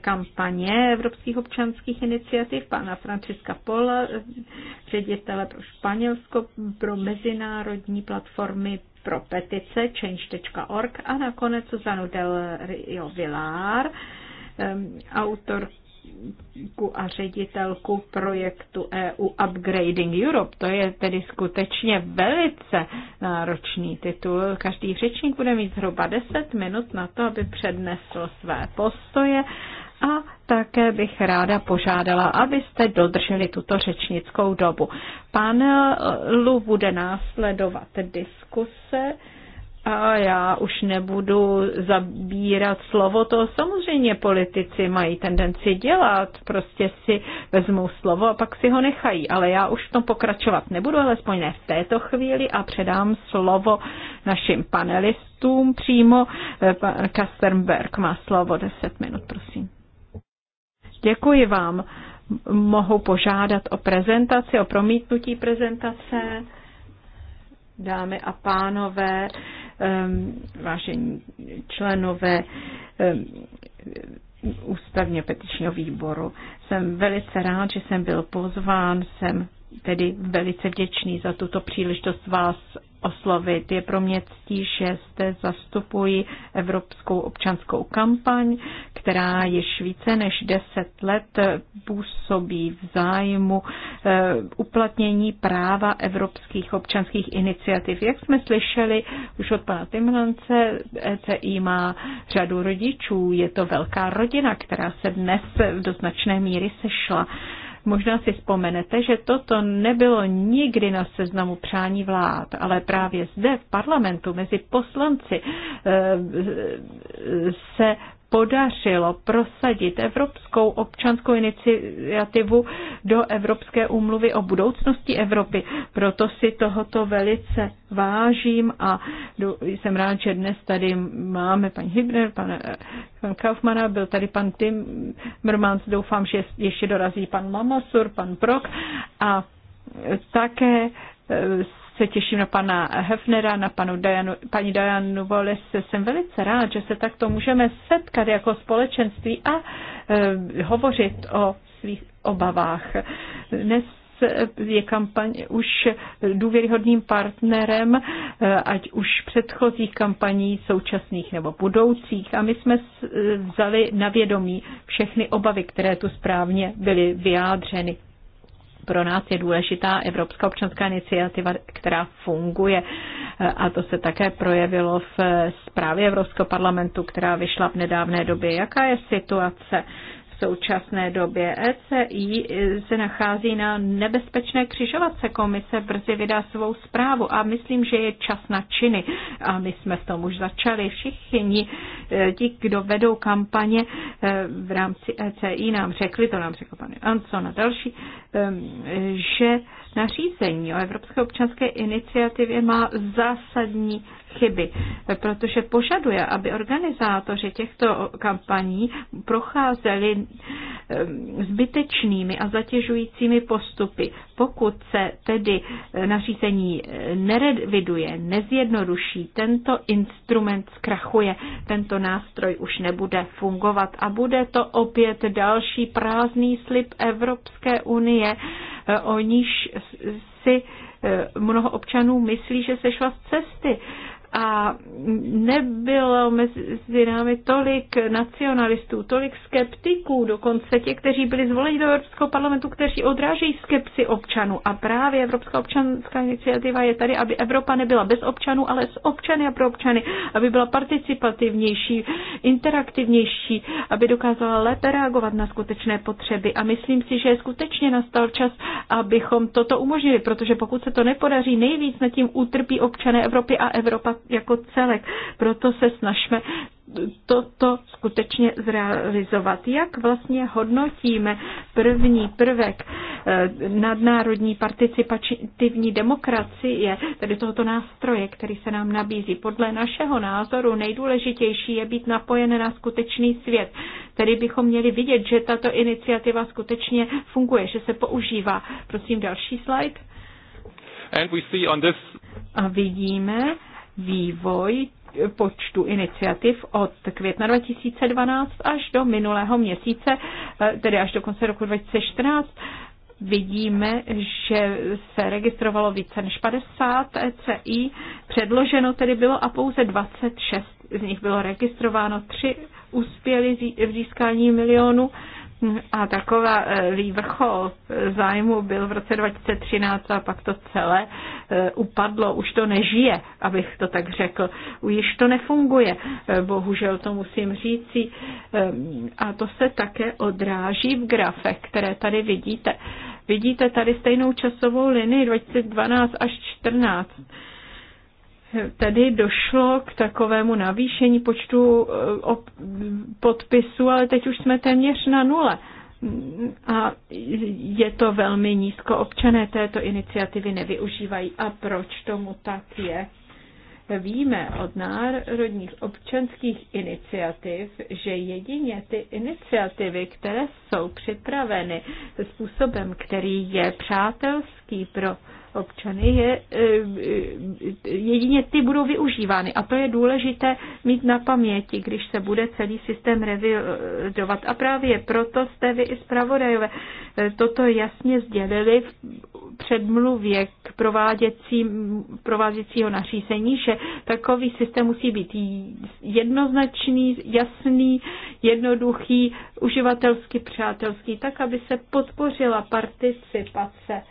kampaně Evropských občanských iniciativ, pana Franciska Pola, ředitele pro Španělsko, pro mezinárodní platformy pro petice change.org a nakonec Zanudel Del Rio Villar, autor a ředitelku projektu EU Upgrading Europe. To je tedy skutečně velice náročný titul. Každý řečník bude mít zhruba 10 minut na to, aby přednesl své postoje a také bych ráda požádala, abyste dodrželi tuto řečnickou dobu. Panelu bude následovat diskuse a já už nebudu zabírat slovo, to samozřejmě politici mají tendenci dělat, prostě si vezmou slovo a pak si ho nechají, ale já už v tom pokračovat nebudu, alespoň ne v této chvíli a předám slovo našim panelistům přímo. Eh, pan Kastenberg má slovo 10 minut, prosím. Děkuji vám. Mohu požádat o prezentaci, o promítnutí prezentace dámy a pánové, Ehm, vážení členové ehm, ústavně petičního výboru. Jsem velice rád, že jsem byl pozván, jsem tedy velice vděčný za tuto příležitost vás oslovit. Je pro mě ctí, že zde zastupuji Evropskou občanskou kampaň, která již více než deset let působí v zájmu eh, uplatnění práva evropských občanských iniciativ. Jak jsme slyšeli už od pana Timrance, ECI má řadu rodičů, je to velká rodina, která se dnes do značné míry sešla. Možná si vzpomenete, že toto nebylo nikdy na seznamu přání vlád, ale právě zde v parlamentu mezi poslanci eh, se podařilo prosadit Evropskou občanskou iniciativu do Evropské úmluvy o budoucnosti Evropy. Proto si tohoto velice vážím a jsem rád, že dnes tady máme paní Hibner, pan, eh, pan Kaufmana, byl tady pan Tim Mermans, doufám, že ještě dorazí pan Mamasur, pan Prok a také eh, se těším na pana Hefnera, na panu Dianu, paní Dianu Volis. Jsem velice rád, že se takto můžeme setkat jako společenství a e, hovořit o svých obavách. Dnes je kampaň už důvěryhodným partnerem, e, ať už předchozích kampaní, současných nebo budoucích. A my jsme e, vzali na vědomí všechny obavy, které tu správně byly vyjádřeny pro nás je důležitá Evropská občanská iniciativa, která funguje. A to se také projevilo v zprávě Evropského parlamentu, která vyšla v nedávné době. Jaká je situace současné době. ECI se nachází na nebezpečné křižovatce. Komise brzy vydá svou zprávu a myslím, že je čas na činy. A my jsme v tom už začali. Všichni e, ti, kdo vedou kampaně e, v rámci ECI, nám řekli, to nám řekl pan Anson a další, e, že nařízení o Evropské občanské iniciativě má zásadní chyby, protože požaduje, aby organizátoři těchto kampaní procházeli ehm, zbytečnými a zatěžujícími postupy. Pokud se tedy eh, nařízení eh, nereviduje, nezjednoduší, tento instrument zkrachuje, tento nástroj už nebude fungovat a bude to opět další prázdný slib Evropské unie, eh, o níž si mnoho občanů myslí, že se šla z cesty a nebylo mezi námi tolik nacionalistů, tolik skeptiků, dokonce těch, kteří byli zvoleni do Evropského parlamentu, kteří odrážejí skepci občanů. A právě Evropská občanská iniciativa je tady, aby Evropa nebyla bez občanů, ale s občany a pro občany, aby byla participativnější, interaktivnější, aby dokázala lépe reagovat na skutečné potřeby. A myslím si, že je skutečně nastal čas, abychom toto umožnili, protože pokud se to nepodaří, nejvíc nad tím utrpí občané Evropy a Evropa jako celek. Proto se snažíme toto skutečně zrealizovat. Jak vlastně hodnotíme první prvek eh, nadnárodní participativní demokracie, tedy tohoto nástroje, který se nám nabízí. Podle našeho názoru nejdůležitější je být napojené na skutečný svět. Tedy bychom měli vidět, že tato iniciativa skutečně funguje, že se používá. Prosím další slide. And we see on this... A vidíme, vývoj počtu iniciativ od května 2012 až do minulého měsíce, eh, tedy až do konce roku 2014. Vidíme, že se registrovalo více než 50 ECI, předloženo tedy bylo a pouze 26 z nich bylo registrováno, tři uspěli v získání milionu a taková e, vývrchol zájmu byl v roce 2013 a pak to celé e, upadlo. Už to nežije, abych to tak řekl. Už to nefunguje. E, bohužel to musím říci. A to se také odráží v grafech, které tady vidíte. Vidíte tady stejnou časovou linii 2012 až 2014 tedy došlo k takovému navýšení počtu e, podpisů, ale teď už jsme téměř na nule. A je to velmi nízko. Občané této iniciativy nevyužívají. A proč tomu tak je? Víme od národních občanských iniciativ, že jedině ty iniciativy, které jsou připraveny způsobem, který je přátelský pro občany, je, e, e, jedině ty budou využívány. A to je důležité mít na paměti, když se bude celý systém revidovat. A právě proto jste vy i zpravodajové e, toto jasně sdělili v předmluvě k prováděcího nařízení, že takový systém musí být jednoznačný, jasný, jednoduchý, uživatelsky přátelský, tak, aby se podpořila participace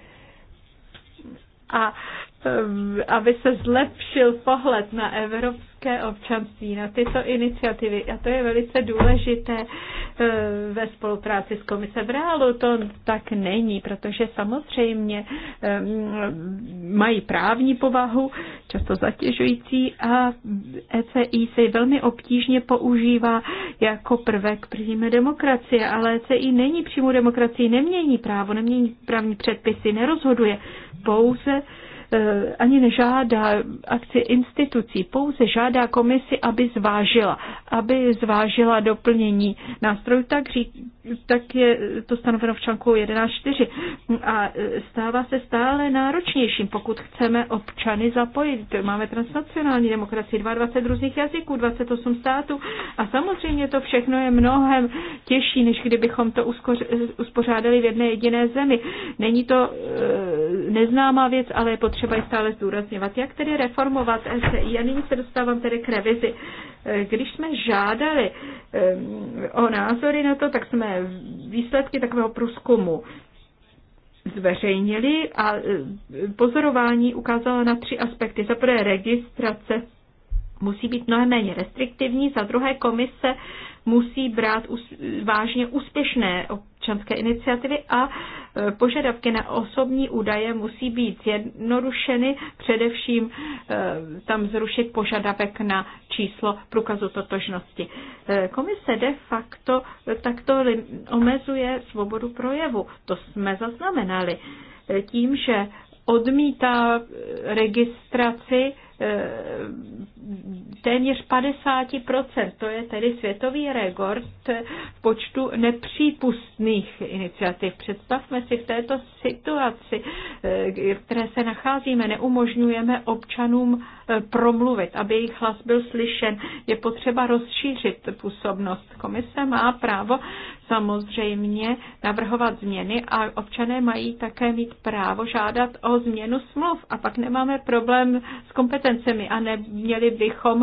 a aby se zlepšil pohled na Evropu evropské občanství, na tyto iniciativy. A to je velice důležité eh, ve spolupráci s komise. V reálu to tak není, protože samozřejmě eh, mají právní povahu, často zatěžující a ECI se velmi obtížně používá jako prvek přímé demokracie, ale ECI není přímou demokracii, nemění právo, nemění právní předpisy, nerozhoduje pouze Eh, ani nežádá akci institucí, pouze žádá komisi, aby zvážila, aby zvážila doplnění nástrojů, tak tak je to stanoveno v článku 11.4. A stává se stále náročnějším, pokud chceme občany zapojit. Máme transnacionální demokracii, 22 různých jazyků, 28 států a samozřejmě to všechno je mnohem těžší, než kdybychom to uspořádali v jedné jediné zemi. Není to eh, neznámá věc, ale je potřeba ji stále zdůrazňovat. Jak tedy reformovat SEI? A nyní se dostávám tedy k revizi když jsme žádali o názory na to, tak jsme výsledky takového průzkumu zveřejnili a e, pozorování ukázalo na tři aspekty. Za prvé registrace musí být mnohem méně restriktivní, za druhé komise musí brát vážně úspěšné občanské iniciativy a e, požadavky na osobní údaje musí být zjednodušeny, především e, tam zrušit požadavek na číslo průkazu totožnosti. E, komise de facto takto omezuje svobodu projevu. To jsme zaznamenali tím, že odmítá registraci Eh, téměř 50%. To je tedy světový rekord v počtu nepřípustných iniciativ. Představme si v této situaci, v eh, které se nacházíme, neumožňujeme občanům eh, promluvit, aby jejich hlas byl slyšen. Je potřeba rozšířit působnost. Komise má právo samozřejmě navrhovat změny a občané mají také mít právo žádat o změnu smluv a pak nemáme problém s kompetencemi a neměli bychom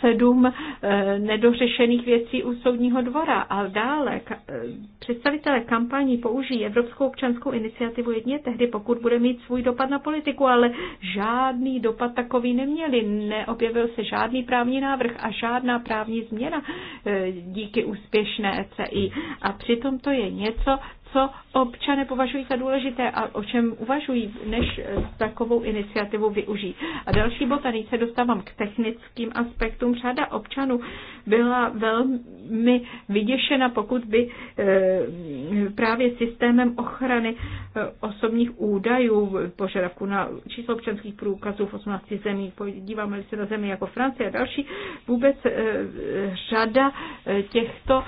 sedm eh, nedořešených věcí u soudního dvora. A dále eh, představitelé kampaní použijí Evropskou občanskou iniciativu jedně tehdy, pokud bude mít svůj dopad na politiku, ale žádný dopad takový neměli. Neobjevil se žádný právní návrh a žádná právní změna eh, díky úspěšné ECI. A přitom to je něco, co občané považují za důležité a o čem uvažují, než eh, takovou iniciativu využijí. A další bod, a se dostávám k technickým aspektům. Řada občanů byla velmi vyděšena, pokud by eh, právě systémem ochrany eh, osobních údajů, požadavku na číslo občanských průkazů v 18 zemích, podíváme se na zemi jako Francie a další, vůbec řada těchto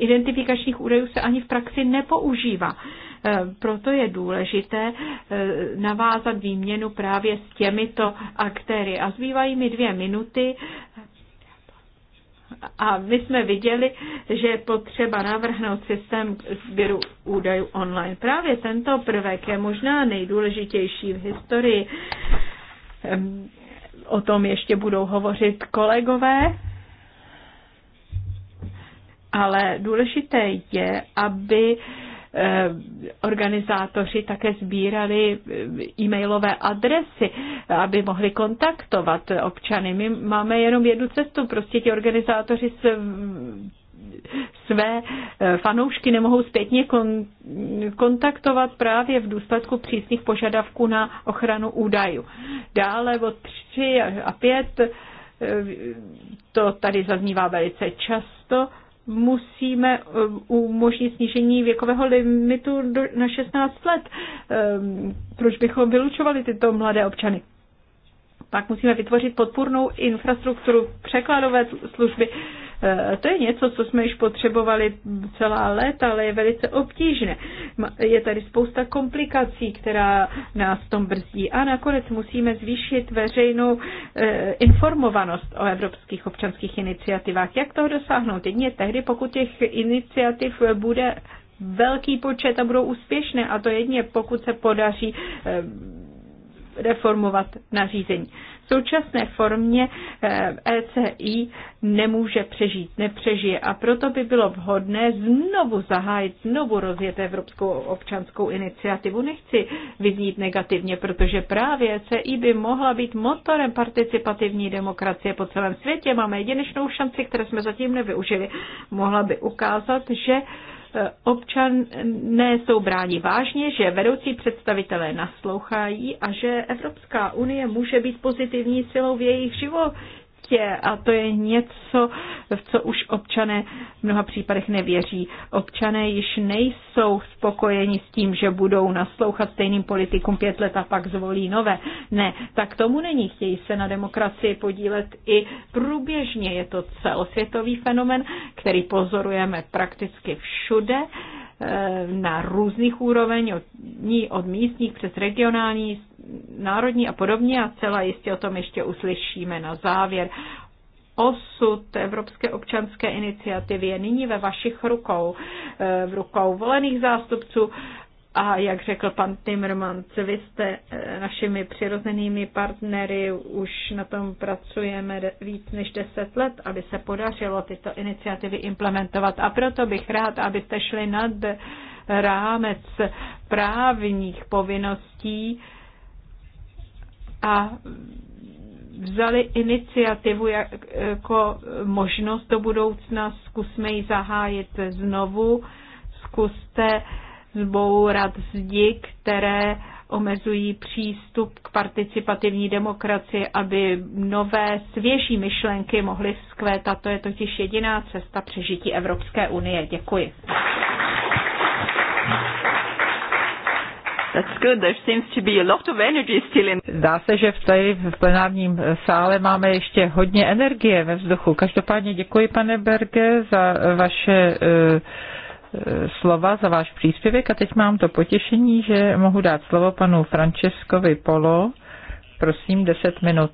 identifikačních údajů se ani v praxi nepoužívá. E, proto je důležité e, navázat výměnu právě s těmito aktéry. A zbývají mi dvě minuty. A my jsme viděli, že je potřeba navrhnout systém sběru údajů online. Právě tento prvek je možná nejdůležitější v historii. O tom ještě budou hovořit kolegové ale důležité je, aby eh, organizátoři také sbírali eh, e-mailové adresy, aby mohli kontaktovat občany. My máme jenom jednu cestu, prostě ti organizátoři se své eh, fanoušky nemohou zpětně kon- kontaktovat právě v důsledku přísných požadavků na ochranu údajů. Dále od 3 a 5, to tady zaznívá velice často, musíme eh, umožnit snížení věkového limitu na 16 let. Ehm, proč bychom vylučovali tyto mladé občany? Pak musíme vytvořit podpůrnou infrastrukturu, překladové služby, Eh, to je něco, co jsme již potřebovali celá léta, ale je velice obtížné. Je tady spousta komplikací, která nás v tom brzdí. A nakonec musíme zvýšit veřejnou eh, informovanost o evropských občanských iniciativách. Jak toho dosáhnout? Jedině tehdy, pokud těch iniciativ bude velký počet a budou úspěšné, a to jedině pokud se podaří eh, reformovat nařízení současné formě ECI eh, e nemůže přežít, nepřežije. A proto by bylo vhodné znovu zahájit, znovu rozjet Evropskou občanskou iniciativu. Nechci vyznít negativně, protože právě ECI by mohla být motorem participativní demokracie po celém světě. Máme jedinečnou šanci, které jsme zatím nevyužili. Mohla by ukázat, že Eh, občané jsou bráni vážně, že vedoucí představitelé naslouchají a že Evropská unie může být pozitivní silou v jejich životě místě a to je něco, v co už občané v mnoha případech nevěří. Občané již nejsou spokojeni s tím, že budou naslouchat stejným politikům pět let a pak zvolí nové. Ne, tak tomu není. Chtějí se na demokracii podílet i průběžně. Je to celosvětový fenomen, který pozorujeme prakticky všude Eh, na různých úroveň, od, od místních přes regionální, národní a podobně a celá jistě o tom ještě uslyšíme na závěr. Osud Evropské občanské iniciativy je nyní ve vašich rukou, eh, v rukou volených zástupců a jak řekl pan Timmermans, vy jste eh, našimi přirozenými partnery, už na tom pracujeme víc než deset let, aby se podařilo tyto iniciativy implementovat. A proto bych rád, abyste šli nad rámec právních povinností a vzali iniciativu jako možnost do budoucna, zkusme ji zahájit znovu, zkuste zbourat zdi, které omezují přístup k participativní demokracii, aby nové svěží myšlenky mohly vzkvétat. To je totiž jediná cesta přežití Evropské unie. Děkuji. That's good. There seems to be a lot of energy still in... Zdá se, že v tady v plenárním sále máme ještě hodně energie ve vzduchu. Každopádně děkuji, pane Berge, za vaše uh, slova, za váš příspěvek a teď mám to potěšení, že mohu dát slovo panu Franceskovi Polo. Prosím, 10 minut.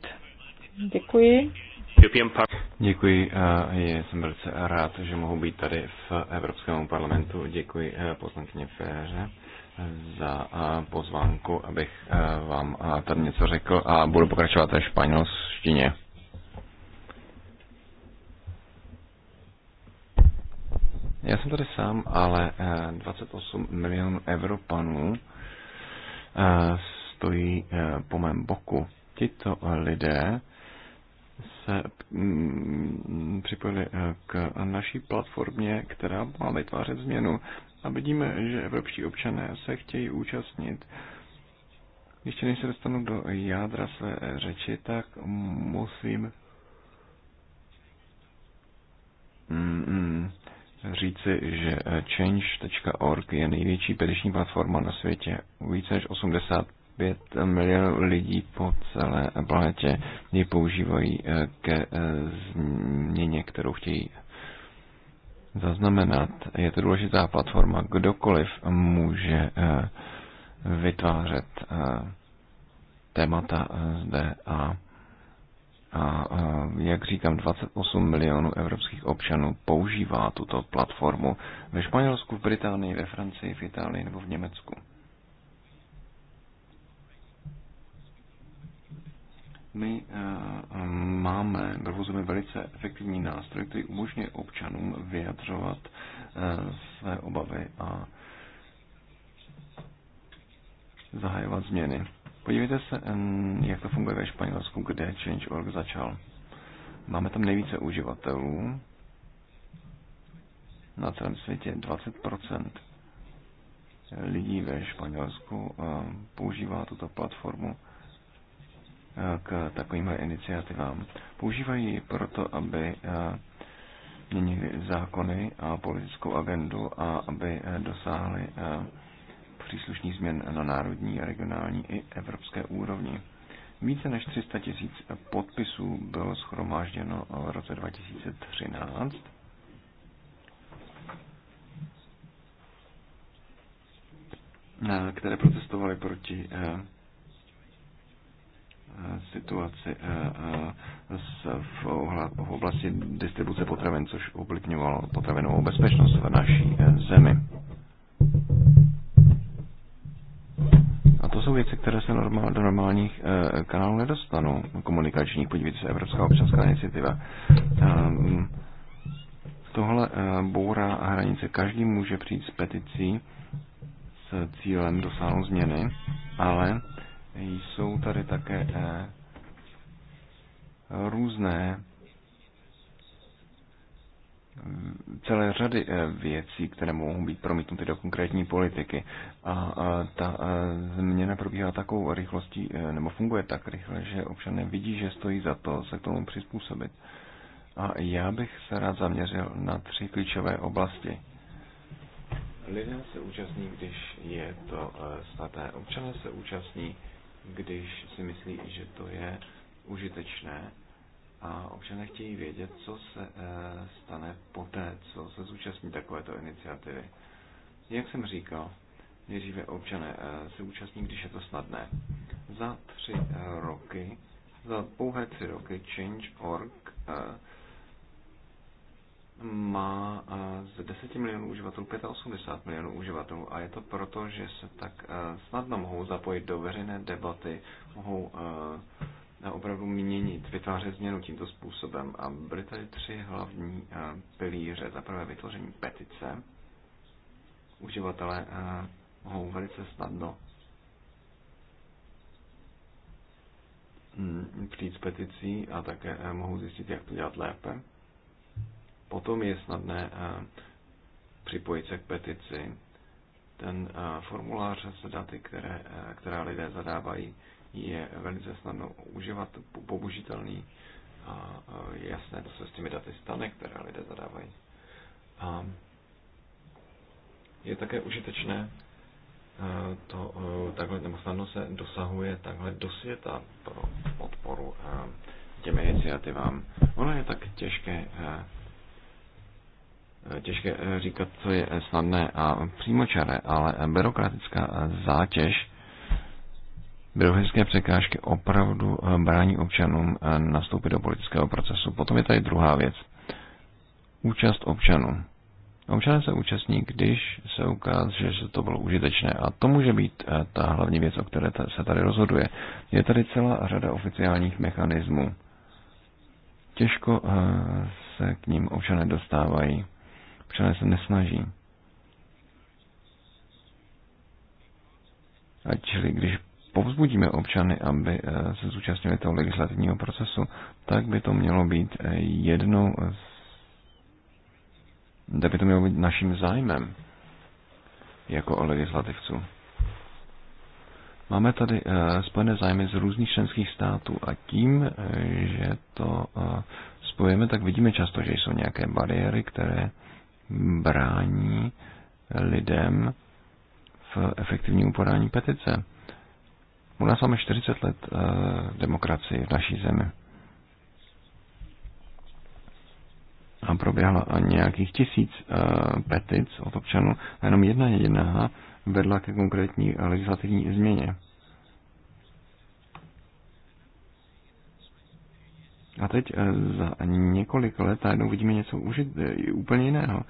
Děkuji. Děkuji, jsem velice rád, že mohu být tady v Evropském parlamentu. Děkuji eh, poslankyně Féře za eh, pozvánku, abych eh, vám tady něco řekl a budu pokračovat ve španělštině. Já jsem tady sám, ale 28 eh, milionů Evropanů eh, stojí eh, po mém boku. Tito lidé se mm, připojili k naší platformě, která má vytvářet změnu. A vidíme, že evropští občané se chtějí účastnit. Ještě než se dostanu do jádra své řeči, tak musím Mm, mm říci, že eh, change.org je největší petiční platforma na světě. Více než 85 milionů lidí po celé planetě ji používají eh, ke eh, změně, kterou chtějí zaznamenat. Je to důležitá platforma. Kdokoliv může vytvářet témata zde a a, a jak říkám, 28 milionů evropských občanů používá tuto platformu ve Španělsku, v Británii, ve Francii, v Itálii nebo v Německu. my máme, provozujeme velice efektivní nástroj, který umožňuje občanům vyjadřovat své obavy a zahajovat změny. Podívejte se, jak to funguje ve Španělsku, kde Change.org začal. Máme tam nejvíce uživatelů na celém světě, 20% lidí ve Španělsku používá tuto platformu eh, k takovým iniciativám. Používají ji proto, aby eh, měnili zákony a politickou agendu a aby eh, dosáhli příslušných změn na národní, regionální i evropské úrovni. Více než 300 tisíc podpisů bylo schromážděno v roce 2013. které protestovaly proti eh, eh, situaci eh, v oblasti distribuce potravin, což ovlivňovalo potravinovou bezpečnost v naší zemi. jsou věci, které se normál, do normálních e, kanálů nedostanou, komunikačních, podívejte se, Evropská občanská iniciativa. E, tohle e, bourá hranice. Každý může přijít s peticí s cílem dosáhnout změny, ale jsou tady také e, různé celé řady eh, věcí, které mohou být promítnuty do konkrétní politiky. A ta eh, změna probíhá takovou rychlostí, eh, nebo funguje tak rychle, že občané vidí, že stojí za to se k tomu přizpůsobit. A já bych se rád zaměřil na tři klíčové oblasti. Lidé se účastní, když je to staté. Občané se účastní, když si myslí, že to je užitečné a občané chtějí vědět, co se eh, stane poté, co se zúčastní takovéto iniciativy. Jak jsem říkal, nejdříve občané eh, se účastní, když je to snadné. Za tři eh, roky, za pouhé tři roky Change.org má z 10 milionů uživatelů 85 milionů uživatelů a je to proto, že se tak snadno mohou zapojit do veřejné debaty, mohou opravdu měnit, vytvářet změnu tímto způsobem. A byly tady tři hlavní eh, pilíře. Za prvé vytvoření petice. Uživatelé eh, mohou velice snadno mm, přijít s peticí a také eh, mohou zjistit, jak to dělat lépe. Potom je snadné připojit se k petici. Ten formulář se daty, které, která lidé zadávají, je velice snadno užívat, použitelný a je jasné, co se s těmi daty stane, které lidé zadávají. A je také užitečné to takhle, nebo snadno se dosahuje takhle do světa pro podporu těmi iniciativám. Ono je tak těžké těžké e, říkat, co je snadné a přímočaré, ale byrokratická e, zátěž byrokratické překážky opravdu eh, brání občanům eh, nastoupit do politického procesu. Potom je tady druhá věc. Účast občanů. Občané se účastní, když se ukáže, že to bylo užitečné. A to může být eh, ta hlavní věc, o které se tady rozhoduje. Je tady celá řada oficiálních mechanismů. Těžko se k ním občané dostávají. Občané se nesnaží. A čili když povzbudíme občany, aby eh, se zúčastnili toho legislativního procesu, tak by to mělo být eh, jednou z by to mělo být naším zájmem jako legislativců. Máme tady eh, spojené zájmy z různých členských států a tím, že to spojíme, tak vidíme často, že jsou nějaké bariéry, které brání lidem v efektivním podání petice. U nás máme 40 let uh, demokracie v naší zemi. A proběhla nějakých tisíc uh, petic od občanů a jenom jedna jediná vedla ke konkrétní legislativní změně. A teď eh, za několik let jednou vidíme něco uži- úplně jiného.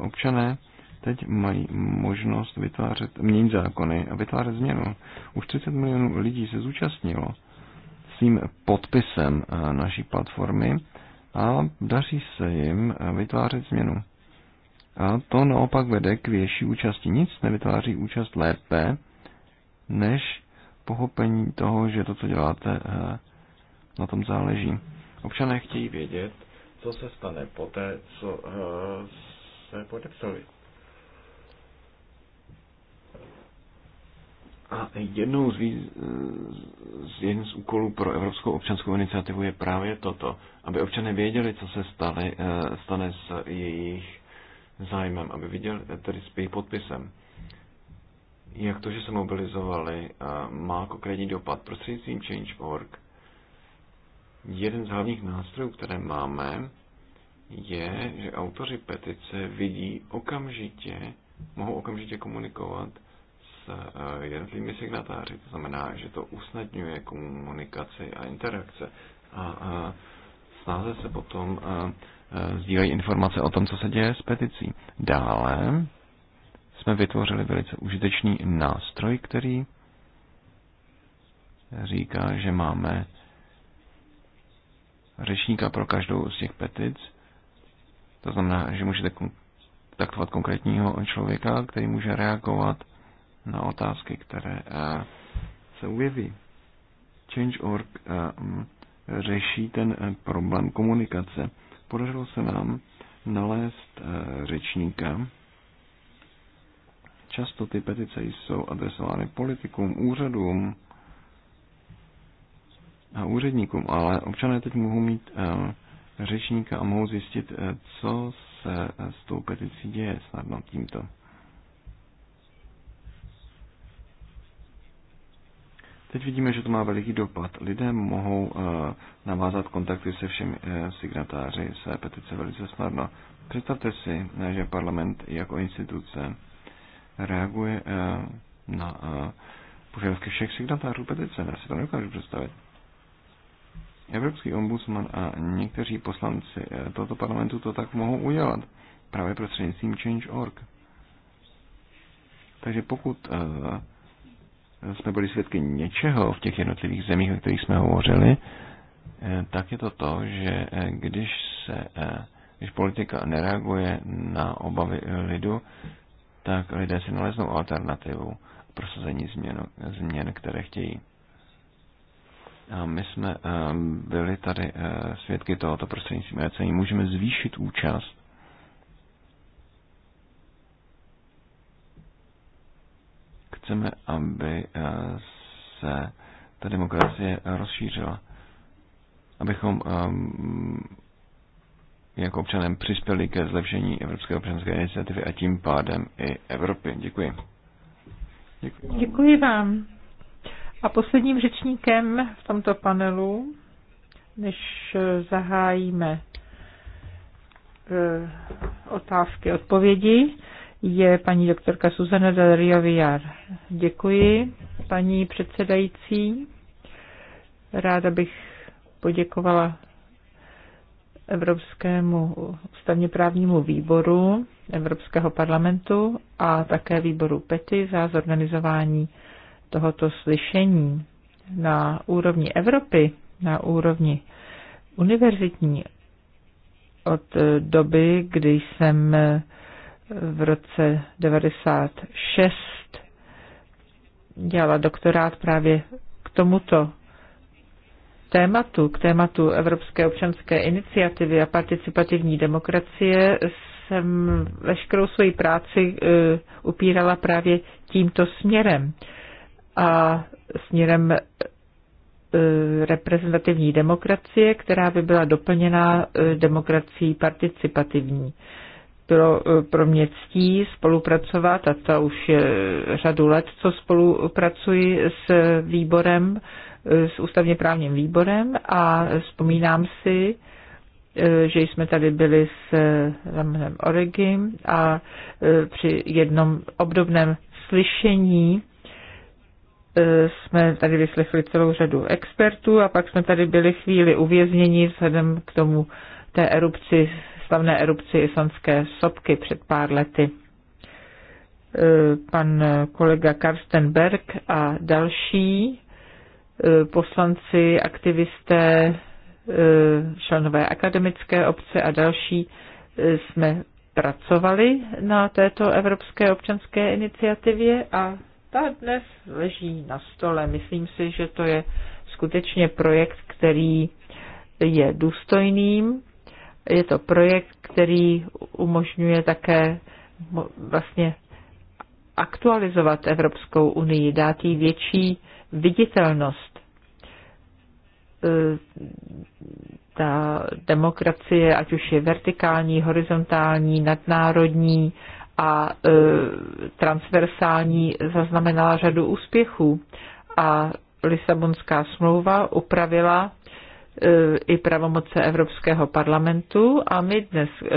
Občané teď mají možnost vytvářet, měnit zákony a vytvářet změnu. Už 30 milionů lidí se zúčastnilo svým podpisem eh, naší platformy a daří se jim eh, vytvářet změnu. A to naopak vede k větší účasti. Nic nevytváří účast lépe, než pochopení toho, že to, co děláte, eh, na tom záleží. Občané chtějí vědět, co se stane poté, co se podepsali. A jednou z, z, z úkolů pro Evropskou občanskou iniciativu je právě toto, aby občané věděli, co se stane, eh, stane s jejich zájmem, aby viděli eh, tedy s jejich podpisem. Jak to, že se mobilizovali, eh, má konkrétní dopad prostřednictvím Change.org. Jeden z hlavních nástrojů, které máme, je, že autoři petice vidí okamžitě, mohou okamžitě komunikovat E, jednotlivými signatáři. To znamená, že to usnadňuje komunikaci a interakce. A snáze se potom e, e, sdílejí informace o tom, co se děje s peticí. Dále jsme vytvořili velice užitečný nástroj, který říká, že máme řečníka pro každou z těch petic. To znamená, že můžete kontaktovat konkrétního člověka, který může reagovat na otázky, které eh, se ujeví. Change.org eh, mm, řeší ten eh, problém komunikace. Podařilo se nám nalézt řečníka. Často ty petice jsou adresovány politikům, úřadům a úředníkům, ale občané teď mohou mít řečníka a mohou zjistit, co se s tou peticí děje snadno tímto. Teď vidíme, že to má veliký dopad. Lidé mohou eh, navázat kontakty se všemi eh, signatáři své petice velice snadno. Představte si, eh, že parlament jako instituce reaguje na požadavky všech signatářů petice. Já si to nedokážu představit. Evropský ombudsman a někteří poslanci tohoto parlamentu to tak mohou udělat právě prostřednictvím Change.org. Takže pokud jsme byli svědky něčeho v těch jednotlivých zemích, o kterých jsme hovořili, eh, tak je to to, že eh, když se eh, když politika nereaguje na obavy lidu, tak lidé si naleznou alternativu prosazení změnu, změn, které chtějí. A my jsme byli tady svědky tohoto prostřednictví, Můžeme zvýšit účast chceme, aby eh, se ta demokracie rozšířila. Abychom eh, jako občanem přispěli ke zlepšení Evropské občanské iniciativy a tím pádem i Evropy. Děkuji. Děkuji vám. Děkuji vám. A posledním řečníkem v tomto panelu, než eh, zahájíme otázky, odpovědi, je paní doktorka Suzana Del Rio Villar. Děkuji, paní předsedající. Ráda bych poděkovala Evropskému ústavně právnímu výboru Evropského parlamentu a také výboru PETI za zorganizování tohoto slyšení na úrovni Evropy, na úrovni univerzitní od doby, kdy jsem v roce 96 dělala doktorát právě k tomuto tématu, k tématu Evropské občanské iniciativy a participativní demokracie jsem veškerou svoji práci eh, upírala právě tímto směrem a směrem eh, reprezentativní demokracie, která by byla doplněna eh, demokracií participativní bylo e, pro mě ctí spolupracovat a to už je řadu let, co spolupracuji s výborem, e, s ústavně právním výborem a vzpomínám si, e, že jsme tady byli s Ramonem Oregim a při jednom obdobném slyšení jsme tady vyslechli celou řadu expertů a pak jsme tady byli chvíli uvězněni vzhledem k tomu té erupci slavné erupci islandské sopky před pár lety. E, pan kolega Karsten Berg a další e, poslanci, aktivisté, e, členové akademické obce a další jsme pracovali na této Evropské občanské iniciativě a ta dnes leží na stole. Myslím si, že to je skutečně projekt, který je důstojným je to projekt, který umožňuje také vlastně aktualizovat Evropskou unii, dát jí větší viditelnost. E, ta demokracie, ať už je vertikální, horizontální, nadnárodní a e, transversální, zaznamenala řadu úspěchů. A Lisabonská smlouva upravila i pravomoce Evropského parlamentu a my dnes e,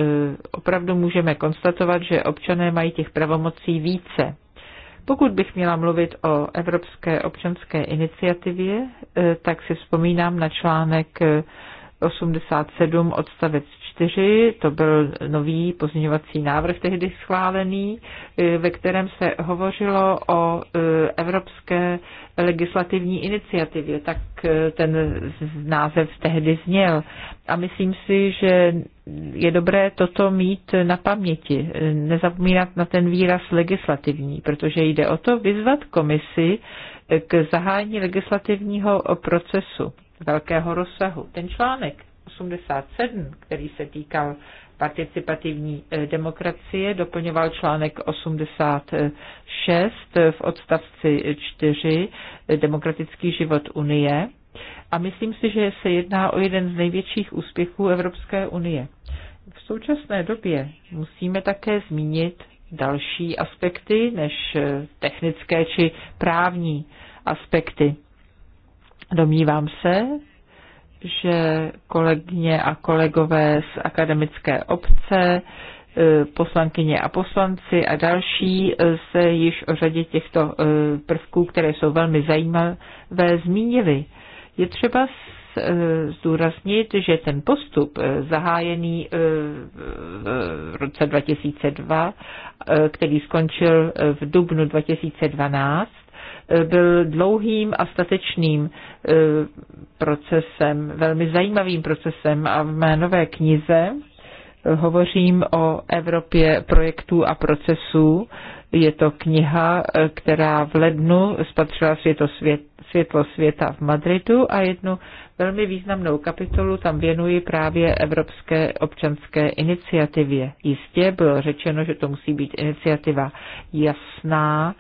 opravdu můžeme konstatovat, že občané mají těch pravomocí více. Pokud bych měla mluvit o Evropské občanské iniciativě, e, tak si vzpomínám na článek 87 e, odstavec 4, to byl nový pozměňovací návrh tehdy schválený, e, ve kterém se hovořilo o e, evropské legislativní iniciativě, tak e, ten název tehdy zněl. A myslím si, že je dobré toto mít na paměti, nezapomínat na ten výraz legislativní, protože jde o to vyzvat komisi k zahájení legislativního procesu velkého rozsahu. Ten článek 87, který se týkal participativní eh, demokracie, doplňoval článek 86 eh, v odstavci 4 eh, Demokratický život Unie. A myslím si, že se jedná o jeden z největších úspěchů Evropské unie. V současné době musíme také zmínit další aspekty než technické či právní aspekty. Domnívám se, že kolegyně a kolegové z akademické obce, e, poslankyně a poslanci a další e, se již o řadě těchto e, prvků, které jsou velmi zajímavé, zmínili. Je třeba zdůraznit, že ten postup zahájený v roce 2002, který skončil v dubnu 2012, byl dlouhým a statečným e, procesem, velmi zajímavým procesem a v mé nové knize e, hovořím o Evropě projektů a procesů. Je to kniha, e, která v lednu spatřila světo svět, světlo světa v Madridu a jednu velmi významnou kapitolu tam věnuji právě Evropské občanské iniciativě. Jistě bylo řečeno, že to musí být iniciativa jasná,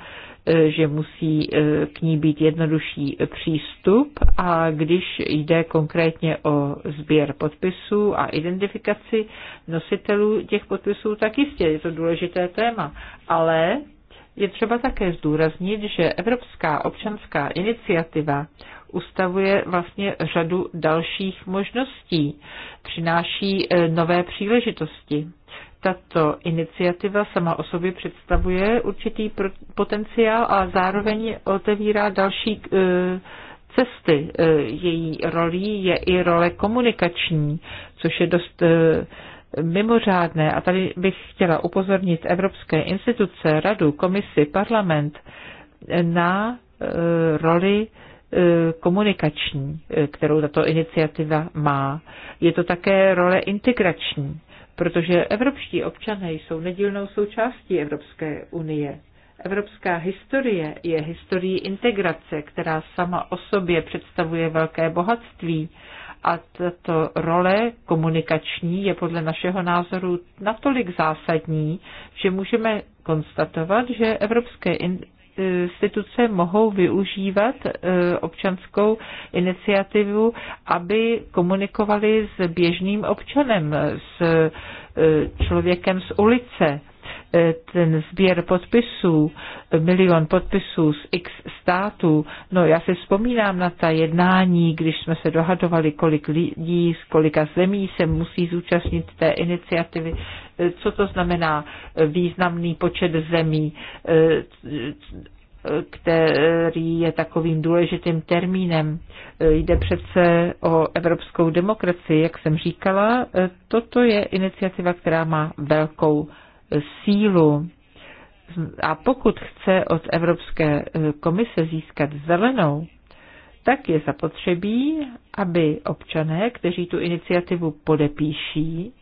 E, že musí e, k ní být jednodušší přístup a když jde konkrétně o sběr podpisů a identifikaci nositelů těch podpisů, tak jistě je to důležité téma, ale je třeba také zdůraznit, že Evropská občanská iniciativa ustavuje vlastně řadu dalších možností, přináší e, nové příležitosti tato iniciativa sama o sobě představuje určitý potenciál a zároveň otevírá další eh, cesty. Eh, její rolí je i role komunikační, což je dost eh, mimořádné. A tady bych chtěla upozornit evropské instituce, radu, komisi, parlament na roli komunikační, kterou tato iniciativa má. Je to také role integrační protože evropští občané jsou nedílnou součástí Evropské unie. Evropská historie je historií integrace, která sama o sobě představuje velké bohatství a tato role komunikační je podle našeho názoru natolik zásadní, že můžeme konstatovat, že evropské instituce mohou využívat e, občanskou iniciativu, aby komunikovali s běžným občanem, s e, člověkem z ulice. E, ten sběr podpisů, milion podpisů z x států, no já si vzpomínám na ta jednání, když jsme se dohadovali, kolik lidí z kolika zemí se musí zúčastnit té iniciativy. Co to znamená významný počet zemí, který je takovým důležitým termínem. Jde přece o evropskou demokracii, jak jsem říkala. Toto je iniciativa, která má velkou sílu. A pokud chce od Evropské komise získat zelenou, tak je zapotřebí, aby občané, kteří tu iniciativu podepíší,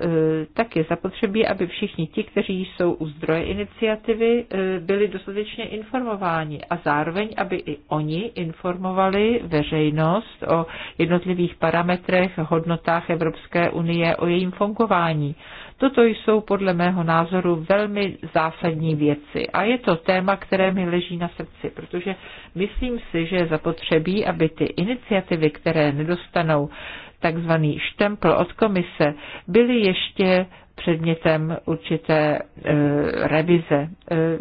Eh, tak je zapotřebí, aby všichni ti, kteří jsou u zdroje iniciativy, eh, byli dostatečně informováni a zároveň, aby i oni informovali veřejnost o jednotlivých parametrech, hodnotách Evropské unie, o jejím fungování. Toto jsou podle mého názoru velmi zásadní věci a je to téma, které mi leží na srdci, protože myslím si, že je zapotřebí, aby ty iniciativy, které nedostanou takzvaný štempl od komise, byly ještě předmětem určité e, revize. E,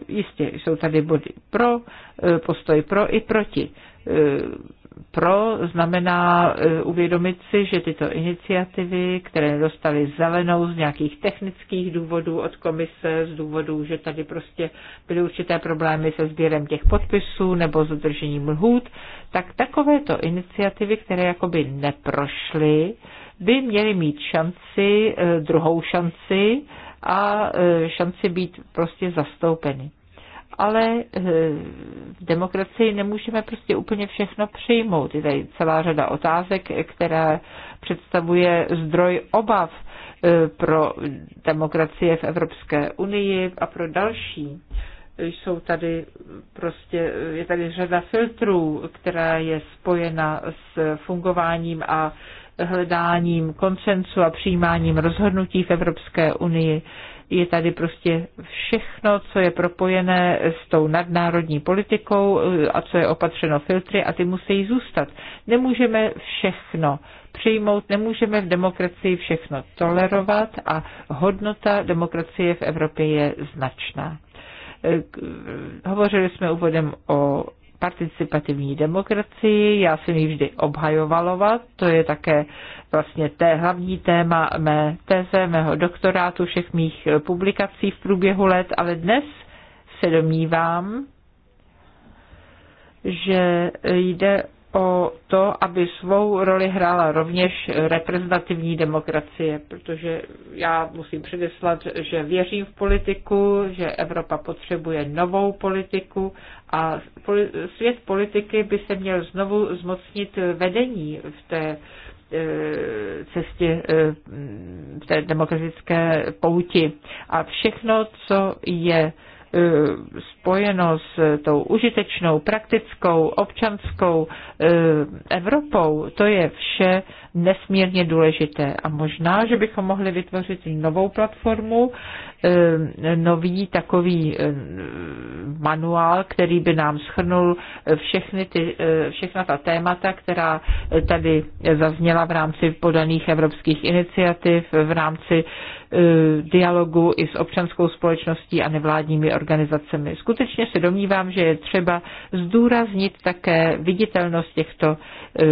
jistě jsou tady body pro, e, postoj pro i proti. E, pro znamená e, uvědomit si, že tyto iniciativy, které dostaly zelenou z nějakých technických důvodů od komise, z důvodů, že tady prostě byly určité problémy se sběrem těch podpisů nebo s udržením lhůt, tak takovéto iniciativy, které jakoby neprošly, by měly mít šanci, e, druhou šanci a e, šanci být prostě zastoupeny ale eh, v demokracii nemůžeme prostě úplně všechno přijmout. Je tady celá řada otázek, která představuje zdroj obav eh, pro demokracie v Evropské unii a pro další jsou tady prostě, je tady řada filtrů, která je spojena s fungováním a hledáním koncensu a přijímáním rozhodnutí v Evropské unii je tady prostě všechno, co je propojené s tou nadnárodní politikou eh, a co je opatřeno filtry a ty musí zůstat. Nemůžeme všechno přijmout, nemůžeme v demokracii všechno tolerovat a hodnota demokracie v Evropě je značná. Eh, hovořili jsme úvodem o participativní demokracii, já jsem ji vždy obhajovalovat. to je také vlastně té hlavní téma mé teze, mého doktorátu, všech mých publikací v průběhu let, ale dnes se domnívám, že jde o to, aby svou roli hrála rovněž reprezentativní demokracie, protože já musím předeslat, že věřím v politiku, že Evropa potřebuje novou politiku a svět politiky by se měl znovu zmocnit vedení v té e, cestě e, v té demokratické pouti. A všechno, co je E, spojeno s tou užitečnou, praktickou, občanskou e, Evropou, to je vše nesmírně důležité. A možná, že bychom mohli vytvořit novou platformu, e, nový takový manuál, který by nám schrnul všechny ty, všechna ta témata, která tady zazněla v rámci podaných evropských iniciativ, v rámci Eh, dialogu i s občanskou společností a nevládními organizacemi. Skutečně se domnívám, že je třeba zdůraznit také viditelnost těchto eh,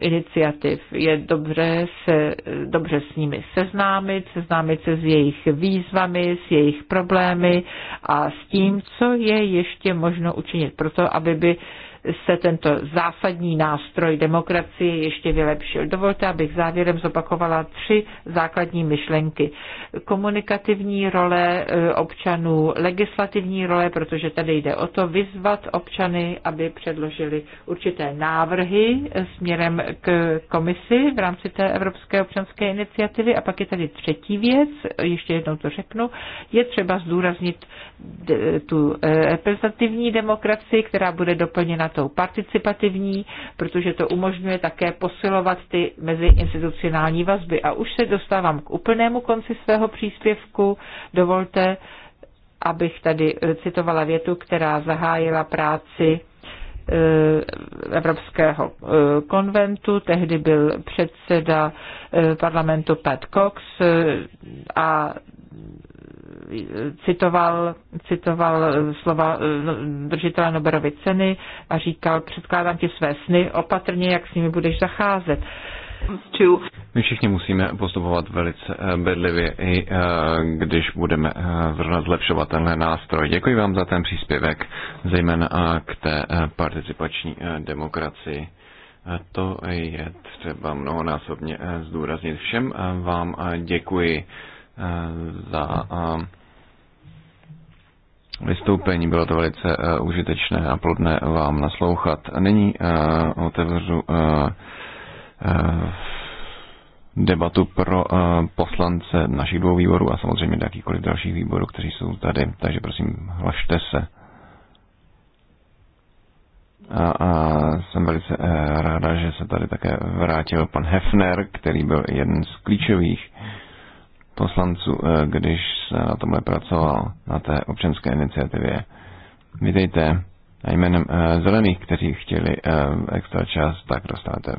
iniciativ. Je dobře se dobře s nimi seznámit, seznámit se s jejich výzvami, s jejich problémy a s tím, co je ještě možno učinit proto, aby by se tento zásadní nástroj demokracie ještě vylepšil. Dovolte, abych závěrem zopakovala tři základní myšlenky. Komunikativní role eh, občanů, legislativní role, protože tady jde o to vyzvat občany, aby předložili určité návrhy eh, směrem k komisi v rámci té Evropské občanské iniciativy. A pak je tady třetí věc, ještě jednou to řeknu, je třeba zdůraznit tu eh, reprezentativní demokracii, která bude doplněna debatou participativní, protože to umožňuje také posilovat ty meziinstitucionální vazby. A už se dostávám k úplnému konci svého příspěvku. Dovolte, abych tady eh, citovala větu, která zahájila práci eh, Evropského eh, konventu, tehdy byl předseda parlamentu Pat Cox a citoval, citoval slova eh, no, držitele Nobelovy ceny a říkal, předkládám ti své sny, opatrně, jak s nimi budeš zacházet. My všichni musíme postupovat velice eh, bedlivě, i eh, když budeme zrovna zlepšovat tenhle nástroj. Děkuji vám za ten příspěvek, zejména k té participační demokracii. To je třeba mnohonásobně zdůraznit. Všem vám děkuji. Eh, za eh, vystoupení. Bylo to velice eh, užitečné a plodné vám naslouchat. Nyní otevřu debatu pro poslance našich dvou výborů a samozřejmě jakýkoliv dalších výborů, kteří jsou tady. Takže prosím, hlašte se. A, a jsem velice ráda, že se tady také vrátil pan Hefner, který byl jeden z klíčových poslanců, eh, když se na tomhle pracoval, na té občanské iniciativě. Vítejte a jménem eh, zelených, kteří chtěli eh, extra čas, tak dostanete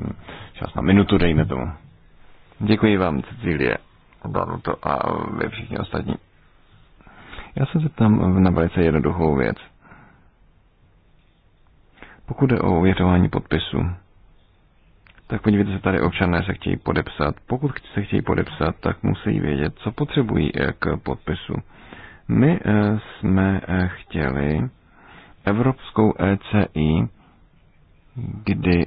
čas na minutu, dejme tomu. Děkuji vám, Cecílie, to a vy všichni ostatní. Já se zeptám na velice jednoduchou věc. Pokud jde o ověřování podpisu, tak podívejte se tady, občané se chtějí podepsat. Pokud se chtějí podepsat, tak musí vědět, co potřebují eh, k podpisu. My eh, jsme eh, chtěli Evropskou ECI, kdy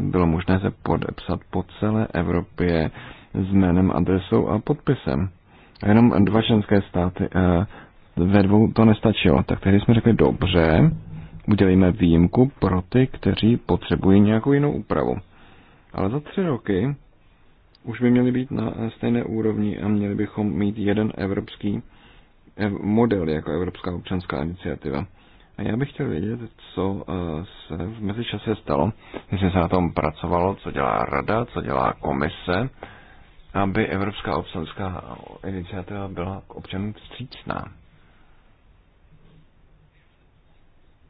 bylo možné se podepsat po celé Evropě s jménem, adresou a podpisem. Jenom dva členské státy ve dvou to nestačilo. Tak tehdy jsme řekli, dobře, udělíme výjimku pro ty, kteří potřebují nějakou jinou úpravu. Ale za tři roky už by měly být na stejné úrovni a měli bychom mít jeden evropský model jako Evropská občanská iniciativa. A já bych chtěl vědět, co eh, se v mezičase stalo, jestli se na tom pracovalo, co dělá rada, co dělá komise, aby Evropská občanská iniciativa byla k občanům vstřícná.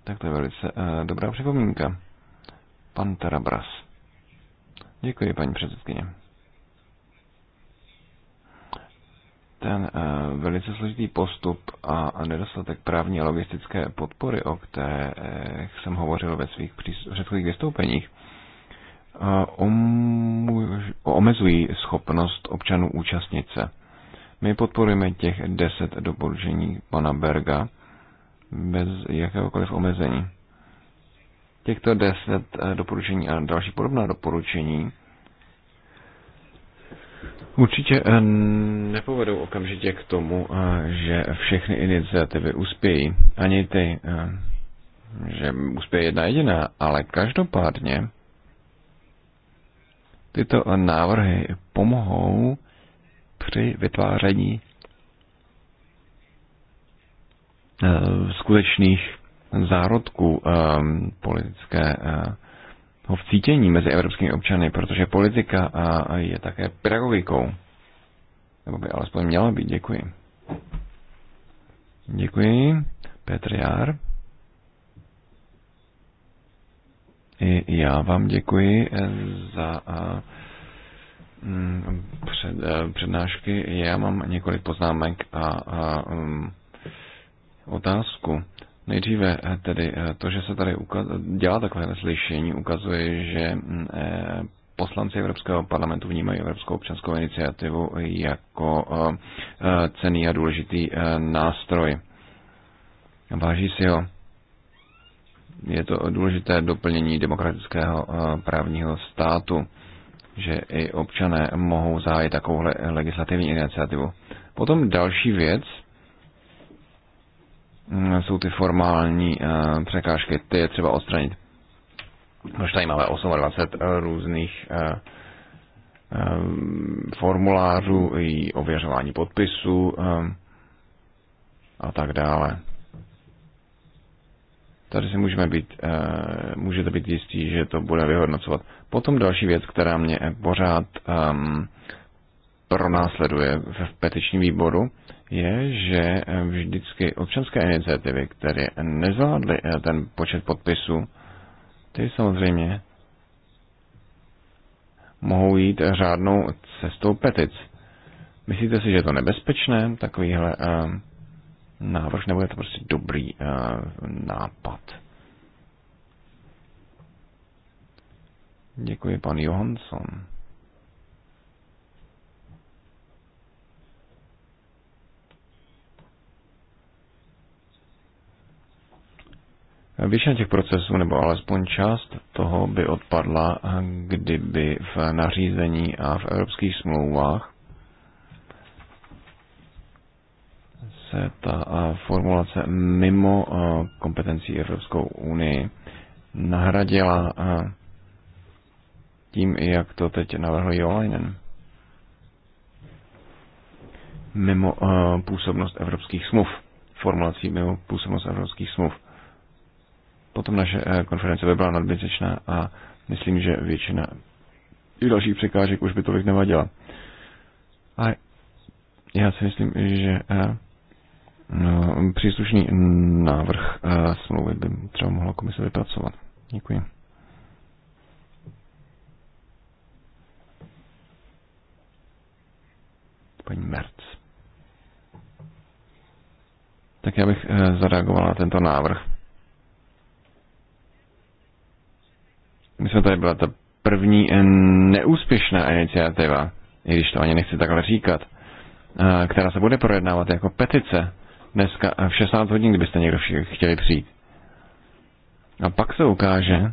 Tak to je velice eh, dobrá připomínka. Pan Terabras. Děkuji, paní předsedkyně. Ten uh, velice složitý postup a, a nedostatek právní a logistické podpory, o které jsem hovořil ve svých předchozích vystoupeních, eh, omezují schopnost občanů účastnit se. My podporujeme těch deset doporučení pana Berga bez jakéhokoliv omezení. Těchto deset eh, doporučení a další podobná doporučení určitě eh, nepovedou okamžitě k tomu, eh, že všechny iniciativy uspějí. Ani ty, že uspěje jedna jediná, ale každopádně tyto návrhy pomohou při vytváření skutečných zárodku um, politické uh, vcítění mezi evropskými občany, protože politika eh, je také pedagogikou. Nebo by alespoň měla být. Děkuji. Děkuji. Petr Jár. I já vám děkuji eh, za mm, před, přednášky. Já mám několik poznámek a, a um, mm, otázku. Nejdříve eh, tedy eh, to, že se tady dělá takové slyšení, ukazuje, že mm, eh, poslanci Evropského parlamentu vnímají Evropskou občanskou iniciativu jako cený a důležitý nástroj. Váží si ho. Je to důležité doplnění demokratického právního státu, že i občané mohou zahájit takovouhle legislativní iniciativu. Potom další věc, Mm, jsou ty formální eh, překážky, ty je třeba odstranit. Už tady máme 28 eh, různých eh, formulářů i ověřování podpisu a tak dále. Tady si můžeme být, můžete být jistí, že to bude vyhodnocovat. Potom další věc, která mě pořád ehm, pronásleduje v petičním výboru, je, že eh, vždycky občanské iniciativy, které nezvládly eh, ten počet podpisů, ty samozřejmě mohou jít řádnou cestou petic. Myslíte si, že je to nebezpečné, takovýhle uh, návrh, nebo je to prostě dobrý uh, nápad? Děkuji, pan Johansson. Většina těch procesů, nebo alespoň část toho, by odpadla, kdyby v nařízení a v evropských smlouvách se ta formulace mimo kompetencí Evropskou unii nahradila tím, jak to teď navrhl Jolainen. Mimo působnost evropských smluv. Formulací mimo působnost evropských smluv Potom naše eh, konference by byla nadbytečná a myslím, že většina i dalších překážek už by tolik nevadila. A já si myslím, že eh, no, příslušný návrh eh, smlouvy by třeba mohla komise vypracovat. Děkuji. Paní Merc. Tak já bych zareagoval na tento návrh My jsme tady byla ta první eh, neúspěšná iniciativa, i když to ani nechci takhle říkat, eh, která se bude projednávat jako petice dneska eh, v 16 hodin, kdybyste někdo chtěli přijít. A pak se ukáže,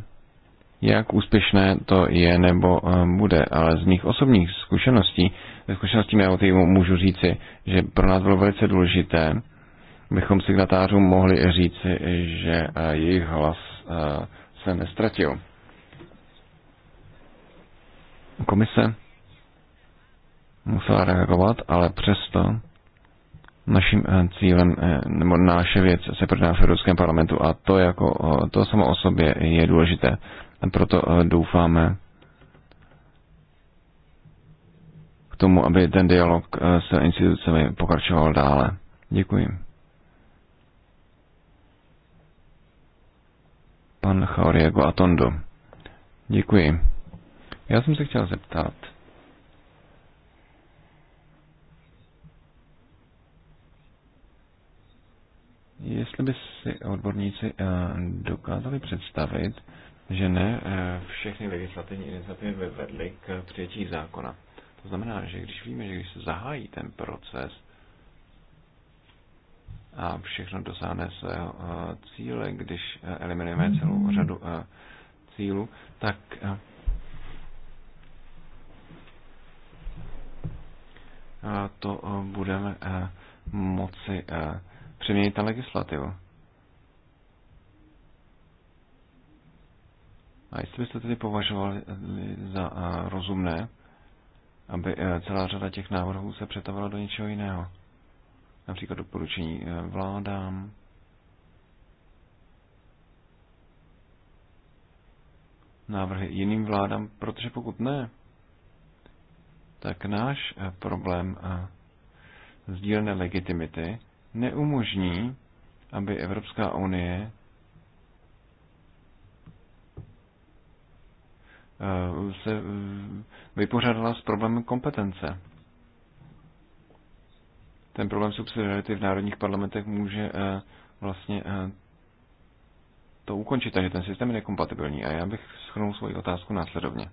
jak úspěšné to je nebo bude, ale z mých osobních zkušeností, ze zkušeností mého týmu můžu říci, že pro nás bylo velice důležité, bychom signatářům mohli říci, že jejich hlas se nestratil komise musela reagovat, ale přesto naším eh, cílem, eh, nebo naše věc se prodá v Evropském parlamentu a to jako to samo o sobě je důležité. Proto eh, doufáme k tomu, aby ten dialog s institucemi pokračoval dále. Děkuji. Pan Chaurie Atondo. Děkuji. Já jsem se chtěl zeptat, jestli by si odborníci eh, dokázali představit, že ne eh, všechny legislativní iniciativy by vedly k přijetí zákona. To znamená, že když víme, že když se zahájí ten proces a všechno dosáhne svého eh, cíle, když eliminujeme celou řadu cílů, tak to eh, budeme eh, moci eh, přeměnit na legislativu. A jestli byste tedy považovali za rozumné, aby celá řada těch návrhů se přetavila do něčeho jiného. Například doporučení vládám, návrhy jiným vládám, protože pokud ne, tak náš eh, problém sdílné eh, legitimity neumožní, aby Evropská unie eh, se vypořádala s problémem kompetence. Ten problém subsidiarity v národních parlamentech může vlastně to ukončit, takže ten systém je nekompatibilní. A já bych schrnul svoji otázku následovně.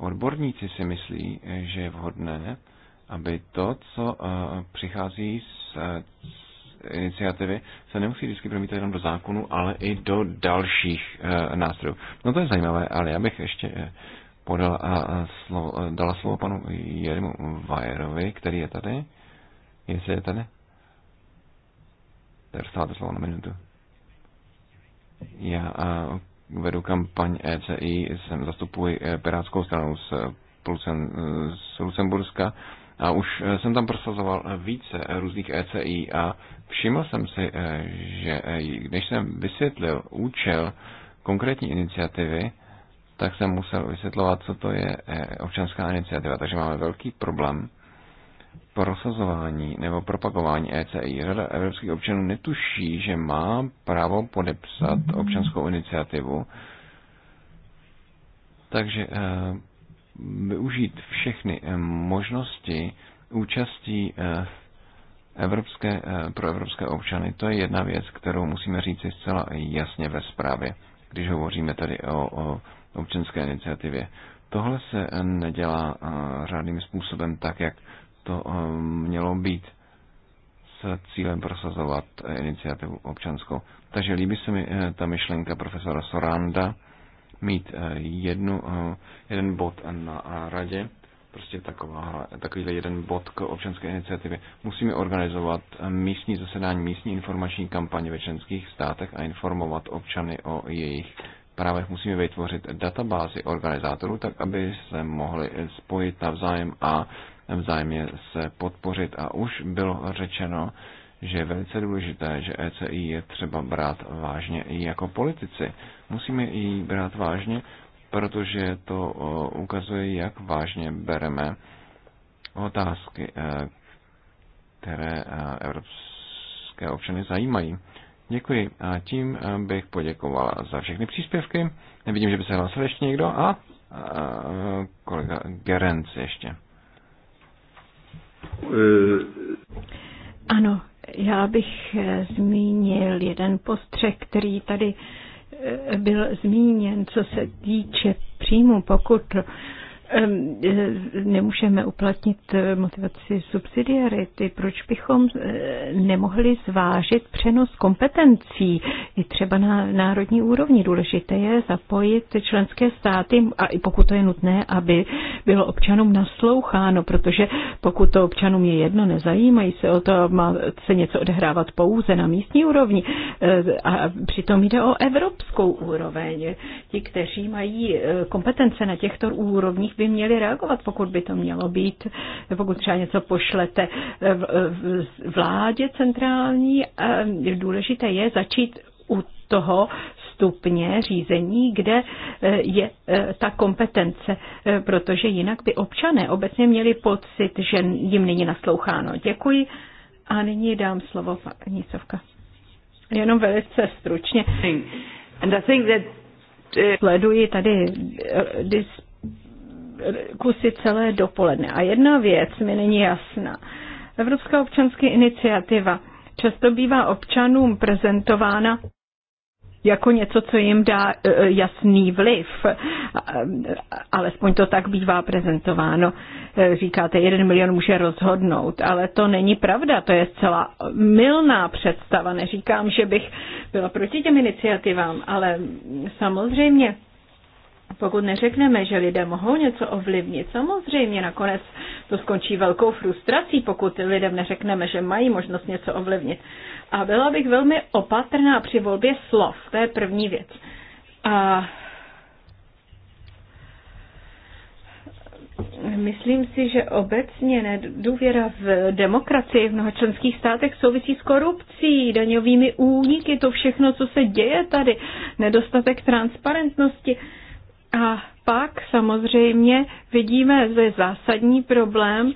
Odborníci si myslí, že je vhodné, aby to, co eh, přichází z eh, iniciativy, se nemusí vždycky promítat jenom do zákonu, ale i do dalších eh, nástrojů. No to je zajímavé, ale já bych ještě podala a slovo, dala slovo panu Jerimu Vajerovi, který je tady. Jestli je tady? Tak dostáváte slovo na minutu. Já vedu kampaň ECI, jsem zastupuji eh, Pirátskou stranu z, eh, Lucem, eh, z Lucemburska a už jsem tam prosazoval více různých ECI a všiml jsem si, že když jsem vysvětlil účel konkrétní iniciativy, tak jsem musel vysvětlovat, co to je občanská iniciativa. Takže máme velký problém prosazování nebo propagování ECI. Řada evropských občanů netuší, že má právo podepsat občanskou iniciativu, takže eh, využít všechny eh, možnosti účastí eh, evropské, pro evropské občany, to je jedna věc, kterou musíme říct zcela jasně ve zprávě, když hovoříme tady o, o občanské iniciativě. Tohle se nedělá řádným způsobem tak, jak to eh, mělo být s cílem prosazovat eh, iniciativu občanskou. Takže líbí se mi eh, ta myšlenka profesora Soranda mít jednu, jeden bod na radě, prostě taková, takovýhle jeden bod k občanské iniciativě. Musíme organizovat místní zasedání, místní informační kampaně ve členských státech a informovat občany o jejich právech. Musíme vytvořit databázy organizátorů, tak aby se mohli spojit navzájem a vzájemně se podpořit. A už bylo řečeno, že je velice důležité, že ECI je třeba brát vážně i jako politici. Musíme ji brát vážně, protože to ukazuje, jak vážně bereme otázky, e, které e, evropské občany zajímají. Děkuji a tím e, bych poděkovala za všechny příspěvky. Nevidím, že by se hlásil ještě někdo a, a kolega Gerenc ještě. Eh, ano, já bych eh, zmínil jeden postřeh, který tady eh, byl zmíněn, co se týče příjmu, pokud Ehm, eh, nemůžeme uplatnit eh, motivaci subsidiarity, proč bychom eh, nemohli zvážit přenos kompetencí i třeba na národní úrovni. Důležité je zapojit členské státy a i pokud to je nutné, aby bylo občanům nasloucháno, protože pokud to občanům je jedno, nezajímají se o to, má se něco odehrávat pouze na místní úrovni a přitom jde o evropskou úroveň. Ti, kteří mají kompetence na těchto úrovních, by měli reagovat, pokud by to mělo být, pokud třeba něco pošlete vládě centrální. Eh, důležité je začít u toho stupně řízení, kde eh, je eh, ta kompetence, protože jinak by občané obecně měli pocit, že jim není nasloucháno. Děkuji a nyní dám slovo paní Sovka. Jenom velice stručně. Sleduji tady dis kusy celé dopoledne. A jedna věc mi není jasná. Evropská občanská iniciativa často bývá občanům prezentována jako něco, co jim dá e, e, jasný vliv. Alespoň to tak bývá prezentováno. E, říkáte, jeden milion může rozhodnout, ale to není pravda, to je zcela milná představa. Neříkám, že bych byla proti těm iniciativám, ale samozřejmě pokud neřekneme, že lidé mohou něco ovlivnit, samozřejmě nakonec to skončí velkou frustrací, pokud lidem neřekneme, že mají možnost něco ovlivnit. A byla bych velmi opatrná při volbě slov, to je první věc. A Myslím si, že obecně nedůvěra v demokracii v mnoha členských státech souvisí s korupcí, daňovými úniky, to všechno, co se děje tady, nedostatek transparentnosti. Uh, a pak samozřejmě vidíme že zásadní problém,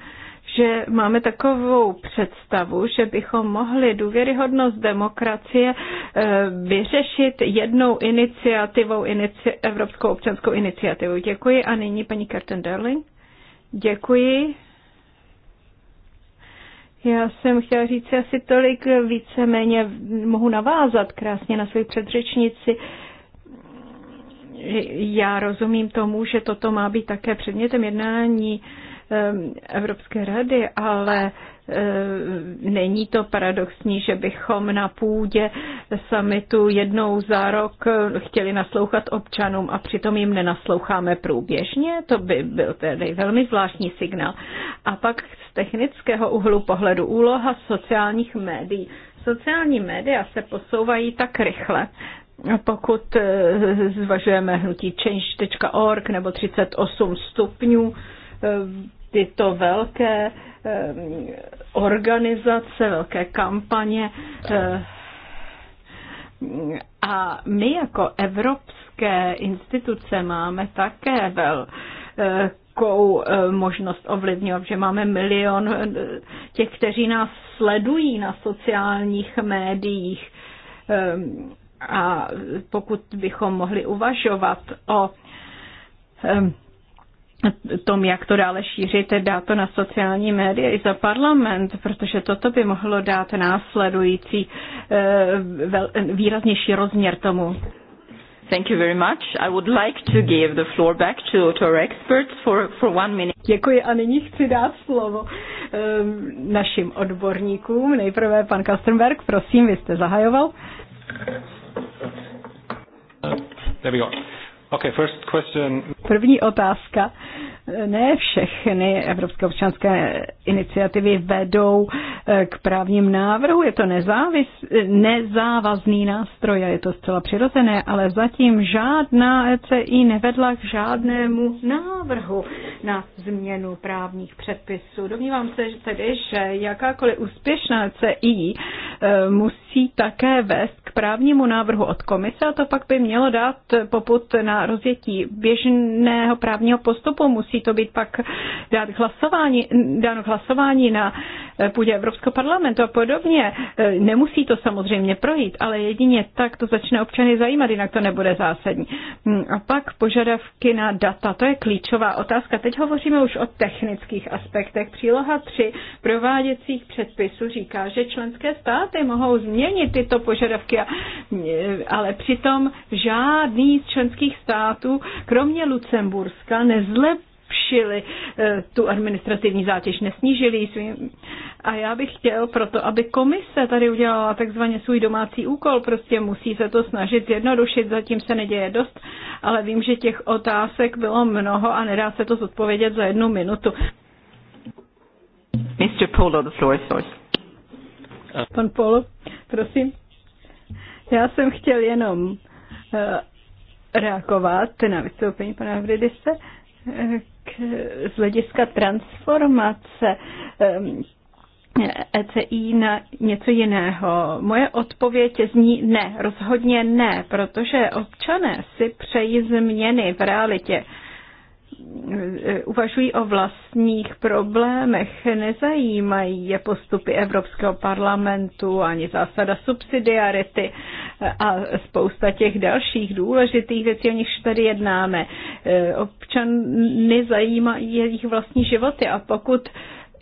že máme takovou představu, že bychom mohli důvěryhodnost demokracie eh, vyřešit jednou iniciativou, inici, Evropskou občanskou iniciativou. Děkuji. A nyní paní Kerten Darling. Děkuji. Já jsem chtěla říct asi tolik, víceméně mohu navázat krásně na svoji předřečnici. Uh, já rozumím tomu, že toto má být také předmětem jednání ehm, Evropské rady, ale ehm, není to paradoxní, že bychom na půdě samitu jednou za rok ehm, chtěli naslouchat občanům a přitom jim nenasloucháme průběžně. To by byl tedy velmi zvláštní signál. A pak z technického úhlu pohledu úloha sociálních médií. Sociální média se posouvají tak rychle, pokud eh, zvažujeme hnutí change.org nebo 38 stupňů, eh, tyto velké eh, organizace, velké kampaně a my jako evropské instituce máme také velkou možnost ovlivňovat, že máme milion těch, kteří nás sledují na sociálních médiích ehm, a pokud bychom mohli uvažovat o tom, jak to dále šířit, dá to na sociální média i za parlament, protože toto by mohlo dát následující eh, výraznější rozměr tomu. Thank you very much. I would like to give the floor back to, to our experts for, for one minute. Děkuji a nyní chci dát slovo um, našim odborníkům. Nejprve pan Kastenberg, prosím, vy jste zahajoval. There we go. Okay, first question. První otázka. Ne všechny Evropské občanské iniciativy vedou eh, k právním návrhu. Je to nezávis, nezávazný nástroj a je to zcela přirozené, ale zatím žádná ECI nevedla k žádnému návrhu na změnu právních předpisů. Domnívám se že tedy, že jakákoliv úspěšná ECI eh, musí musí také vést k právnímu návrhu od komise a to pak by mělo dát poput na rozjetí běžného právního postupu. Musí to být pak dát hlasování, dáno hlasování na půdě Evropského parlamentu a podobně. Nemusí to samozřejmě projít, ale jedině tak to začne občany zajímat, jinak to nebude zásadní. A pak požadavky na data, to je klíčová otázka. Teď hovoříme už o technických aspektech. Příloha 3 prováděcích předpisů říká, že členské státy mohou změnit změnit tyto požadavky, ale přitom žádný z členských států, kromě Lucemburska, nezlepšili eh, tu administrativní zátěž, nesnížili svým. A já bych chtěl proto, aby komise tady udělala takzvaně svůj domácí úkol, prostě musí se to snažit zjednodušit, zatím se neděje dost, ale vím, že těch otázek bylo mnoho a nedá se to zodpovědět za jednu minutu. Mr. Polo, the floor is yours. Pan Polo, Prosím. Já jsem chtěl jenom eh, reagovat na vystoupení pana Vridise eh, k, z hlediska transformace ECI eh, e na něco jiného. Moje odpověď zní ne, rozhodně ne, protože občané si přejí změny v realitě uvažují o vlastních problémech, nezajímají je postupy Evropského parlamentu ani zásada subsidiarity a spousta těch dalších důležitých věcí, o nichž tady jednáme. Občany zajímají jejich vlastní životy a pokud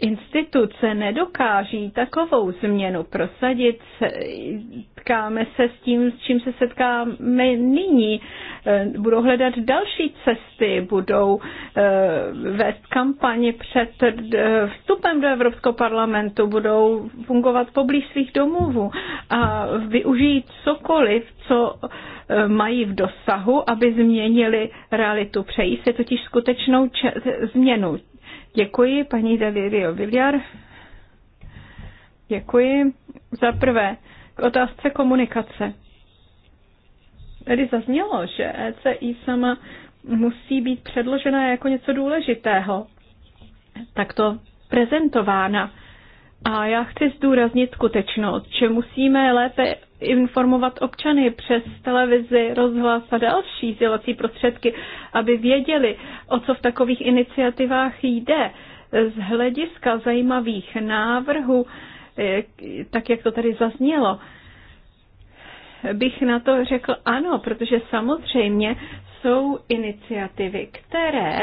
instituce nedokáží takovou změnu prosadit, setkáme se s tím, s čím se setkáme nyní. Eh, budou hledat další cesty, budou eh, vést kampaně před eh, vstupem do Evropského parlamentu, budou fungovat poblíž svých domovů a využít cokoliv, co mají v dosahu, aby změnili realitu. Přejí se totiž skutečnou změnu. Děkuji, paní Davidio Viliar. Děkuji. Za prvé, k otázce komunikace. Tady zaznělo, že ECI sama musí být předložena jako něco důležitého, takto prezentována. A já chci zdůraznit skutečnost, že musíme lépe informovat občany přes televizi, rozhlas a další sdělací prostředky, aby věděli, o co v takových iniciativách jde. Z hlediska zajímavých návrhů, eh, tak jak to tady zaznělo, bych na to řekl ano, protože samozřejmě jsou iniciativy, které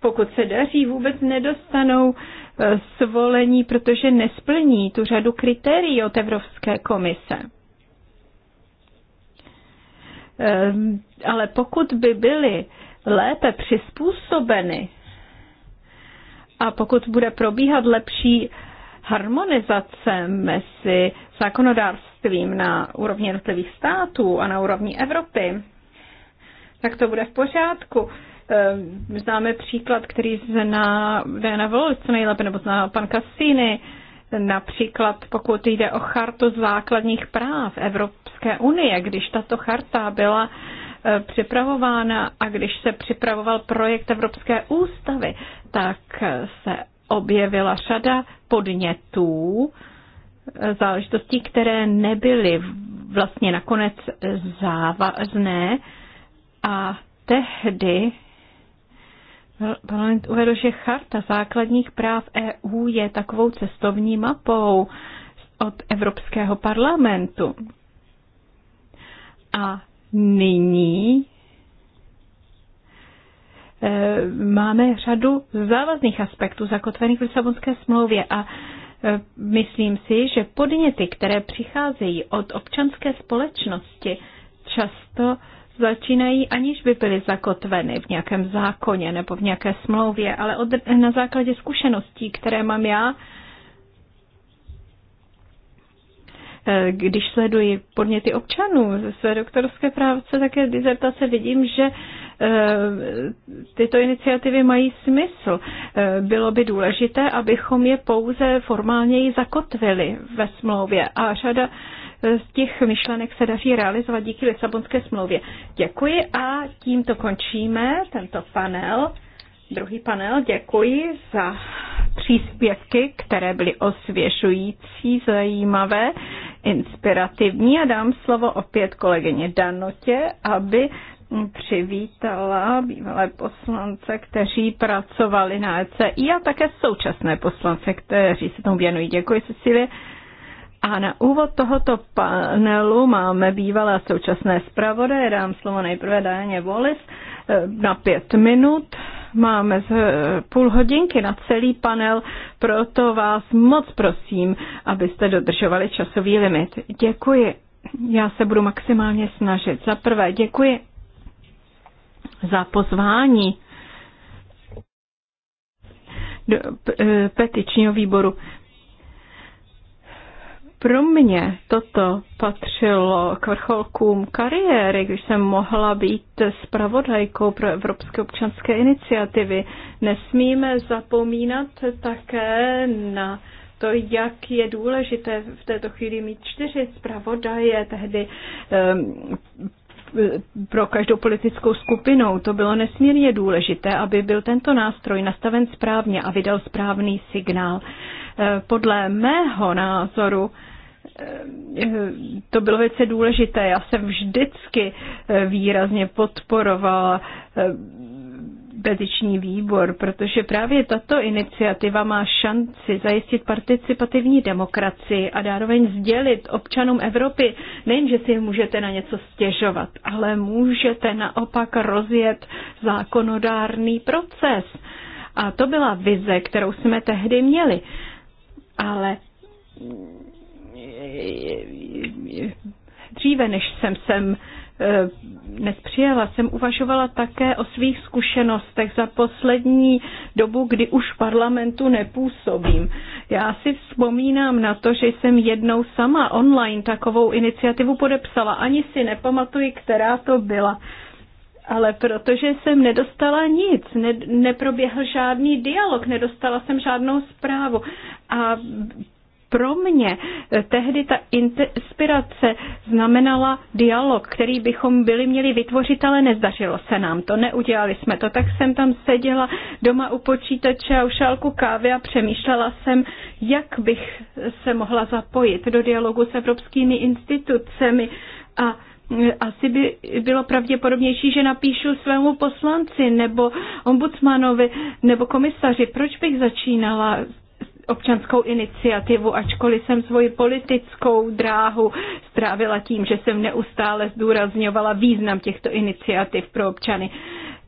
pokud se daří, vůbec nedostanou svolení, protože nesplní tu řadu kritérií od Evropské komise. Ehm, ale pokud by byly lépe přizpůsobeny a pokud bude probíhat lepší harmonizace mezi zákonodárstvím na úrovni jednotlivých států a na úrovni Evropy, tak to bude v pořádku. Ehm, známe příklad, který zná Diana Wallis co nejlépe, nebo zná pan Cassini, například pokud jde o chartu základních práv Evropské unie, když tato charta byla e, připravována a když se připravoval projekt Evropské ústavy, tak se objevila řada podnětů, e, záležitostí, které nebyly vlastně nakonec závazné a tehdy Parlament uvedl, že Charta základních práv EU je takovou cestovní mapou od Evropského parlamentu. A nyní eh, máme řadu závazných aspektů zakotvených v Lisabonské smlouvě a eh, myslím si, že podněty, které přicházejí od občanské společnosti, často začínají, aniž by byly zakotveny v nějakém zákoně nebo v nějaké smlouvě, ale od, na základě zkušeností, které mám já, eh, když sleduji podněty občanů ze své doktorské práce, také dizertace vidím, že eh, tyto iniciativy mají smysl. Eh, bylo by důležité, abychom je pouze formálněji zakotvili ve smlouvě. A řada z těch myšlenek se daří realizovat díky Lisabonské smlouvě. Děkuji a tímto končíme tento panel. Druhý panel, děkuji za příspěvky, které byly osvěžující, zajímavé, inspirativní a dám slovo opět kolegyně Danotě, aby přivítala bývalé poslance, kteří pracovali na ECI a také současné poslance, kteří se tomu věnují. Děkuji, Cecilie. A na úvod tohoto panelu máme bývalé a současné zpravodaje. Dám slovo nejprve Dajaně Volis eh, na pět minut. Máme z eh, půl hodinky na celý panel, proto vás moc prosím, abyste dodržovali časový limit. Děkuji. Já se budu maximálně snažit. Za prvé děkuji za pozvání do eh, petičního výboru pro mě toto patřilo k vrcholkům kariéry, když jsem mohla být spravodajkou pro Evropské občanské iniciativy. Nesmíme zapomínat také na to, jak je důležité v této chvíli mít čtyři zpravodaje, tehdy um, pro každou politickou skupinou. To bylo nesmírně důležité, aby byl tento nástroj nastaven správně a vydal správný signál. Eh, podle mého názoru eh, to bylo velice důležité. Já jsem vždycky eh, výrazně podporovala petiční výbor, protože právě tato iniciativa má šanci zajistit participativní demokracii a zároveň sdělit občanům Evropy, nejenže si můžete na něco stěžovat, ale můžete naopak rozjet zákonodárný proces. A to byla vize, kterou jsme tehdy měli. Ale eh, eh, dříve, než jsem sem Eh, dnes přijela, jsem uvažovala také o svých zkušenostech za poslední dobu, kdy už v parlamentu nepůsobím. Já si vzpomínám na to, že jsem jednou sama online takovou iniciativu podepsala. Ani si nepamatuji, která to byla. Ale protože jsem nedostala nic, ne, neproběhl žádný dialog, nedostala jsem žádnou zprávu. A pro mě eh, tehdy ta inspirace znamenala dialog, který bychom byli měli vytvořit, ale nezdařilo se nám to, neudělali jsme to. Tak jsem tam seděla doma u počítače a u šálku kávy a přemýšlela jsem, jak bych se mohla zapojit do dialogu s evropskými institucemi a eh, asi by bylo pravděpodobnější, že napíšu svému poslanci nebo ombudsmanovi nebo komisaři, proč bych začínala občanskou iniciativu, ačkoliv jsem svoji politickou dráhu strávila tím, že jsem neustále zdůrazňovala význam těchto iniciativ pro občany.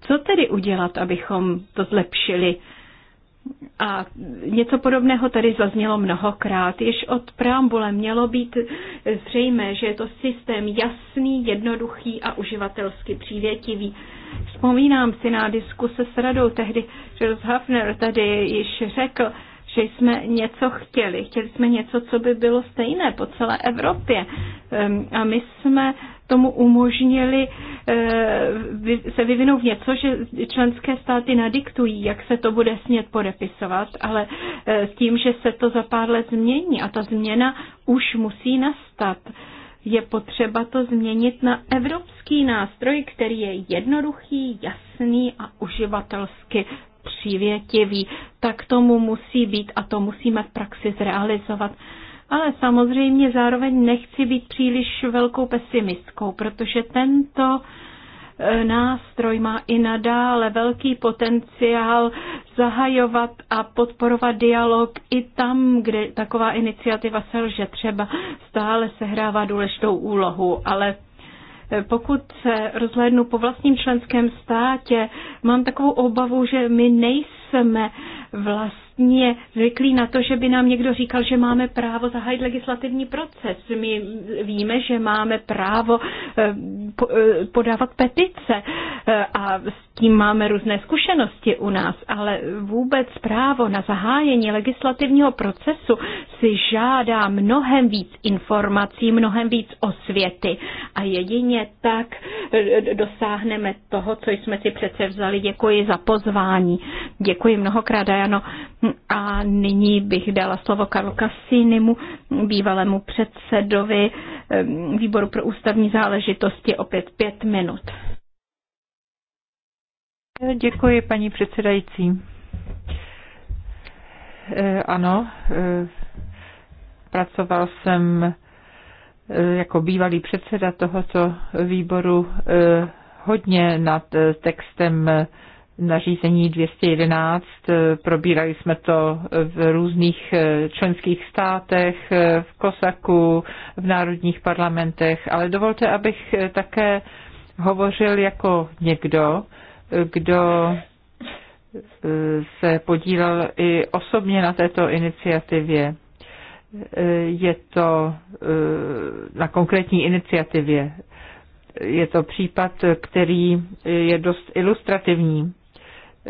Co tedy udělat, abychom to zlepšili? A něco podobného tady zaznělo mnohokrát. Již od preambule mělo být zřejmé, že je to systém jasný, jednoduchý a uživatelsky přívětivý. Vzpomínám si na diskuse s radou tehdy, že Hafner tady již řekl, že jsme něco chtěli. Chtěli jsme něco, co by bylo stejné po celé Evropě. Ehm, a my jsme tomu umožnili eh, se vyvinout něco, že členské státy nadiktují, jak se to bude smět podepisovat, ale eh, s tím, že se to za pár let změní a ta změna už musí nastat je potřeba to změnit na evropský nástroj, který je jednoduchý, jasný a uživatelsky přívětivý. Tak tomu musí být a to musíme v praxi zrealizovat. Ale samozřejmě zároveň nechci být příliš velkou pesimistkou, protože tento e, nástroj má i nadále velký potenciál zahajovat a podporovat dialog i tam, kde taková iniciativa selže třeba stále sehrává důležitou úlohu, ale pokud se rozhlédnu po vlastním členském státě, mám takovou obavu, že my nejsme jsme vlastně zvyklí na to, že by nám někdo říkal, že máme právo zahájit legislativní proces. My víme, že máme právo eh, eh, podávat petice eh, a s tím máme různé zkušenosti u nás, ale vůbec právo na zahájení legislativního procesu si žádá mnohem víc informací, mnohem víc osvěty a jedině tak dosáhneme toho, co jsme si přece vzali. Děkuji za pozvání. Děkuji Děkuji mnohokrát, Dajano. A nyní bych dala slovo Karlu Cassinimu, bývalému předsedovi Výboru pro ústavní záležitosti, opět pět minut. Děkuji, paní předsedající. E, ano, e, pracoval jsem e, jako bývalý předseda tohoto výboru hodně nad textem nařízení 211. Probírali jsme to v různých eh, členských státech, eh, v Kosaku, v národních parlamentech, ale dovolte, abych eh, také hovořil jako někdo, kdo se podílel i osobně na této iniciativě. Je to na konkrétní iniciativě. Je to případ, který je dost ilustrativní.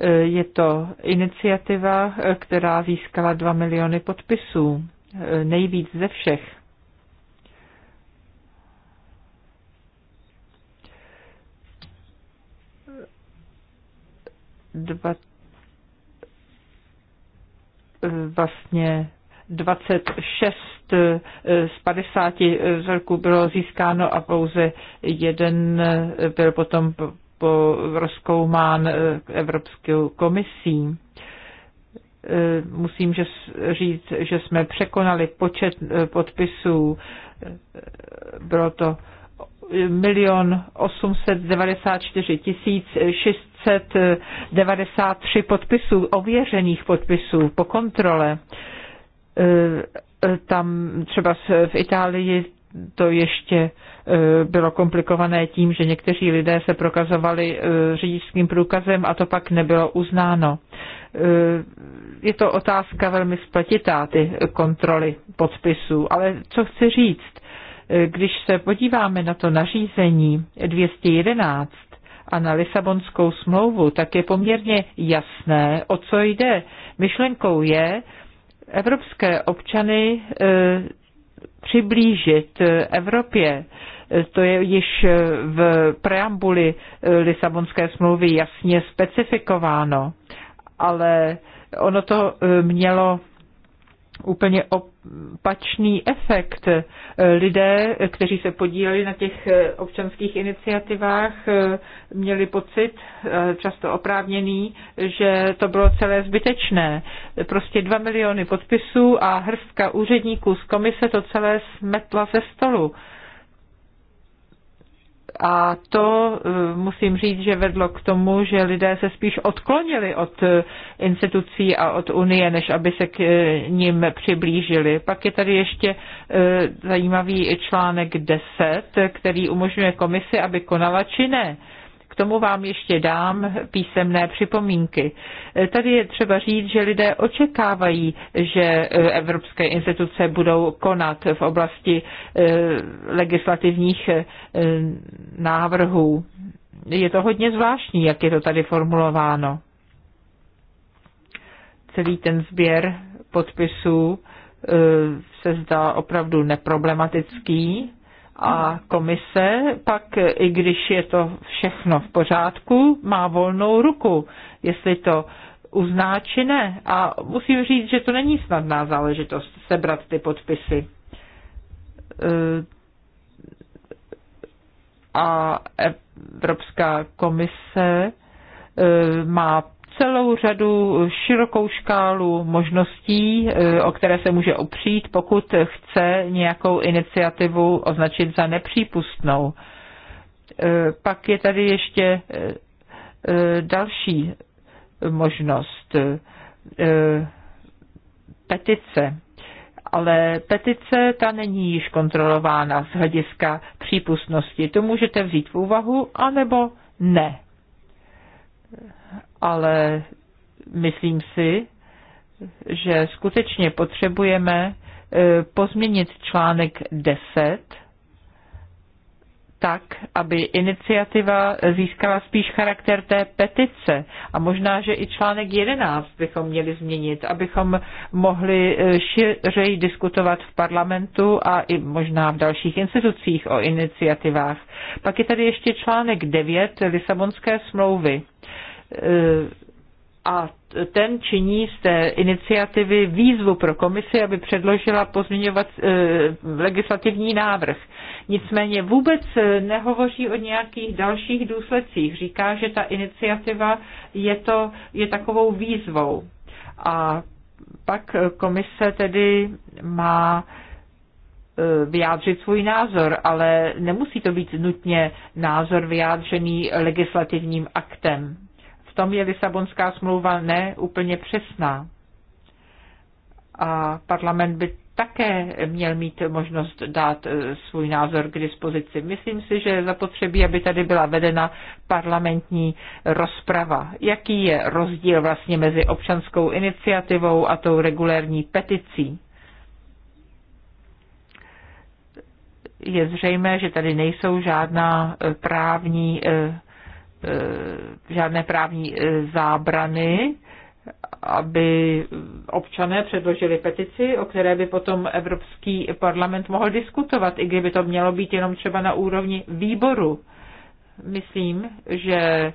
Eh, je to iniciativa, eh, která získala 2 miliony podpisů, eh, nejvíc ze všech. Dva, vlastně 26 z 50 vzorků bylo získáno a pouze jeden byl potom po rozkoumán eh, Evropskou komisí eh, musím že, říct, že jsme překonali počet eh, podpisů, bylo to milion 894 tisíc 693 podpisů, ověřených podpisů po kontrole. Tam třeba v Itálii to ještě e, bylo komplikované tím, že někteří lidé se prokazovali e, řidičským průkazem a to pak nebylo uznáno. E, je to otázka velmi spletitá, ty kontroly podpisů, ale co chci říct, když se podíváme na to nařízení 211 a na Lisabonskou smlouvu, tak je poměrně jasné, o co jde. Myšlenkou je, evropské občany přiblížit Evropě. To je již v preambuli Lisabonské smlouvy jasně specifikováno, ale ono to mělo úplně opačný efekt. Lidé, kteří se podíleli na těch občanských iniciativách, měli pocit, často oprávněný, že to bylo celé zbytečné. Prostě dva miliony podpisů a hrstka úředníků z komise to celé smetla ze stolu. A to eh, musím říct, že vedlo k tomu, že lidé se spíš odklonili od eh, institucí a od Unie, než aby se k eh, ním přiblížili. Pak je tady ještě zajímavý článek 10, který umožňuje komisi, aby konala či ne tomu vám ještě dám písemné připomínky. Tady je třeba říct, že lidé očekávají, že e, evropské instituce budou konat v oblasti e, legislativních e, návrhů. Je to hodně zvláštní, jak je to tady formulováno. Celý ten sběr podpisů se zdá opravdu neproblematický a komise pak, i když je to všechno v pořádku, má volnou ruku, jestli to uzná či ne. A musím říct, že to není snadná záležitost sebrat ty podpisy. E, a Evropská komise e, má celou řadu širokou škálu možností, eh, o které se může opřít, pokud chce nějakou iniciativu označit za nepřípustnou. Eh, pak je tady ještě eh, další možnost petice. Ale petice ta není již kontrolována z hlediska přípustnosti. To můžete vzít v úvahu, anebo ne ale myslím si, že skutečně potřebujeme e, pozměnit článek 10 tak, aby iniciativa získala spíš charakter té petice. A možná, že i článek 11 bychom měli změnit, abychom mohli e, šiřej diskutovat v parlamentu a i možná v dalších institucích o iniciativách. Pak je tady ještě článek 9 Lisabonské smlouvy. Eh, a ten činí z té iniciativy výzvu pro komisi, aby předložila pozměňovat eh, legislativní návrh. Nicméně vůbec eh, nehovoří o nějakých dalších důsledcích. Říká, že ta iniciativa je, to, je takovou výzvou. A pak komise tedy má vyjádřit svůj názor, ale nemusí to být nutně názor vyjádřený legislativním aktem tom je Lisabonská smlouva ne úplně přesná. A parlament by také měl mít možnost dát eh, svůj názor k dispozici. Myslím si, že je zapotřebí, aby tady byla vedena parlamentní rozprava. Jaký je rozdíl vlastně mezi občanskou iniciativou a tou regulérní peticí? Je zřejmé, že tady nejsou žádná eh, právní eh, Eh, žádné právní eh, zábrany, aby občané předložili petici, o které by potom Evropský parlament mohl diskutovat, i kdyby to mělo být jenom třeba na úrovni výboru. Myslím, že eh,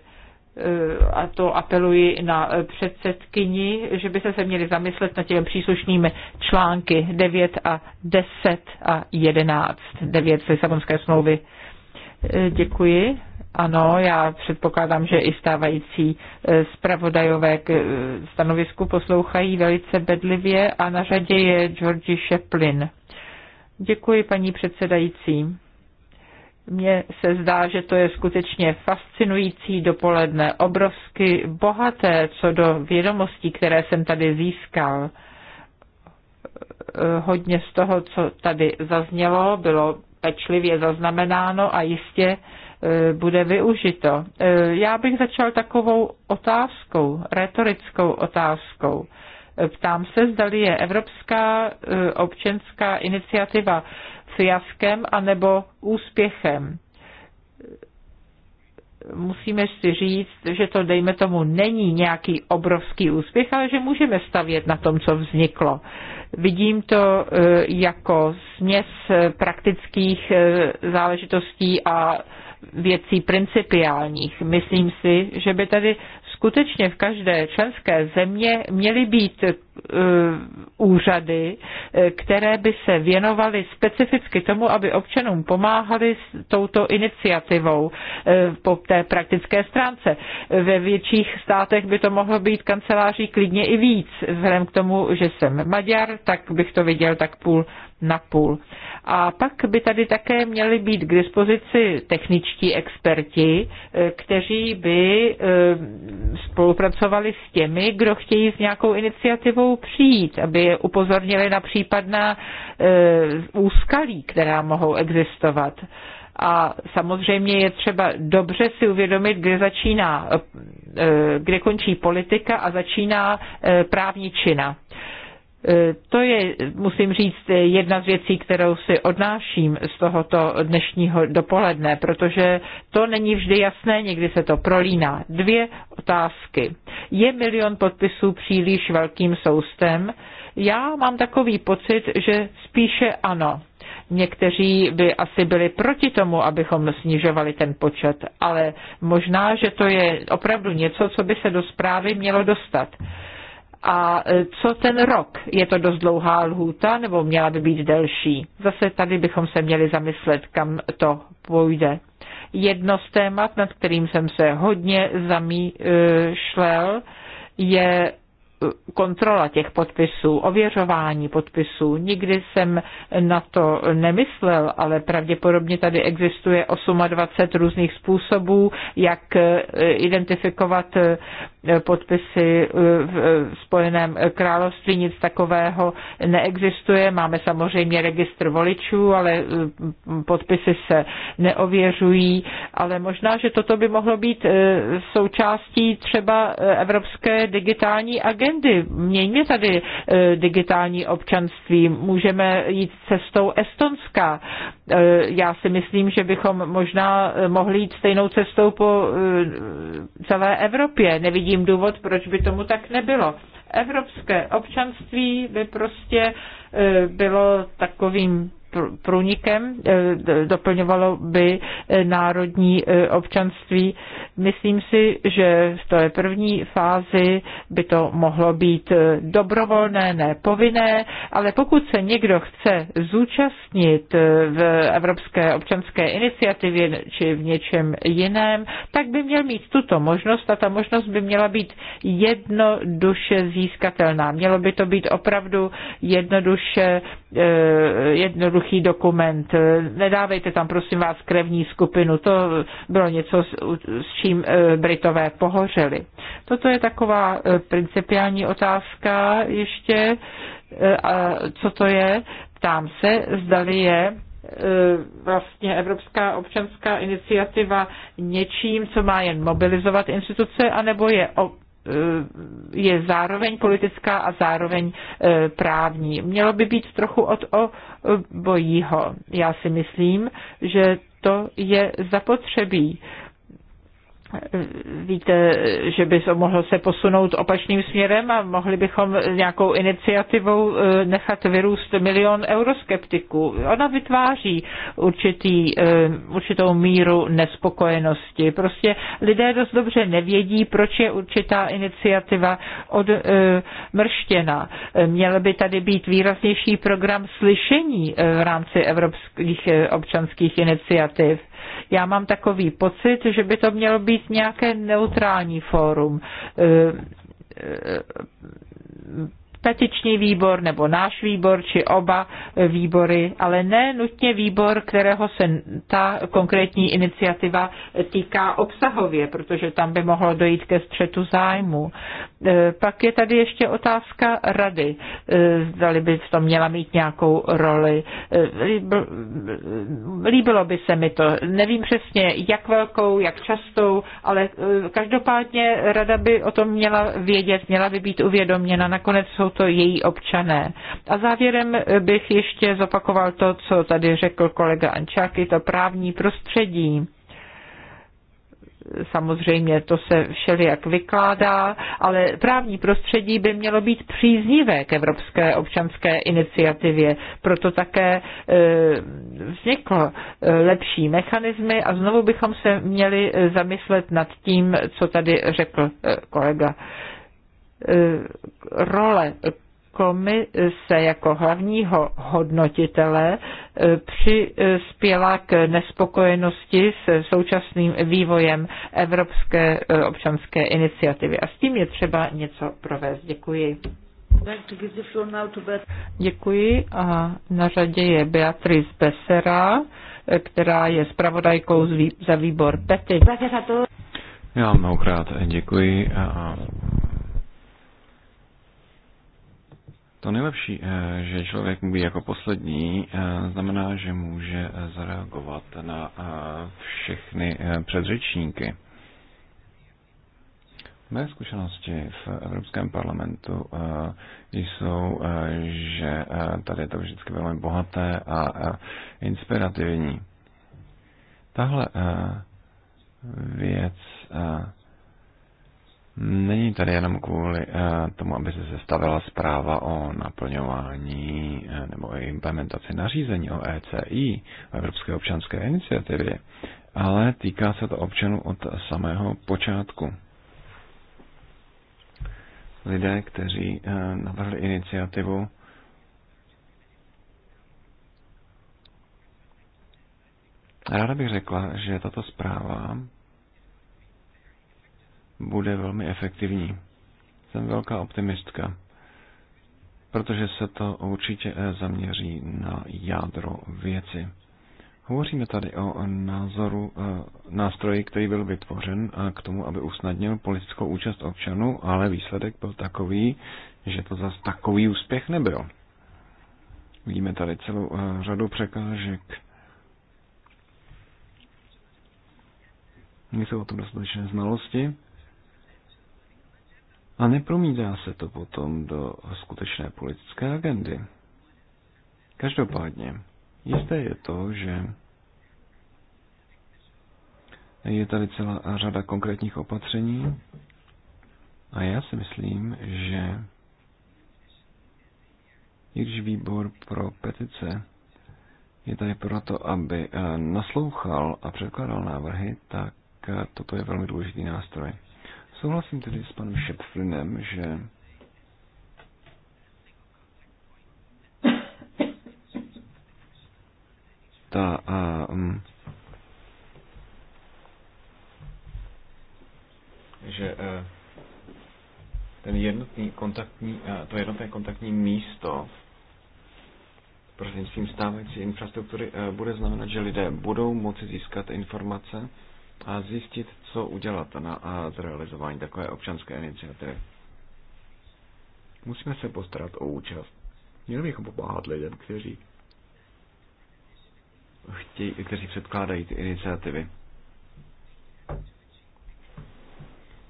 a to apeluji na předsedkyni, že by se se měli zamyslet nad těmi příslušnými články 9 a 10 a 11, 9 Lisabonské smlouvy. Děkuji. Ano, já předpokládám, že i stávající e, zpravodajové k e, stanovisku poslouchají velice bedlivě a na řadě je Georgi Sheplin. Děkuji, paní předsedající. Mně se zdá, že to je skutečně fascinující dopoledne, obrovsky bohaté co do vědomostí, které jsem tady získal. E, hodně z toho, co tady zaznělo, bylo pečlivě zaznamenáno a jistě Eh, bude využito. Eh, já bych začal takovou otázkou, retorickou otázkou. Eh, ptám se, zdali je Evropská občanská iniciativa fiaskem anebo úspěchem. Musíme si říct, že to, dejme tomu, není nějaký obrovský úspěch, ale že můžeme stavět na tom, co vzniklo. Vidím to jako směs praktických záležitostí a věcí principiálních. Myslím si, že by tady skutečně v každé členské země měly být eh, úřady, eh, které by se věnovaly specificky tomu, aby občanům pomáhali s touto iniciativou eh, po té praktické stránce. Ve větších státech by to mohlo být kanceláří klidně i víc. Vzhledem k tomu, že jsem Maďar, tak bych to viděl tak půl na půl. A pak by tady také měli být k dispozici techničtí experti, e, kteří by e, spolupracovali s těmi, kdo chtějí s nějakou iniciativou přijít, aby je upozornili na případná e, úskalí, která mohou existovat. A samozřejmě je třeba dobře si uvědomit, kde začíná, kde končí politika a začíná právní čina. Eh, to je, musím říct, jedna z věcí, kterou si odnáším z tohoto dnešního dopoledne, protože to není vždy jasné, někdy se to prolíná. Dvě otázky. Je milion podpisů příliš velkým soustem? Já mám takový pocit, že spíše ano. Někteří by asi byli proti tomu, abychom snižovali ten počet, ale možná, že to je opravdu něco, co by se do zprávy mělo dostat. A e, co ten rok? Je to dost dlouhá lhůta nebo měla by být delší? Zase tady bychom se měli zamyslet, kam to půjde. Jedno z témat, nad kterým jsem se hodně zamýšlel, je kontrola těch podpisů, ověřování podpisů. Nikdy jsem na to nemyslel, ale pravděpodobně tady existuje 28 různých způsobů, jak eh, identifikovat eh, podpisy eh, v Spojeném království. Nic takového neexistuje. Máme samozřejmě registr voličů, ale podpisy se neověřují. Ale možná, že toto by mohlo být součástí třeba Evropské digitální agendy agendy. Měňme tady e, digitální občanství, můžeme jít cestou Estonska. E, já si myslím, že bychom možná e, mohli jít stejnou cestou po celé Evropě. Nevidím důvod, proč by tomu tak nebylo. Evropské občanství by prostě bylo takovým průnikem, eh, doplňovalo by eh, národní eh, občanství. Myslím si, že v té první fázi by to mohlo být dobrovolné, ne povinné, ale pokud se někdo chce zúčastnit v Evropské občanské iniciativě či v něčem jiném, tak by měl mít tuto možnost a ta možnost by měla být jednoduše získatelná. Mělo by to být opravdu jednoduše Eh, jednoduchý dokument. Nedávejte tam, prosím vás, krevní skupinu. To bylo něco, s čím eh, Britové pohořeli. Toto je taková eh, principiální otázka ještě. A co to je? Ptám se, zdali je vlastně Evropská občanská iniciativa něčím, co má jen mobilizovat instituce, anebo je je zároveň politická a zároveň e, právní. Mělo by být trochu od obojího. Já si myslím, že to je zapotřebí. Eh, víte, že by se mohlo se posunout opačným směrem a mohli bychom nějakou iniciativou eh, nechat vyrůst milion euroskeptiků. Ona vytváří určitý, eh, určitou míru nespokojenosti. Prostě lidé dost dobře nevědí, proč je určitá iniciativa odmrštěna. Měl by tady být výraznější program slyšení v rámci evropských občanských iniciativ já mám takový pocit, že by to mělo být nějaké neutrální fórum eh, eh, petiční výbor nebo náš výbor či oba výbory, ale ne nutně výbor, kterého se ta konkrétní iniciativa týká obsahově, protože tam by mohlo dojít ke střetu zájmu. E, pak je tady ještě otázka rady. E, zdali by v tom měla mít nějakou roli. E, líbilo by se mi to. Nevím přesně, jak velkou, jak častou, ale každopádně rada by o tom měla vědět, měla by být uvědoměna. Nakonec jsou to její občané. A závěrem bych ještě zopakoval to, co tady řekl kolega Ančáky, to právní prostředí samozřejmě to se všelijak vykládá, ale právní prostředí by mělo být příznivé k Evropské občanské iniciativě. Proto také e, vzniklo e, lepší mechanismy a znovu bychom se měli zamyslet nad tím, co tady řekl e, kolega E, role komise jako hlavního hodnotitele e, přispěla k nespokojenosti s současným vývojem Evropské e, občanské iniciativy. A s tím je třeba něco provést. Děkuji. Děkuji a na řadě je Beatrice Besera, která je zpravodajkou za výbor PETY. Já mnohokrát děkuji a To nejlepší, eh, že člověk může jako poslední, eh, znamená, že může eh, zareagovat na všechny předřečníky. Mé zkušenosti v Evropském parlamentu jsou, že tady je to vždycky velmi bohaté a inspirativní. Tahle věc Není tady jenom kvůli eh, tomu, aby se sestavila zpráva o naplňování eh, nebo o implementaci nařízení o ECI, o Evropské občanské iniciativě, ale týká se to občanů od samého počátku. Lidé, kteří eh, navrhli iniciativu, Ráda bych řekla, že tato zpráva bude velmi efektivní. Jsem velká optimistka, protože se to určitě eh, zaměří na jádro věci. Hovoříme tady o názoru, eh, nástroji, který byl vytvořen k tomu, aby usnadnil politickou účast občanů, ale výsledek byl takový, že to zas takový úspěch nebyl. Vidíme tady celou eh, řadu překážek. Nejsou o tom dostatečné znalosti. A nepromítá se to potom do skutečné politické agendy. Každopádně, jisté je to, že je tady celá řada konkrétních opatření a já si myslím, že i když výbor pro petice je tady proto, aby eh, naslouchal a předkládal návrhy, tak eh, toto je velmi důležitý nástroj. Souhlasím tedy s panem Šepflinem, že ta a, um, že uh, ten jednotný kontaktní, uh, to jednotné kontaktní místo prostřednictvím stávající infrastruktury uh, bude znamenat, že lidé budou moci získat informace a zjistit, co udělat na zrealizování takové občanské iniciativy. Musíme se postarat o účast. Měli bychom pomáhat lidem, kteří, chtějí, kteří předkládají ty iniciativy.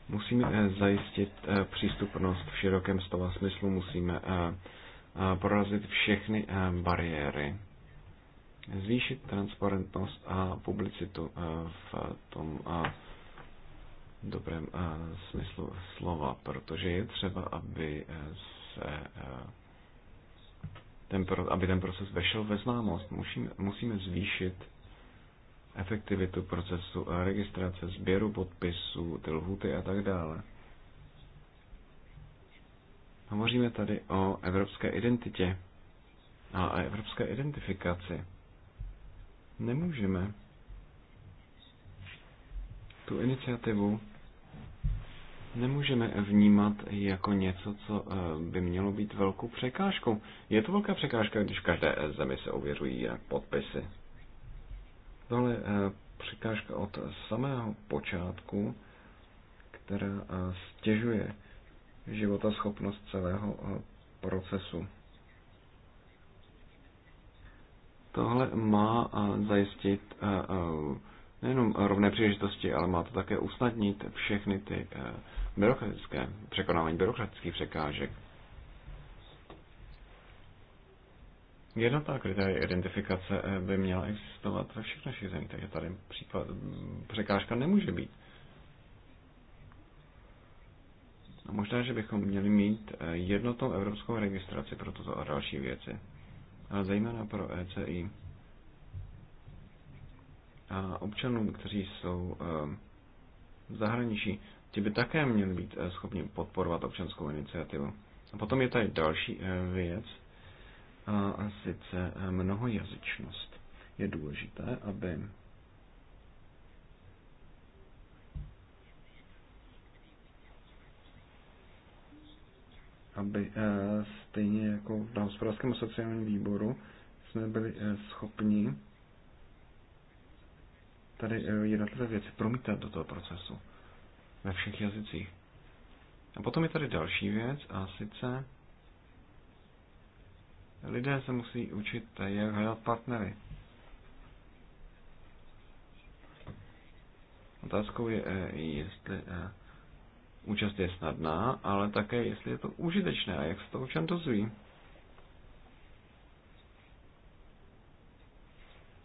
Musíme eh, zajistit eh, přístupnost v širokém slova smyslu, musíme eh, porazit všechny bariéry zvýšit transparentnost a publicitu eh, v tom eh, dobrém eh, smyslu slova, protože je třeba, aby se ten, aby ten proces vešel ve známost. Musíme, musíme zvýšit efektivitu procesu registrace, sběru podpisů, ty lhuty a tak dále. Hovoříme tady o evropské identitě a evropské identifikaci nemůžeme tu iniciativu nemůžeme vnímat jako něco, co eh, by mělo být velkou překážkou. Je to velká překážka, když v každé zemi se ověřují eh, podpisy. Tohle je eh, překážka od samého počátku, která stěžuje životaschopnost celého procesu. Tohle má zajistit nejenom rovné příležitosti, ale má to také usnadnit všechny ty byrokratické, překonávání byrokratických překážek. Jednotná kritéria identifikace e, by měla existovat ve všech našich zemích, takže tady případ, překážka nemůže být. A možná, že bychom měli mít e, jednotnou evropskou registraci pro tuto a další věci a zejména pro ECI a občanům, kteří jsou ehm, v zahraničí, ti by také měli být eh, schopni podporovat občanskou iniciativu. A potom je tady další eh, věc, a sice eh, mnohojazyčnost. Je důležité, aby aby eh, stejně jako na hospodářském a sociálním výboru jsme byli eh, schopni tady eh, jednotlivé věci promítat do toho procesu ve všech jazycích. A potom je tady další věc a sice lidé se musí učit, jak hledat partnery. Otázkou je, jestli účast je snadná, ale také jestli je to užitečné a jak se to občan dozví.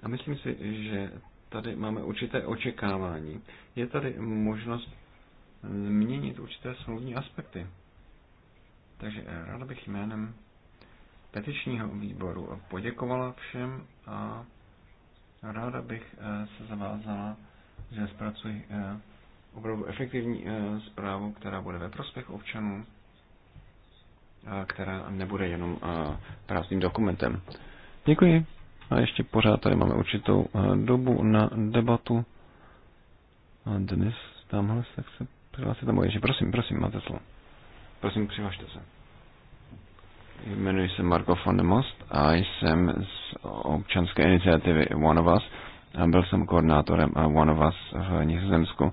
A myslím si, že tady máme určité očekávání. Je tady možnost změnit určité smluvní aspekty. Takže ráda bych jménem petičního výboru poděkovala všem a ráda bych eh, se zavázala, že zpracuji eh, opravdu efektivní eh, zprávu, která bude ve prospěch občanů, která nebude jenom eh, prázdným dokumentem. Děkuji. A ještě pořád tady máme určitou eh, dobu na debatu. A dnes tamhle se, se přihlásit tam ještě. Prosím, prosím, máte slovo. Prosím, přihlašte se. Jmenuji se Marko von de Most a jsem z občanské iniciativy One of Us a byl jsem koordinátorem One of Us v Nizozemsku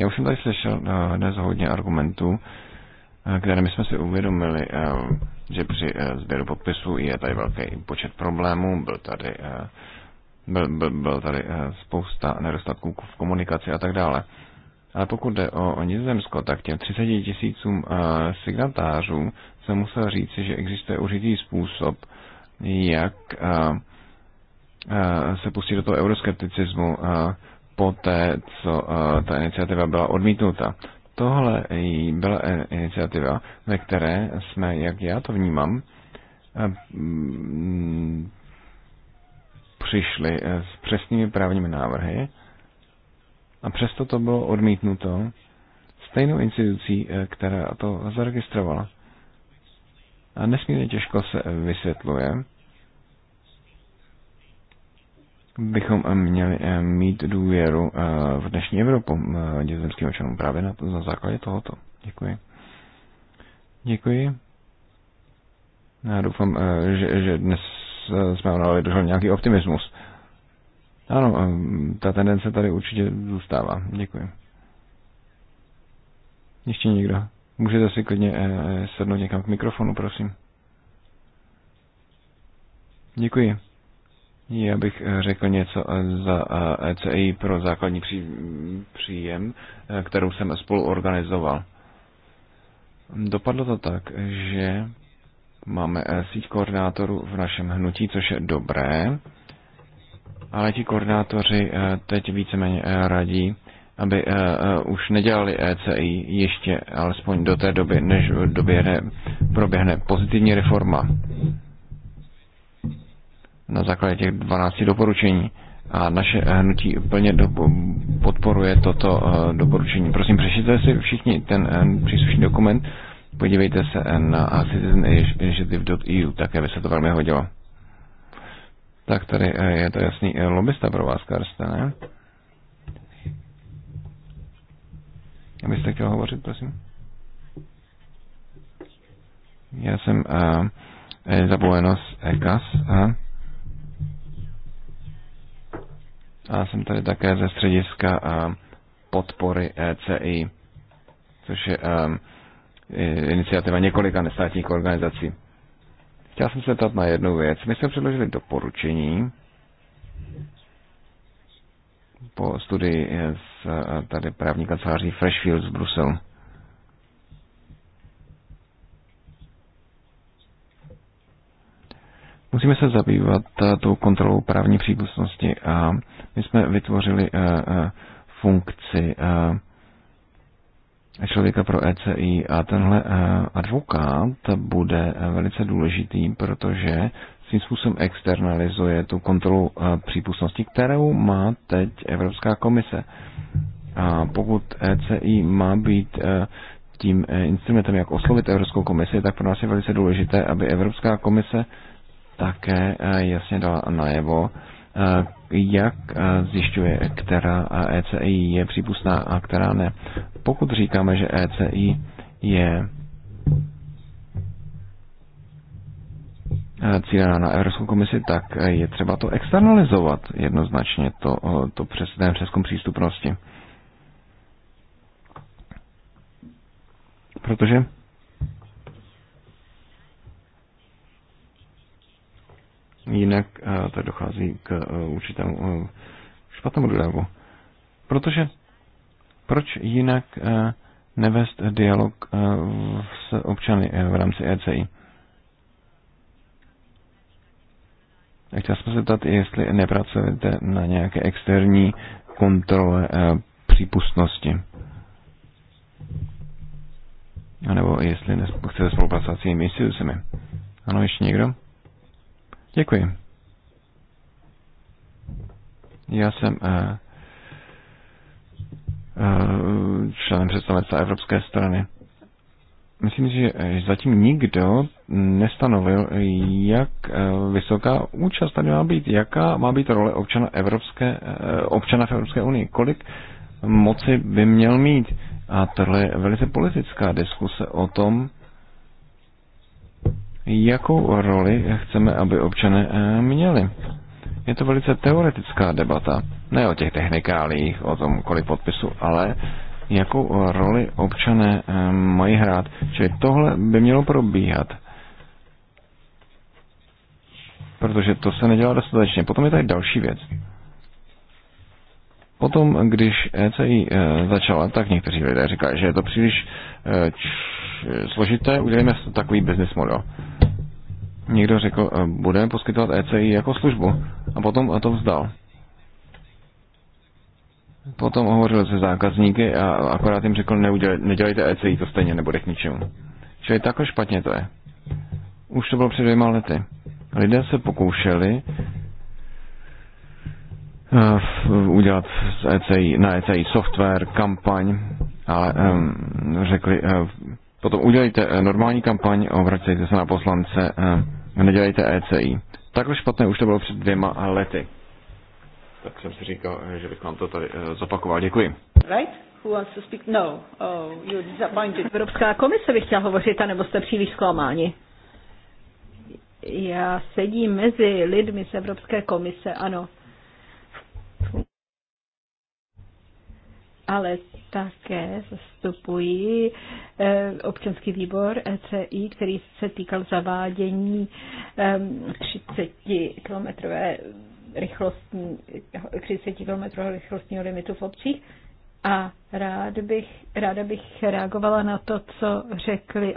já už jsem tady slyšel eh, dnes hodně argumentů, eh, které my jsme si uvědomili, eh, že při sběru podpisů je tady velký počet problémů, byl tady, byl, byl, byl tady spousta nedostatků v komunikaci a tak dále. Ale pokud jde o, o Nizozemsko, tak těm 30 tisícům signatářů se musel říci, že existuje určitý způsob, jak se pustit do toho euroskepticismu. A, po té, co eh, ta iniciativa byla odmítnuta. Tohle byla eh, iniciativa, ve které jsme, jak já to vnímám, eh, mm, přišli s přesnými právními návrhy a přesto to bylo odmítnuto stejnou institucí, která to zaregistrovala. A nesmírně těžko se vysvětluje, bychom eh, měli eh, mít důvěru eh, v dnešní Evropu nizozemským občanům právě na, na základě tohoto. Děkuji. Děkuji. Já doufám, že, že dnes jsme ale došel nějaký optimismus. Ano, ta tendence tady určitě zůstává. Děkuji. Ještě někdo? Můžete si klidně sednout někam k mikrofonu, prosím. Děkuji. Já bych eh, řekl něco eh, za eh, ECI pro základní příjem, kterou jsem spolu organizoval. Dopadlo to tak, že máme síť koordinátorů v našem hnutí, což je dobré, ale ti koordinátoři teď víceméně radí, aby už nedělali ECI ještě alespoň do té doby, než doběhne, proběhne pozitivní reforma na základě těch 12 doporučení. A naše eh, hnutí plně do, podporuje toto eh, doporučení. Prosím, přečtěte si všichni ten eh, příslušný dokument, podívejte se na citizeninitiative.eu, také by se to velmi hodilo. Tak tady je to jasný lobbysta pro vás, Karste, ne? Abyste chtěl hovořit, prosím. Já jsem uh, Zabojeno z EKAS. Uh, A jsem tady také ze střediska podpory ECI, což je iniciativa několika nestátních organizací. Chtěl jsem se ptat na jednu věc. My jsme předložili doporučení po studii z tady právní kanceláří Freshfields z Bruselu. Musíme se zabývat eh, tou kontrolou právní přípustnosti a my jsme vytvořili eh, eh, funkci člověka pro ECI a tenhle advokát bude velice důležitý, protože svým způsobem externalizuje tu kontrolu přípustnosti, kterou má teď Evropská komise. A pokud ECI má být tím instrumentem, jak oslovit Evropskou komisi, tak pro nás je velice důležité, aby Evropská komise také eh, jasně dala najevo, eh, jak eh, zjišťuje, která ECI e je přípustná a která ne. Pokud říkáme, že ECI je cílená na Evropskou komisi, tak je třeba to externalizovat jednoznačně, to, to přes, ten přeskum přístupnosti. Protože jinak tak dochází k e, určitému e, špatnému dodavu. Protože proč jinak e, nevést dialog s občany v rámci ECI? Chtěl jsem se zeptat, jestli nepracujete na nějaké externí kontrole přípustnosti. A nebo jestli chcete spolupracovat s jinými institucemi. Ano, ještě někdo? Děkuji. Já jsem eh, eh, členem představenstva Evropské strany. Myslím, že zatím nikdo nestanovil, jak eh, vysoká účast tady má být, jaká má být role občana, Evropské, občana v Evropské unii, kolik moci by měl mít. A tohle je velice politická diskuse o tom, jakou roli chceme, aby občané eh, měli. Je to velice teoretická debata, ne o těch technikálích, o tom, kolik podpisu, ale jakou roli občané eh, mají hrát. Čili tohle by mělo probíhat. Protože to se nedělá dostatečně. Potom je tady další věc. Potom, když ECI e, začala, tak někteří lidé říkají, že je to příliš e, složité, udělíme takový business model. Někdo řekl, e, budeme poskytovat ECI jako službu a potom to vzdal. Potom hovořil se zákazníky a akorát jim řekl, neudělej, nedělejte ECI, to stejně nebude k ničemu. Čili takhle špatně to je. Už to bylo před dvěma lety. Lidé se pokoušeli Eh, udělat z ECI, na ECI software, kampaň, ale um, řekli, uh, potom udělejte normální kampaň, obracejte se na poslance, uh, nedělejte ECI. Takhle špatné už to bylo před dvěma lety. Tak jsem si říkal, že bych vám to tady uh, zopakoval. Děkuji. Right? Who wants to speak? No. Oh, you're disappointed. Evropská komise by chtěla hovořit, anebo jste příliš zklamáni? Já sedím mezi lidmi z Evropské komise, ano ale také zastupuji eh, občanský výbor ECI, který se týkal zavádění 30-kilometrové ehm, rychlostní, 30 km rychlostního limitu v obcích. A rád bych, ráda bych reagovala na to, co řekli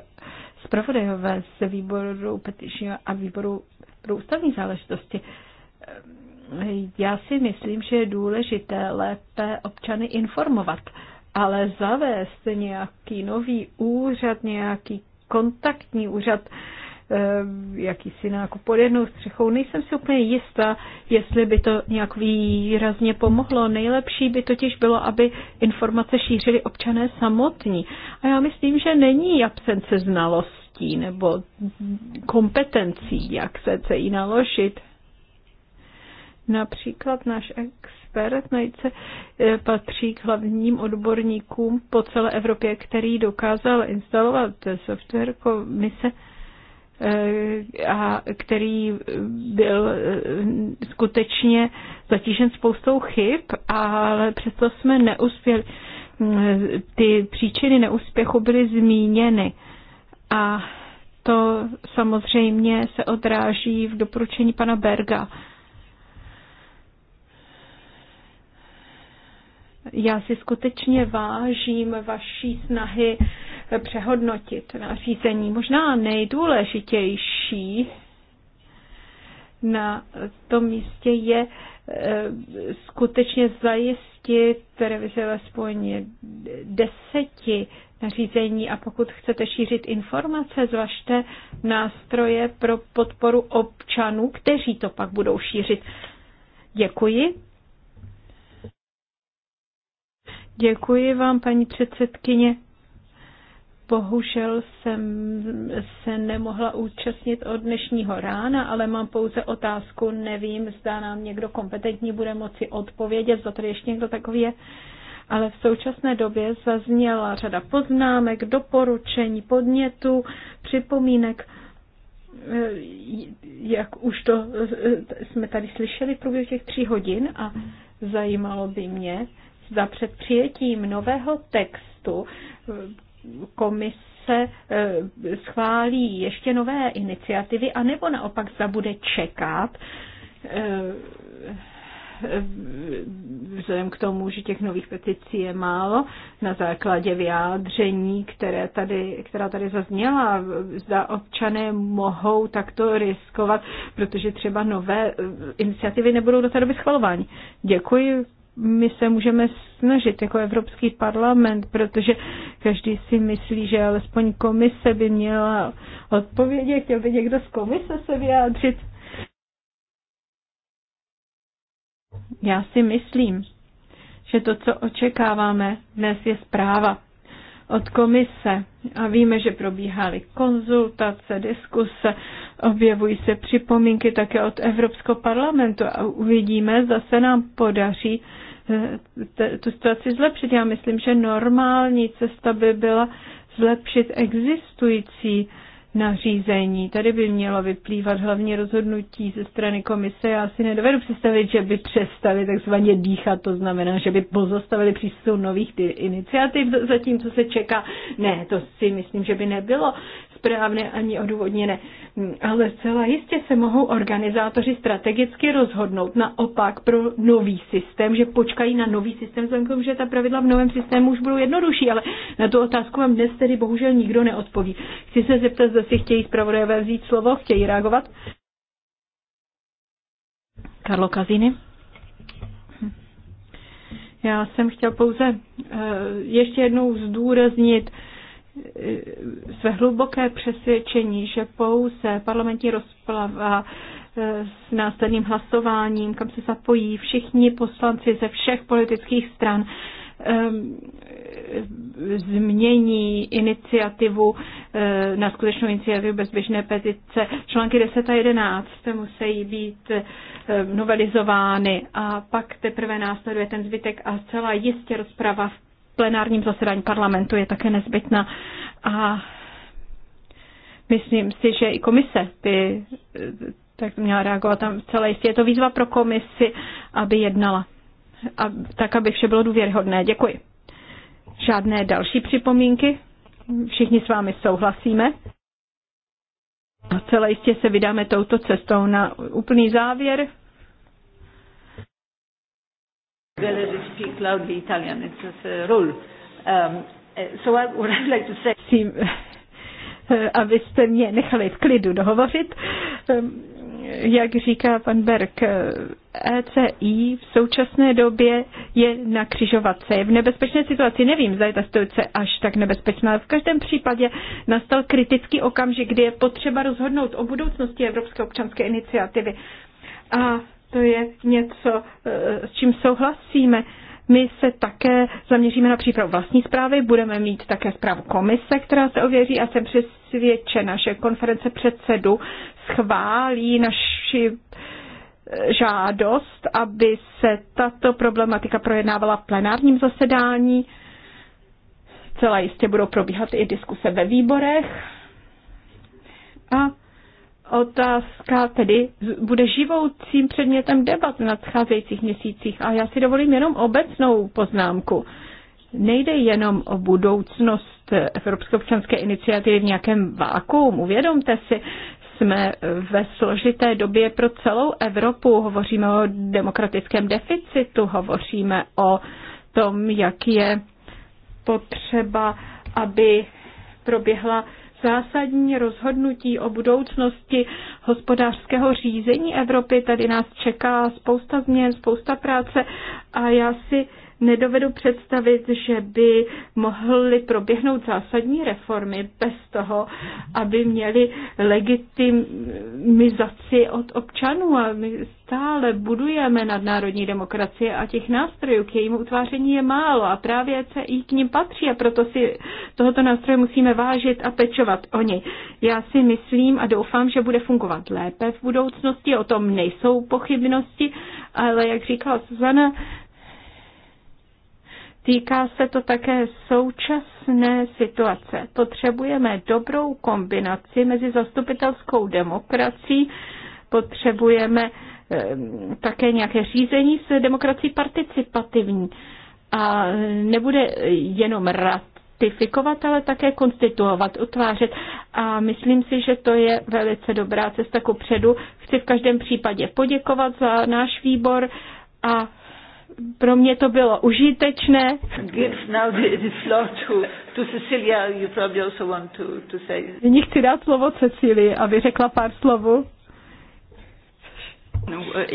zpravodajové z výboru petičního a výboru pro ústavní záležitosti. Ehm, já si myslím, že je důležité lépe občany informovat, ale zavést nějaký nový úřad, nějaký kontaktní úřad, eh, jakýsi nákup pod jednou střechou. Nejsem si úplně jistá, jestli by to nějak výrazně pomohlo. Nejlepší by totiž bylo, aby informace šířili občané samotní. A já myslím, že není absence znalostí nebo kompetencí, jak se chce naložit. Například náš expert Nejce eh, patří k hlavním odborníkům po celé Evropě, který dokázal instalovat software komise eh, a který byl eh, skutečně zatížen spoustou chyb, ale přesto jsme neuspěli. Mm, ty příčiny neúspěchu byly zmíněny a to samozřejmě se odráží v doporučení pana Berga Já si skutečně vážím vaší snahy přehodnotit nařízení. Možná nejdůležitější na tom místě je eh, skutečně zajistit revizi alespoň deseti nařízení a pokud chcete šířit informace, zvažte nástroje pro podporu občanů, kteří to pak budou šířit. Děkuji. Děkuji vám, paní předsedkyně. Bohužel jsem se nemohla účastnit od dnešního rána, ale mám pouze otázku. Nevím, zda nám někdo kompetentní bude moci odpovědět, zda tady ještě někdo takový je. Ale v současné době zazněla řada poznámek, doporučení, podnětů, připomínek eh, jak už to eh, jsme tady slyšeli v průběhu těch tří hodin a zajímalo by mě, zda před přijetím nového textu eh, komise eh, schválí ještě nové iniciativy, anebo naopak zda bude čekat eh, vzhledem k tomu, že těch nových peticí je málo, na základě vyjádření, které tady, která tady zazněla, zda občané mohou takto riskovat, protože třeba nové iniciativy nebudou do té doby schvalovány. Děkuji, my se můžeme snažit jako Evropský parlament, protože každý si myslí, že alespoň komise by měla odpovědět, chtěl by někdo z komise se vyjádřit. Já si myslím, že to, co očekáváme dnes, je zpráva od komise. A víme, že probíhaly konzultace, diskuse, objevují se připomínky také od Evropského parlamentu a uvidíme, zda se nám podaří eh, tu situaci zlepšit. Já myslím, že normální cesta by byla zlepšit existující nařízení. Tady by mělo vyplývat hlavně rozhodnutí ze strany komise. Já si nedovedu představit, že by přestali takzvaně dýchat, to znamená, že by pozastavili přístup nových iniciativ, za tím, co se čeká. Ne, to si myslím, že by nebylo správné ani odůvodněné. Ale zcela jistě se mohou organizátoři strategicky rozhodnout naopak pro nový systém, že počkají na nový systém, vzhledem že ta pravidla v novém systému už budou jednodušší, ale na tu otázku vám dnes tedy bohužel nikdo neodpoví. Chci se zeptat, zda si chtějí zpravodajové vzít slovo, chtějí reagovat. Karlo Kaziny. Já jsem chtěl pouze eh, ještě jednou zdůraznit eh, své hluboké přesvědčení, že pouze parlamentní rozplava eh, s následným hlasováním, kam se zapojí všichni poslanci ze všech politických stran, Ehm, změní iniciativu eh, na skutečnou iniciativu bezběžné petice. Články 10 a 11 musí být ehm, novelizovány a pak teprve následuje ten zbytek a zcela jistě rozprava v plenárním zasedání parlamentu je také nezbytná a myslím si, že i komise by eh, tak měla reagovat tam celé jistě. Je to výzva pro komisi, aby jednala a, tak, aby vše bylo důvěryhodné. Děkuji. Žádné další připomínky? Všichni s vámi souhlasíme. A Celé jistě se vydáme touto cestou na úplný závěr. Um, abyste mě nechali v klidu dohovořit. Um, jak říká pan Berg, ECI v současné době je na křižovatce, je v nebezpečné situaci. Nevím, zda je ta situace až tak nebezpečná, ale v každém případě nastal kritický okamžik, kdy je potřeba rozhodnout o budoucnosti Evropské občanské iniciativy. A to je něco, e, s čím souhlasíme. My se také zaměříme na přípravu vlastní zprávy, budeme mít také zprávu komise, která se ověří a jsem přesvědčena, že konference předsedu schválí naši eh, žádost, aby se tato problematika projednávala v plenárním zasedání. Celá jistě budou probíhat i diskuse ve výborech. A otázka tedy bude živoucím předmětem debat v nadcházejících měsících. A já si dovolím jenom obecnou poznámku. Nejde jenom o budoucnost Evropské občanské iniciativy v nějakém vákuum. Uvědomte si, jsme ve složité době pro celou Evropu. Hovoříme o demokratickém deficitu, hovoříme o tom, jak je potřeba, aby proběhla zásadní rozhodnutí o budoucnosti hospodářského řízení Evropy. Tady nás čeká spousta změn, spousta práce a já si nedovedu představit, že by mohly proběhnout zásadní reformy bez toho, aby měly legitimizaci od občanů. A my stále budujeme nadnárodní demokracie a těch nástrojů k jejímu utváření je málo a právě CI k ním patří a proto si tohoto nástroje musíme vážit a pečovat o ně. Já si myslím a doufám, že bude fungovat lépe v budoucnosti, o tom nejsou pochybnosti, ale jak říkala Suzana, Týká se to také současné situace. Potřebujeme dobrou kombinaci mezi zastupitelskou demokrací, potřebujeme eh, také nějaké řízení s demokracií participativní. A nebude jenom ratifikovat, ale také konstituovat, utvářet. A myslím si, že to je velice dobrá cesta ku předu. Chci v každém případě poděkovat za náš výbor a pro mě to bylo užitečné. Nyní chci dát slovo Cecílii, aby řekla pár slovů. No, eh,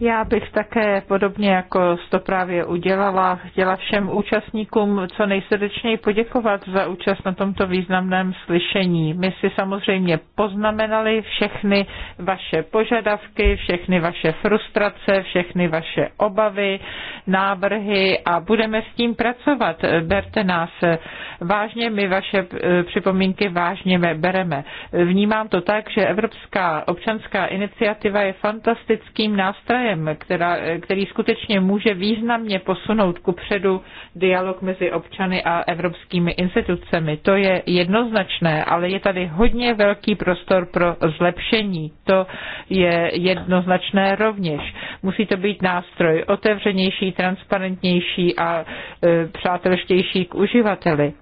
já bych také podobně jako to právě udělala, chtěla všem účastníkům co nejsrdečněji poděkovat za účast na tomto významném slyšení. My si samozřejmě poznamenali všechny vaše požadavky, všechny vaše frustrace, všechny vaše obavy, návrhy a budeme s tím pracovat. Berte nás vážně, my vaše eh, připomínky vážně bereme. Vnímám to tak, že Evropská občanská iniciativa je fantastickým nástrojem, zájem, která, který skutečně může významně posunout ku předu dialog mezi občany a evropskými institucemi. To je jednoznačné, ale je tady hodně velký prostor pro zlepšení. To je jednoznačné rovněž. Musí to být nástroj otevřenější, transparentnější a e, přátelštější k uživateli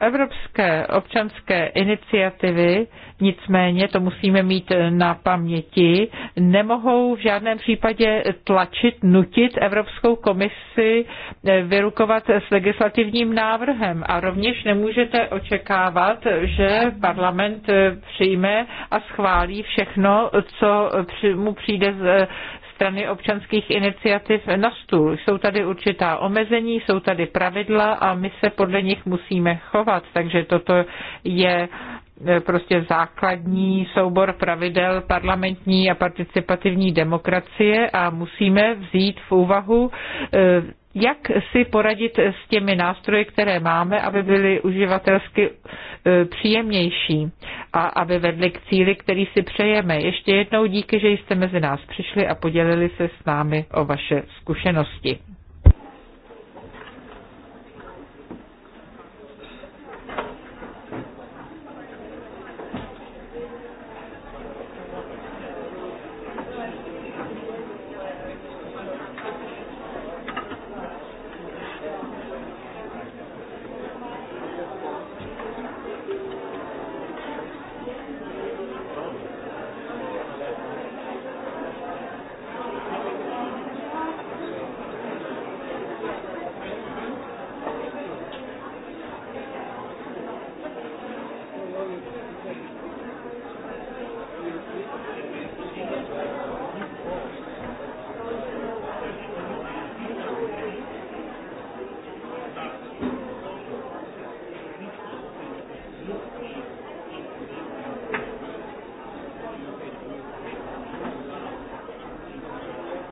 evropské občanské iniciativy, nicméně to musíme mít na paměti, nemohou v žádném případě tlačit, nutit Evropskou komisi eh, vyrukovat s legislativním návrhem. A rovněž nemůžete očekávat, že parlament eh, přijme a schválí všechno, co mu přijde z strany občanských iniciativ na stůl. Jsou tady určitá omezení, jsou tady pravidla a my se podle nich musíme chovat, takže toto je e, prostě základní soubor pravidel parlamentní a participativní demokracie a musíme vzít v úvahu e, jak si poradit s těmi nástroji, které máme, aby byly uživatelsky e, příjemnější a aby vedly k cíli, který si přejeme. Ještě jednou díky, že jste mezi nás přišli a podělili se s námi o vaše zkušenosti.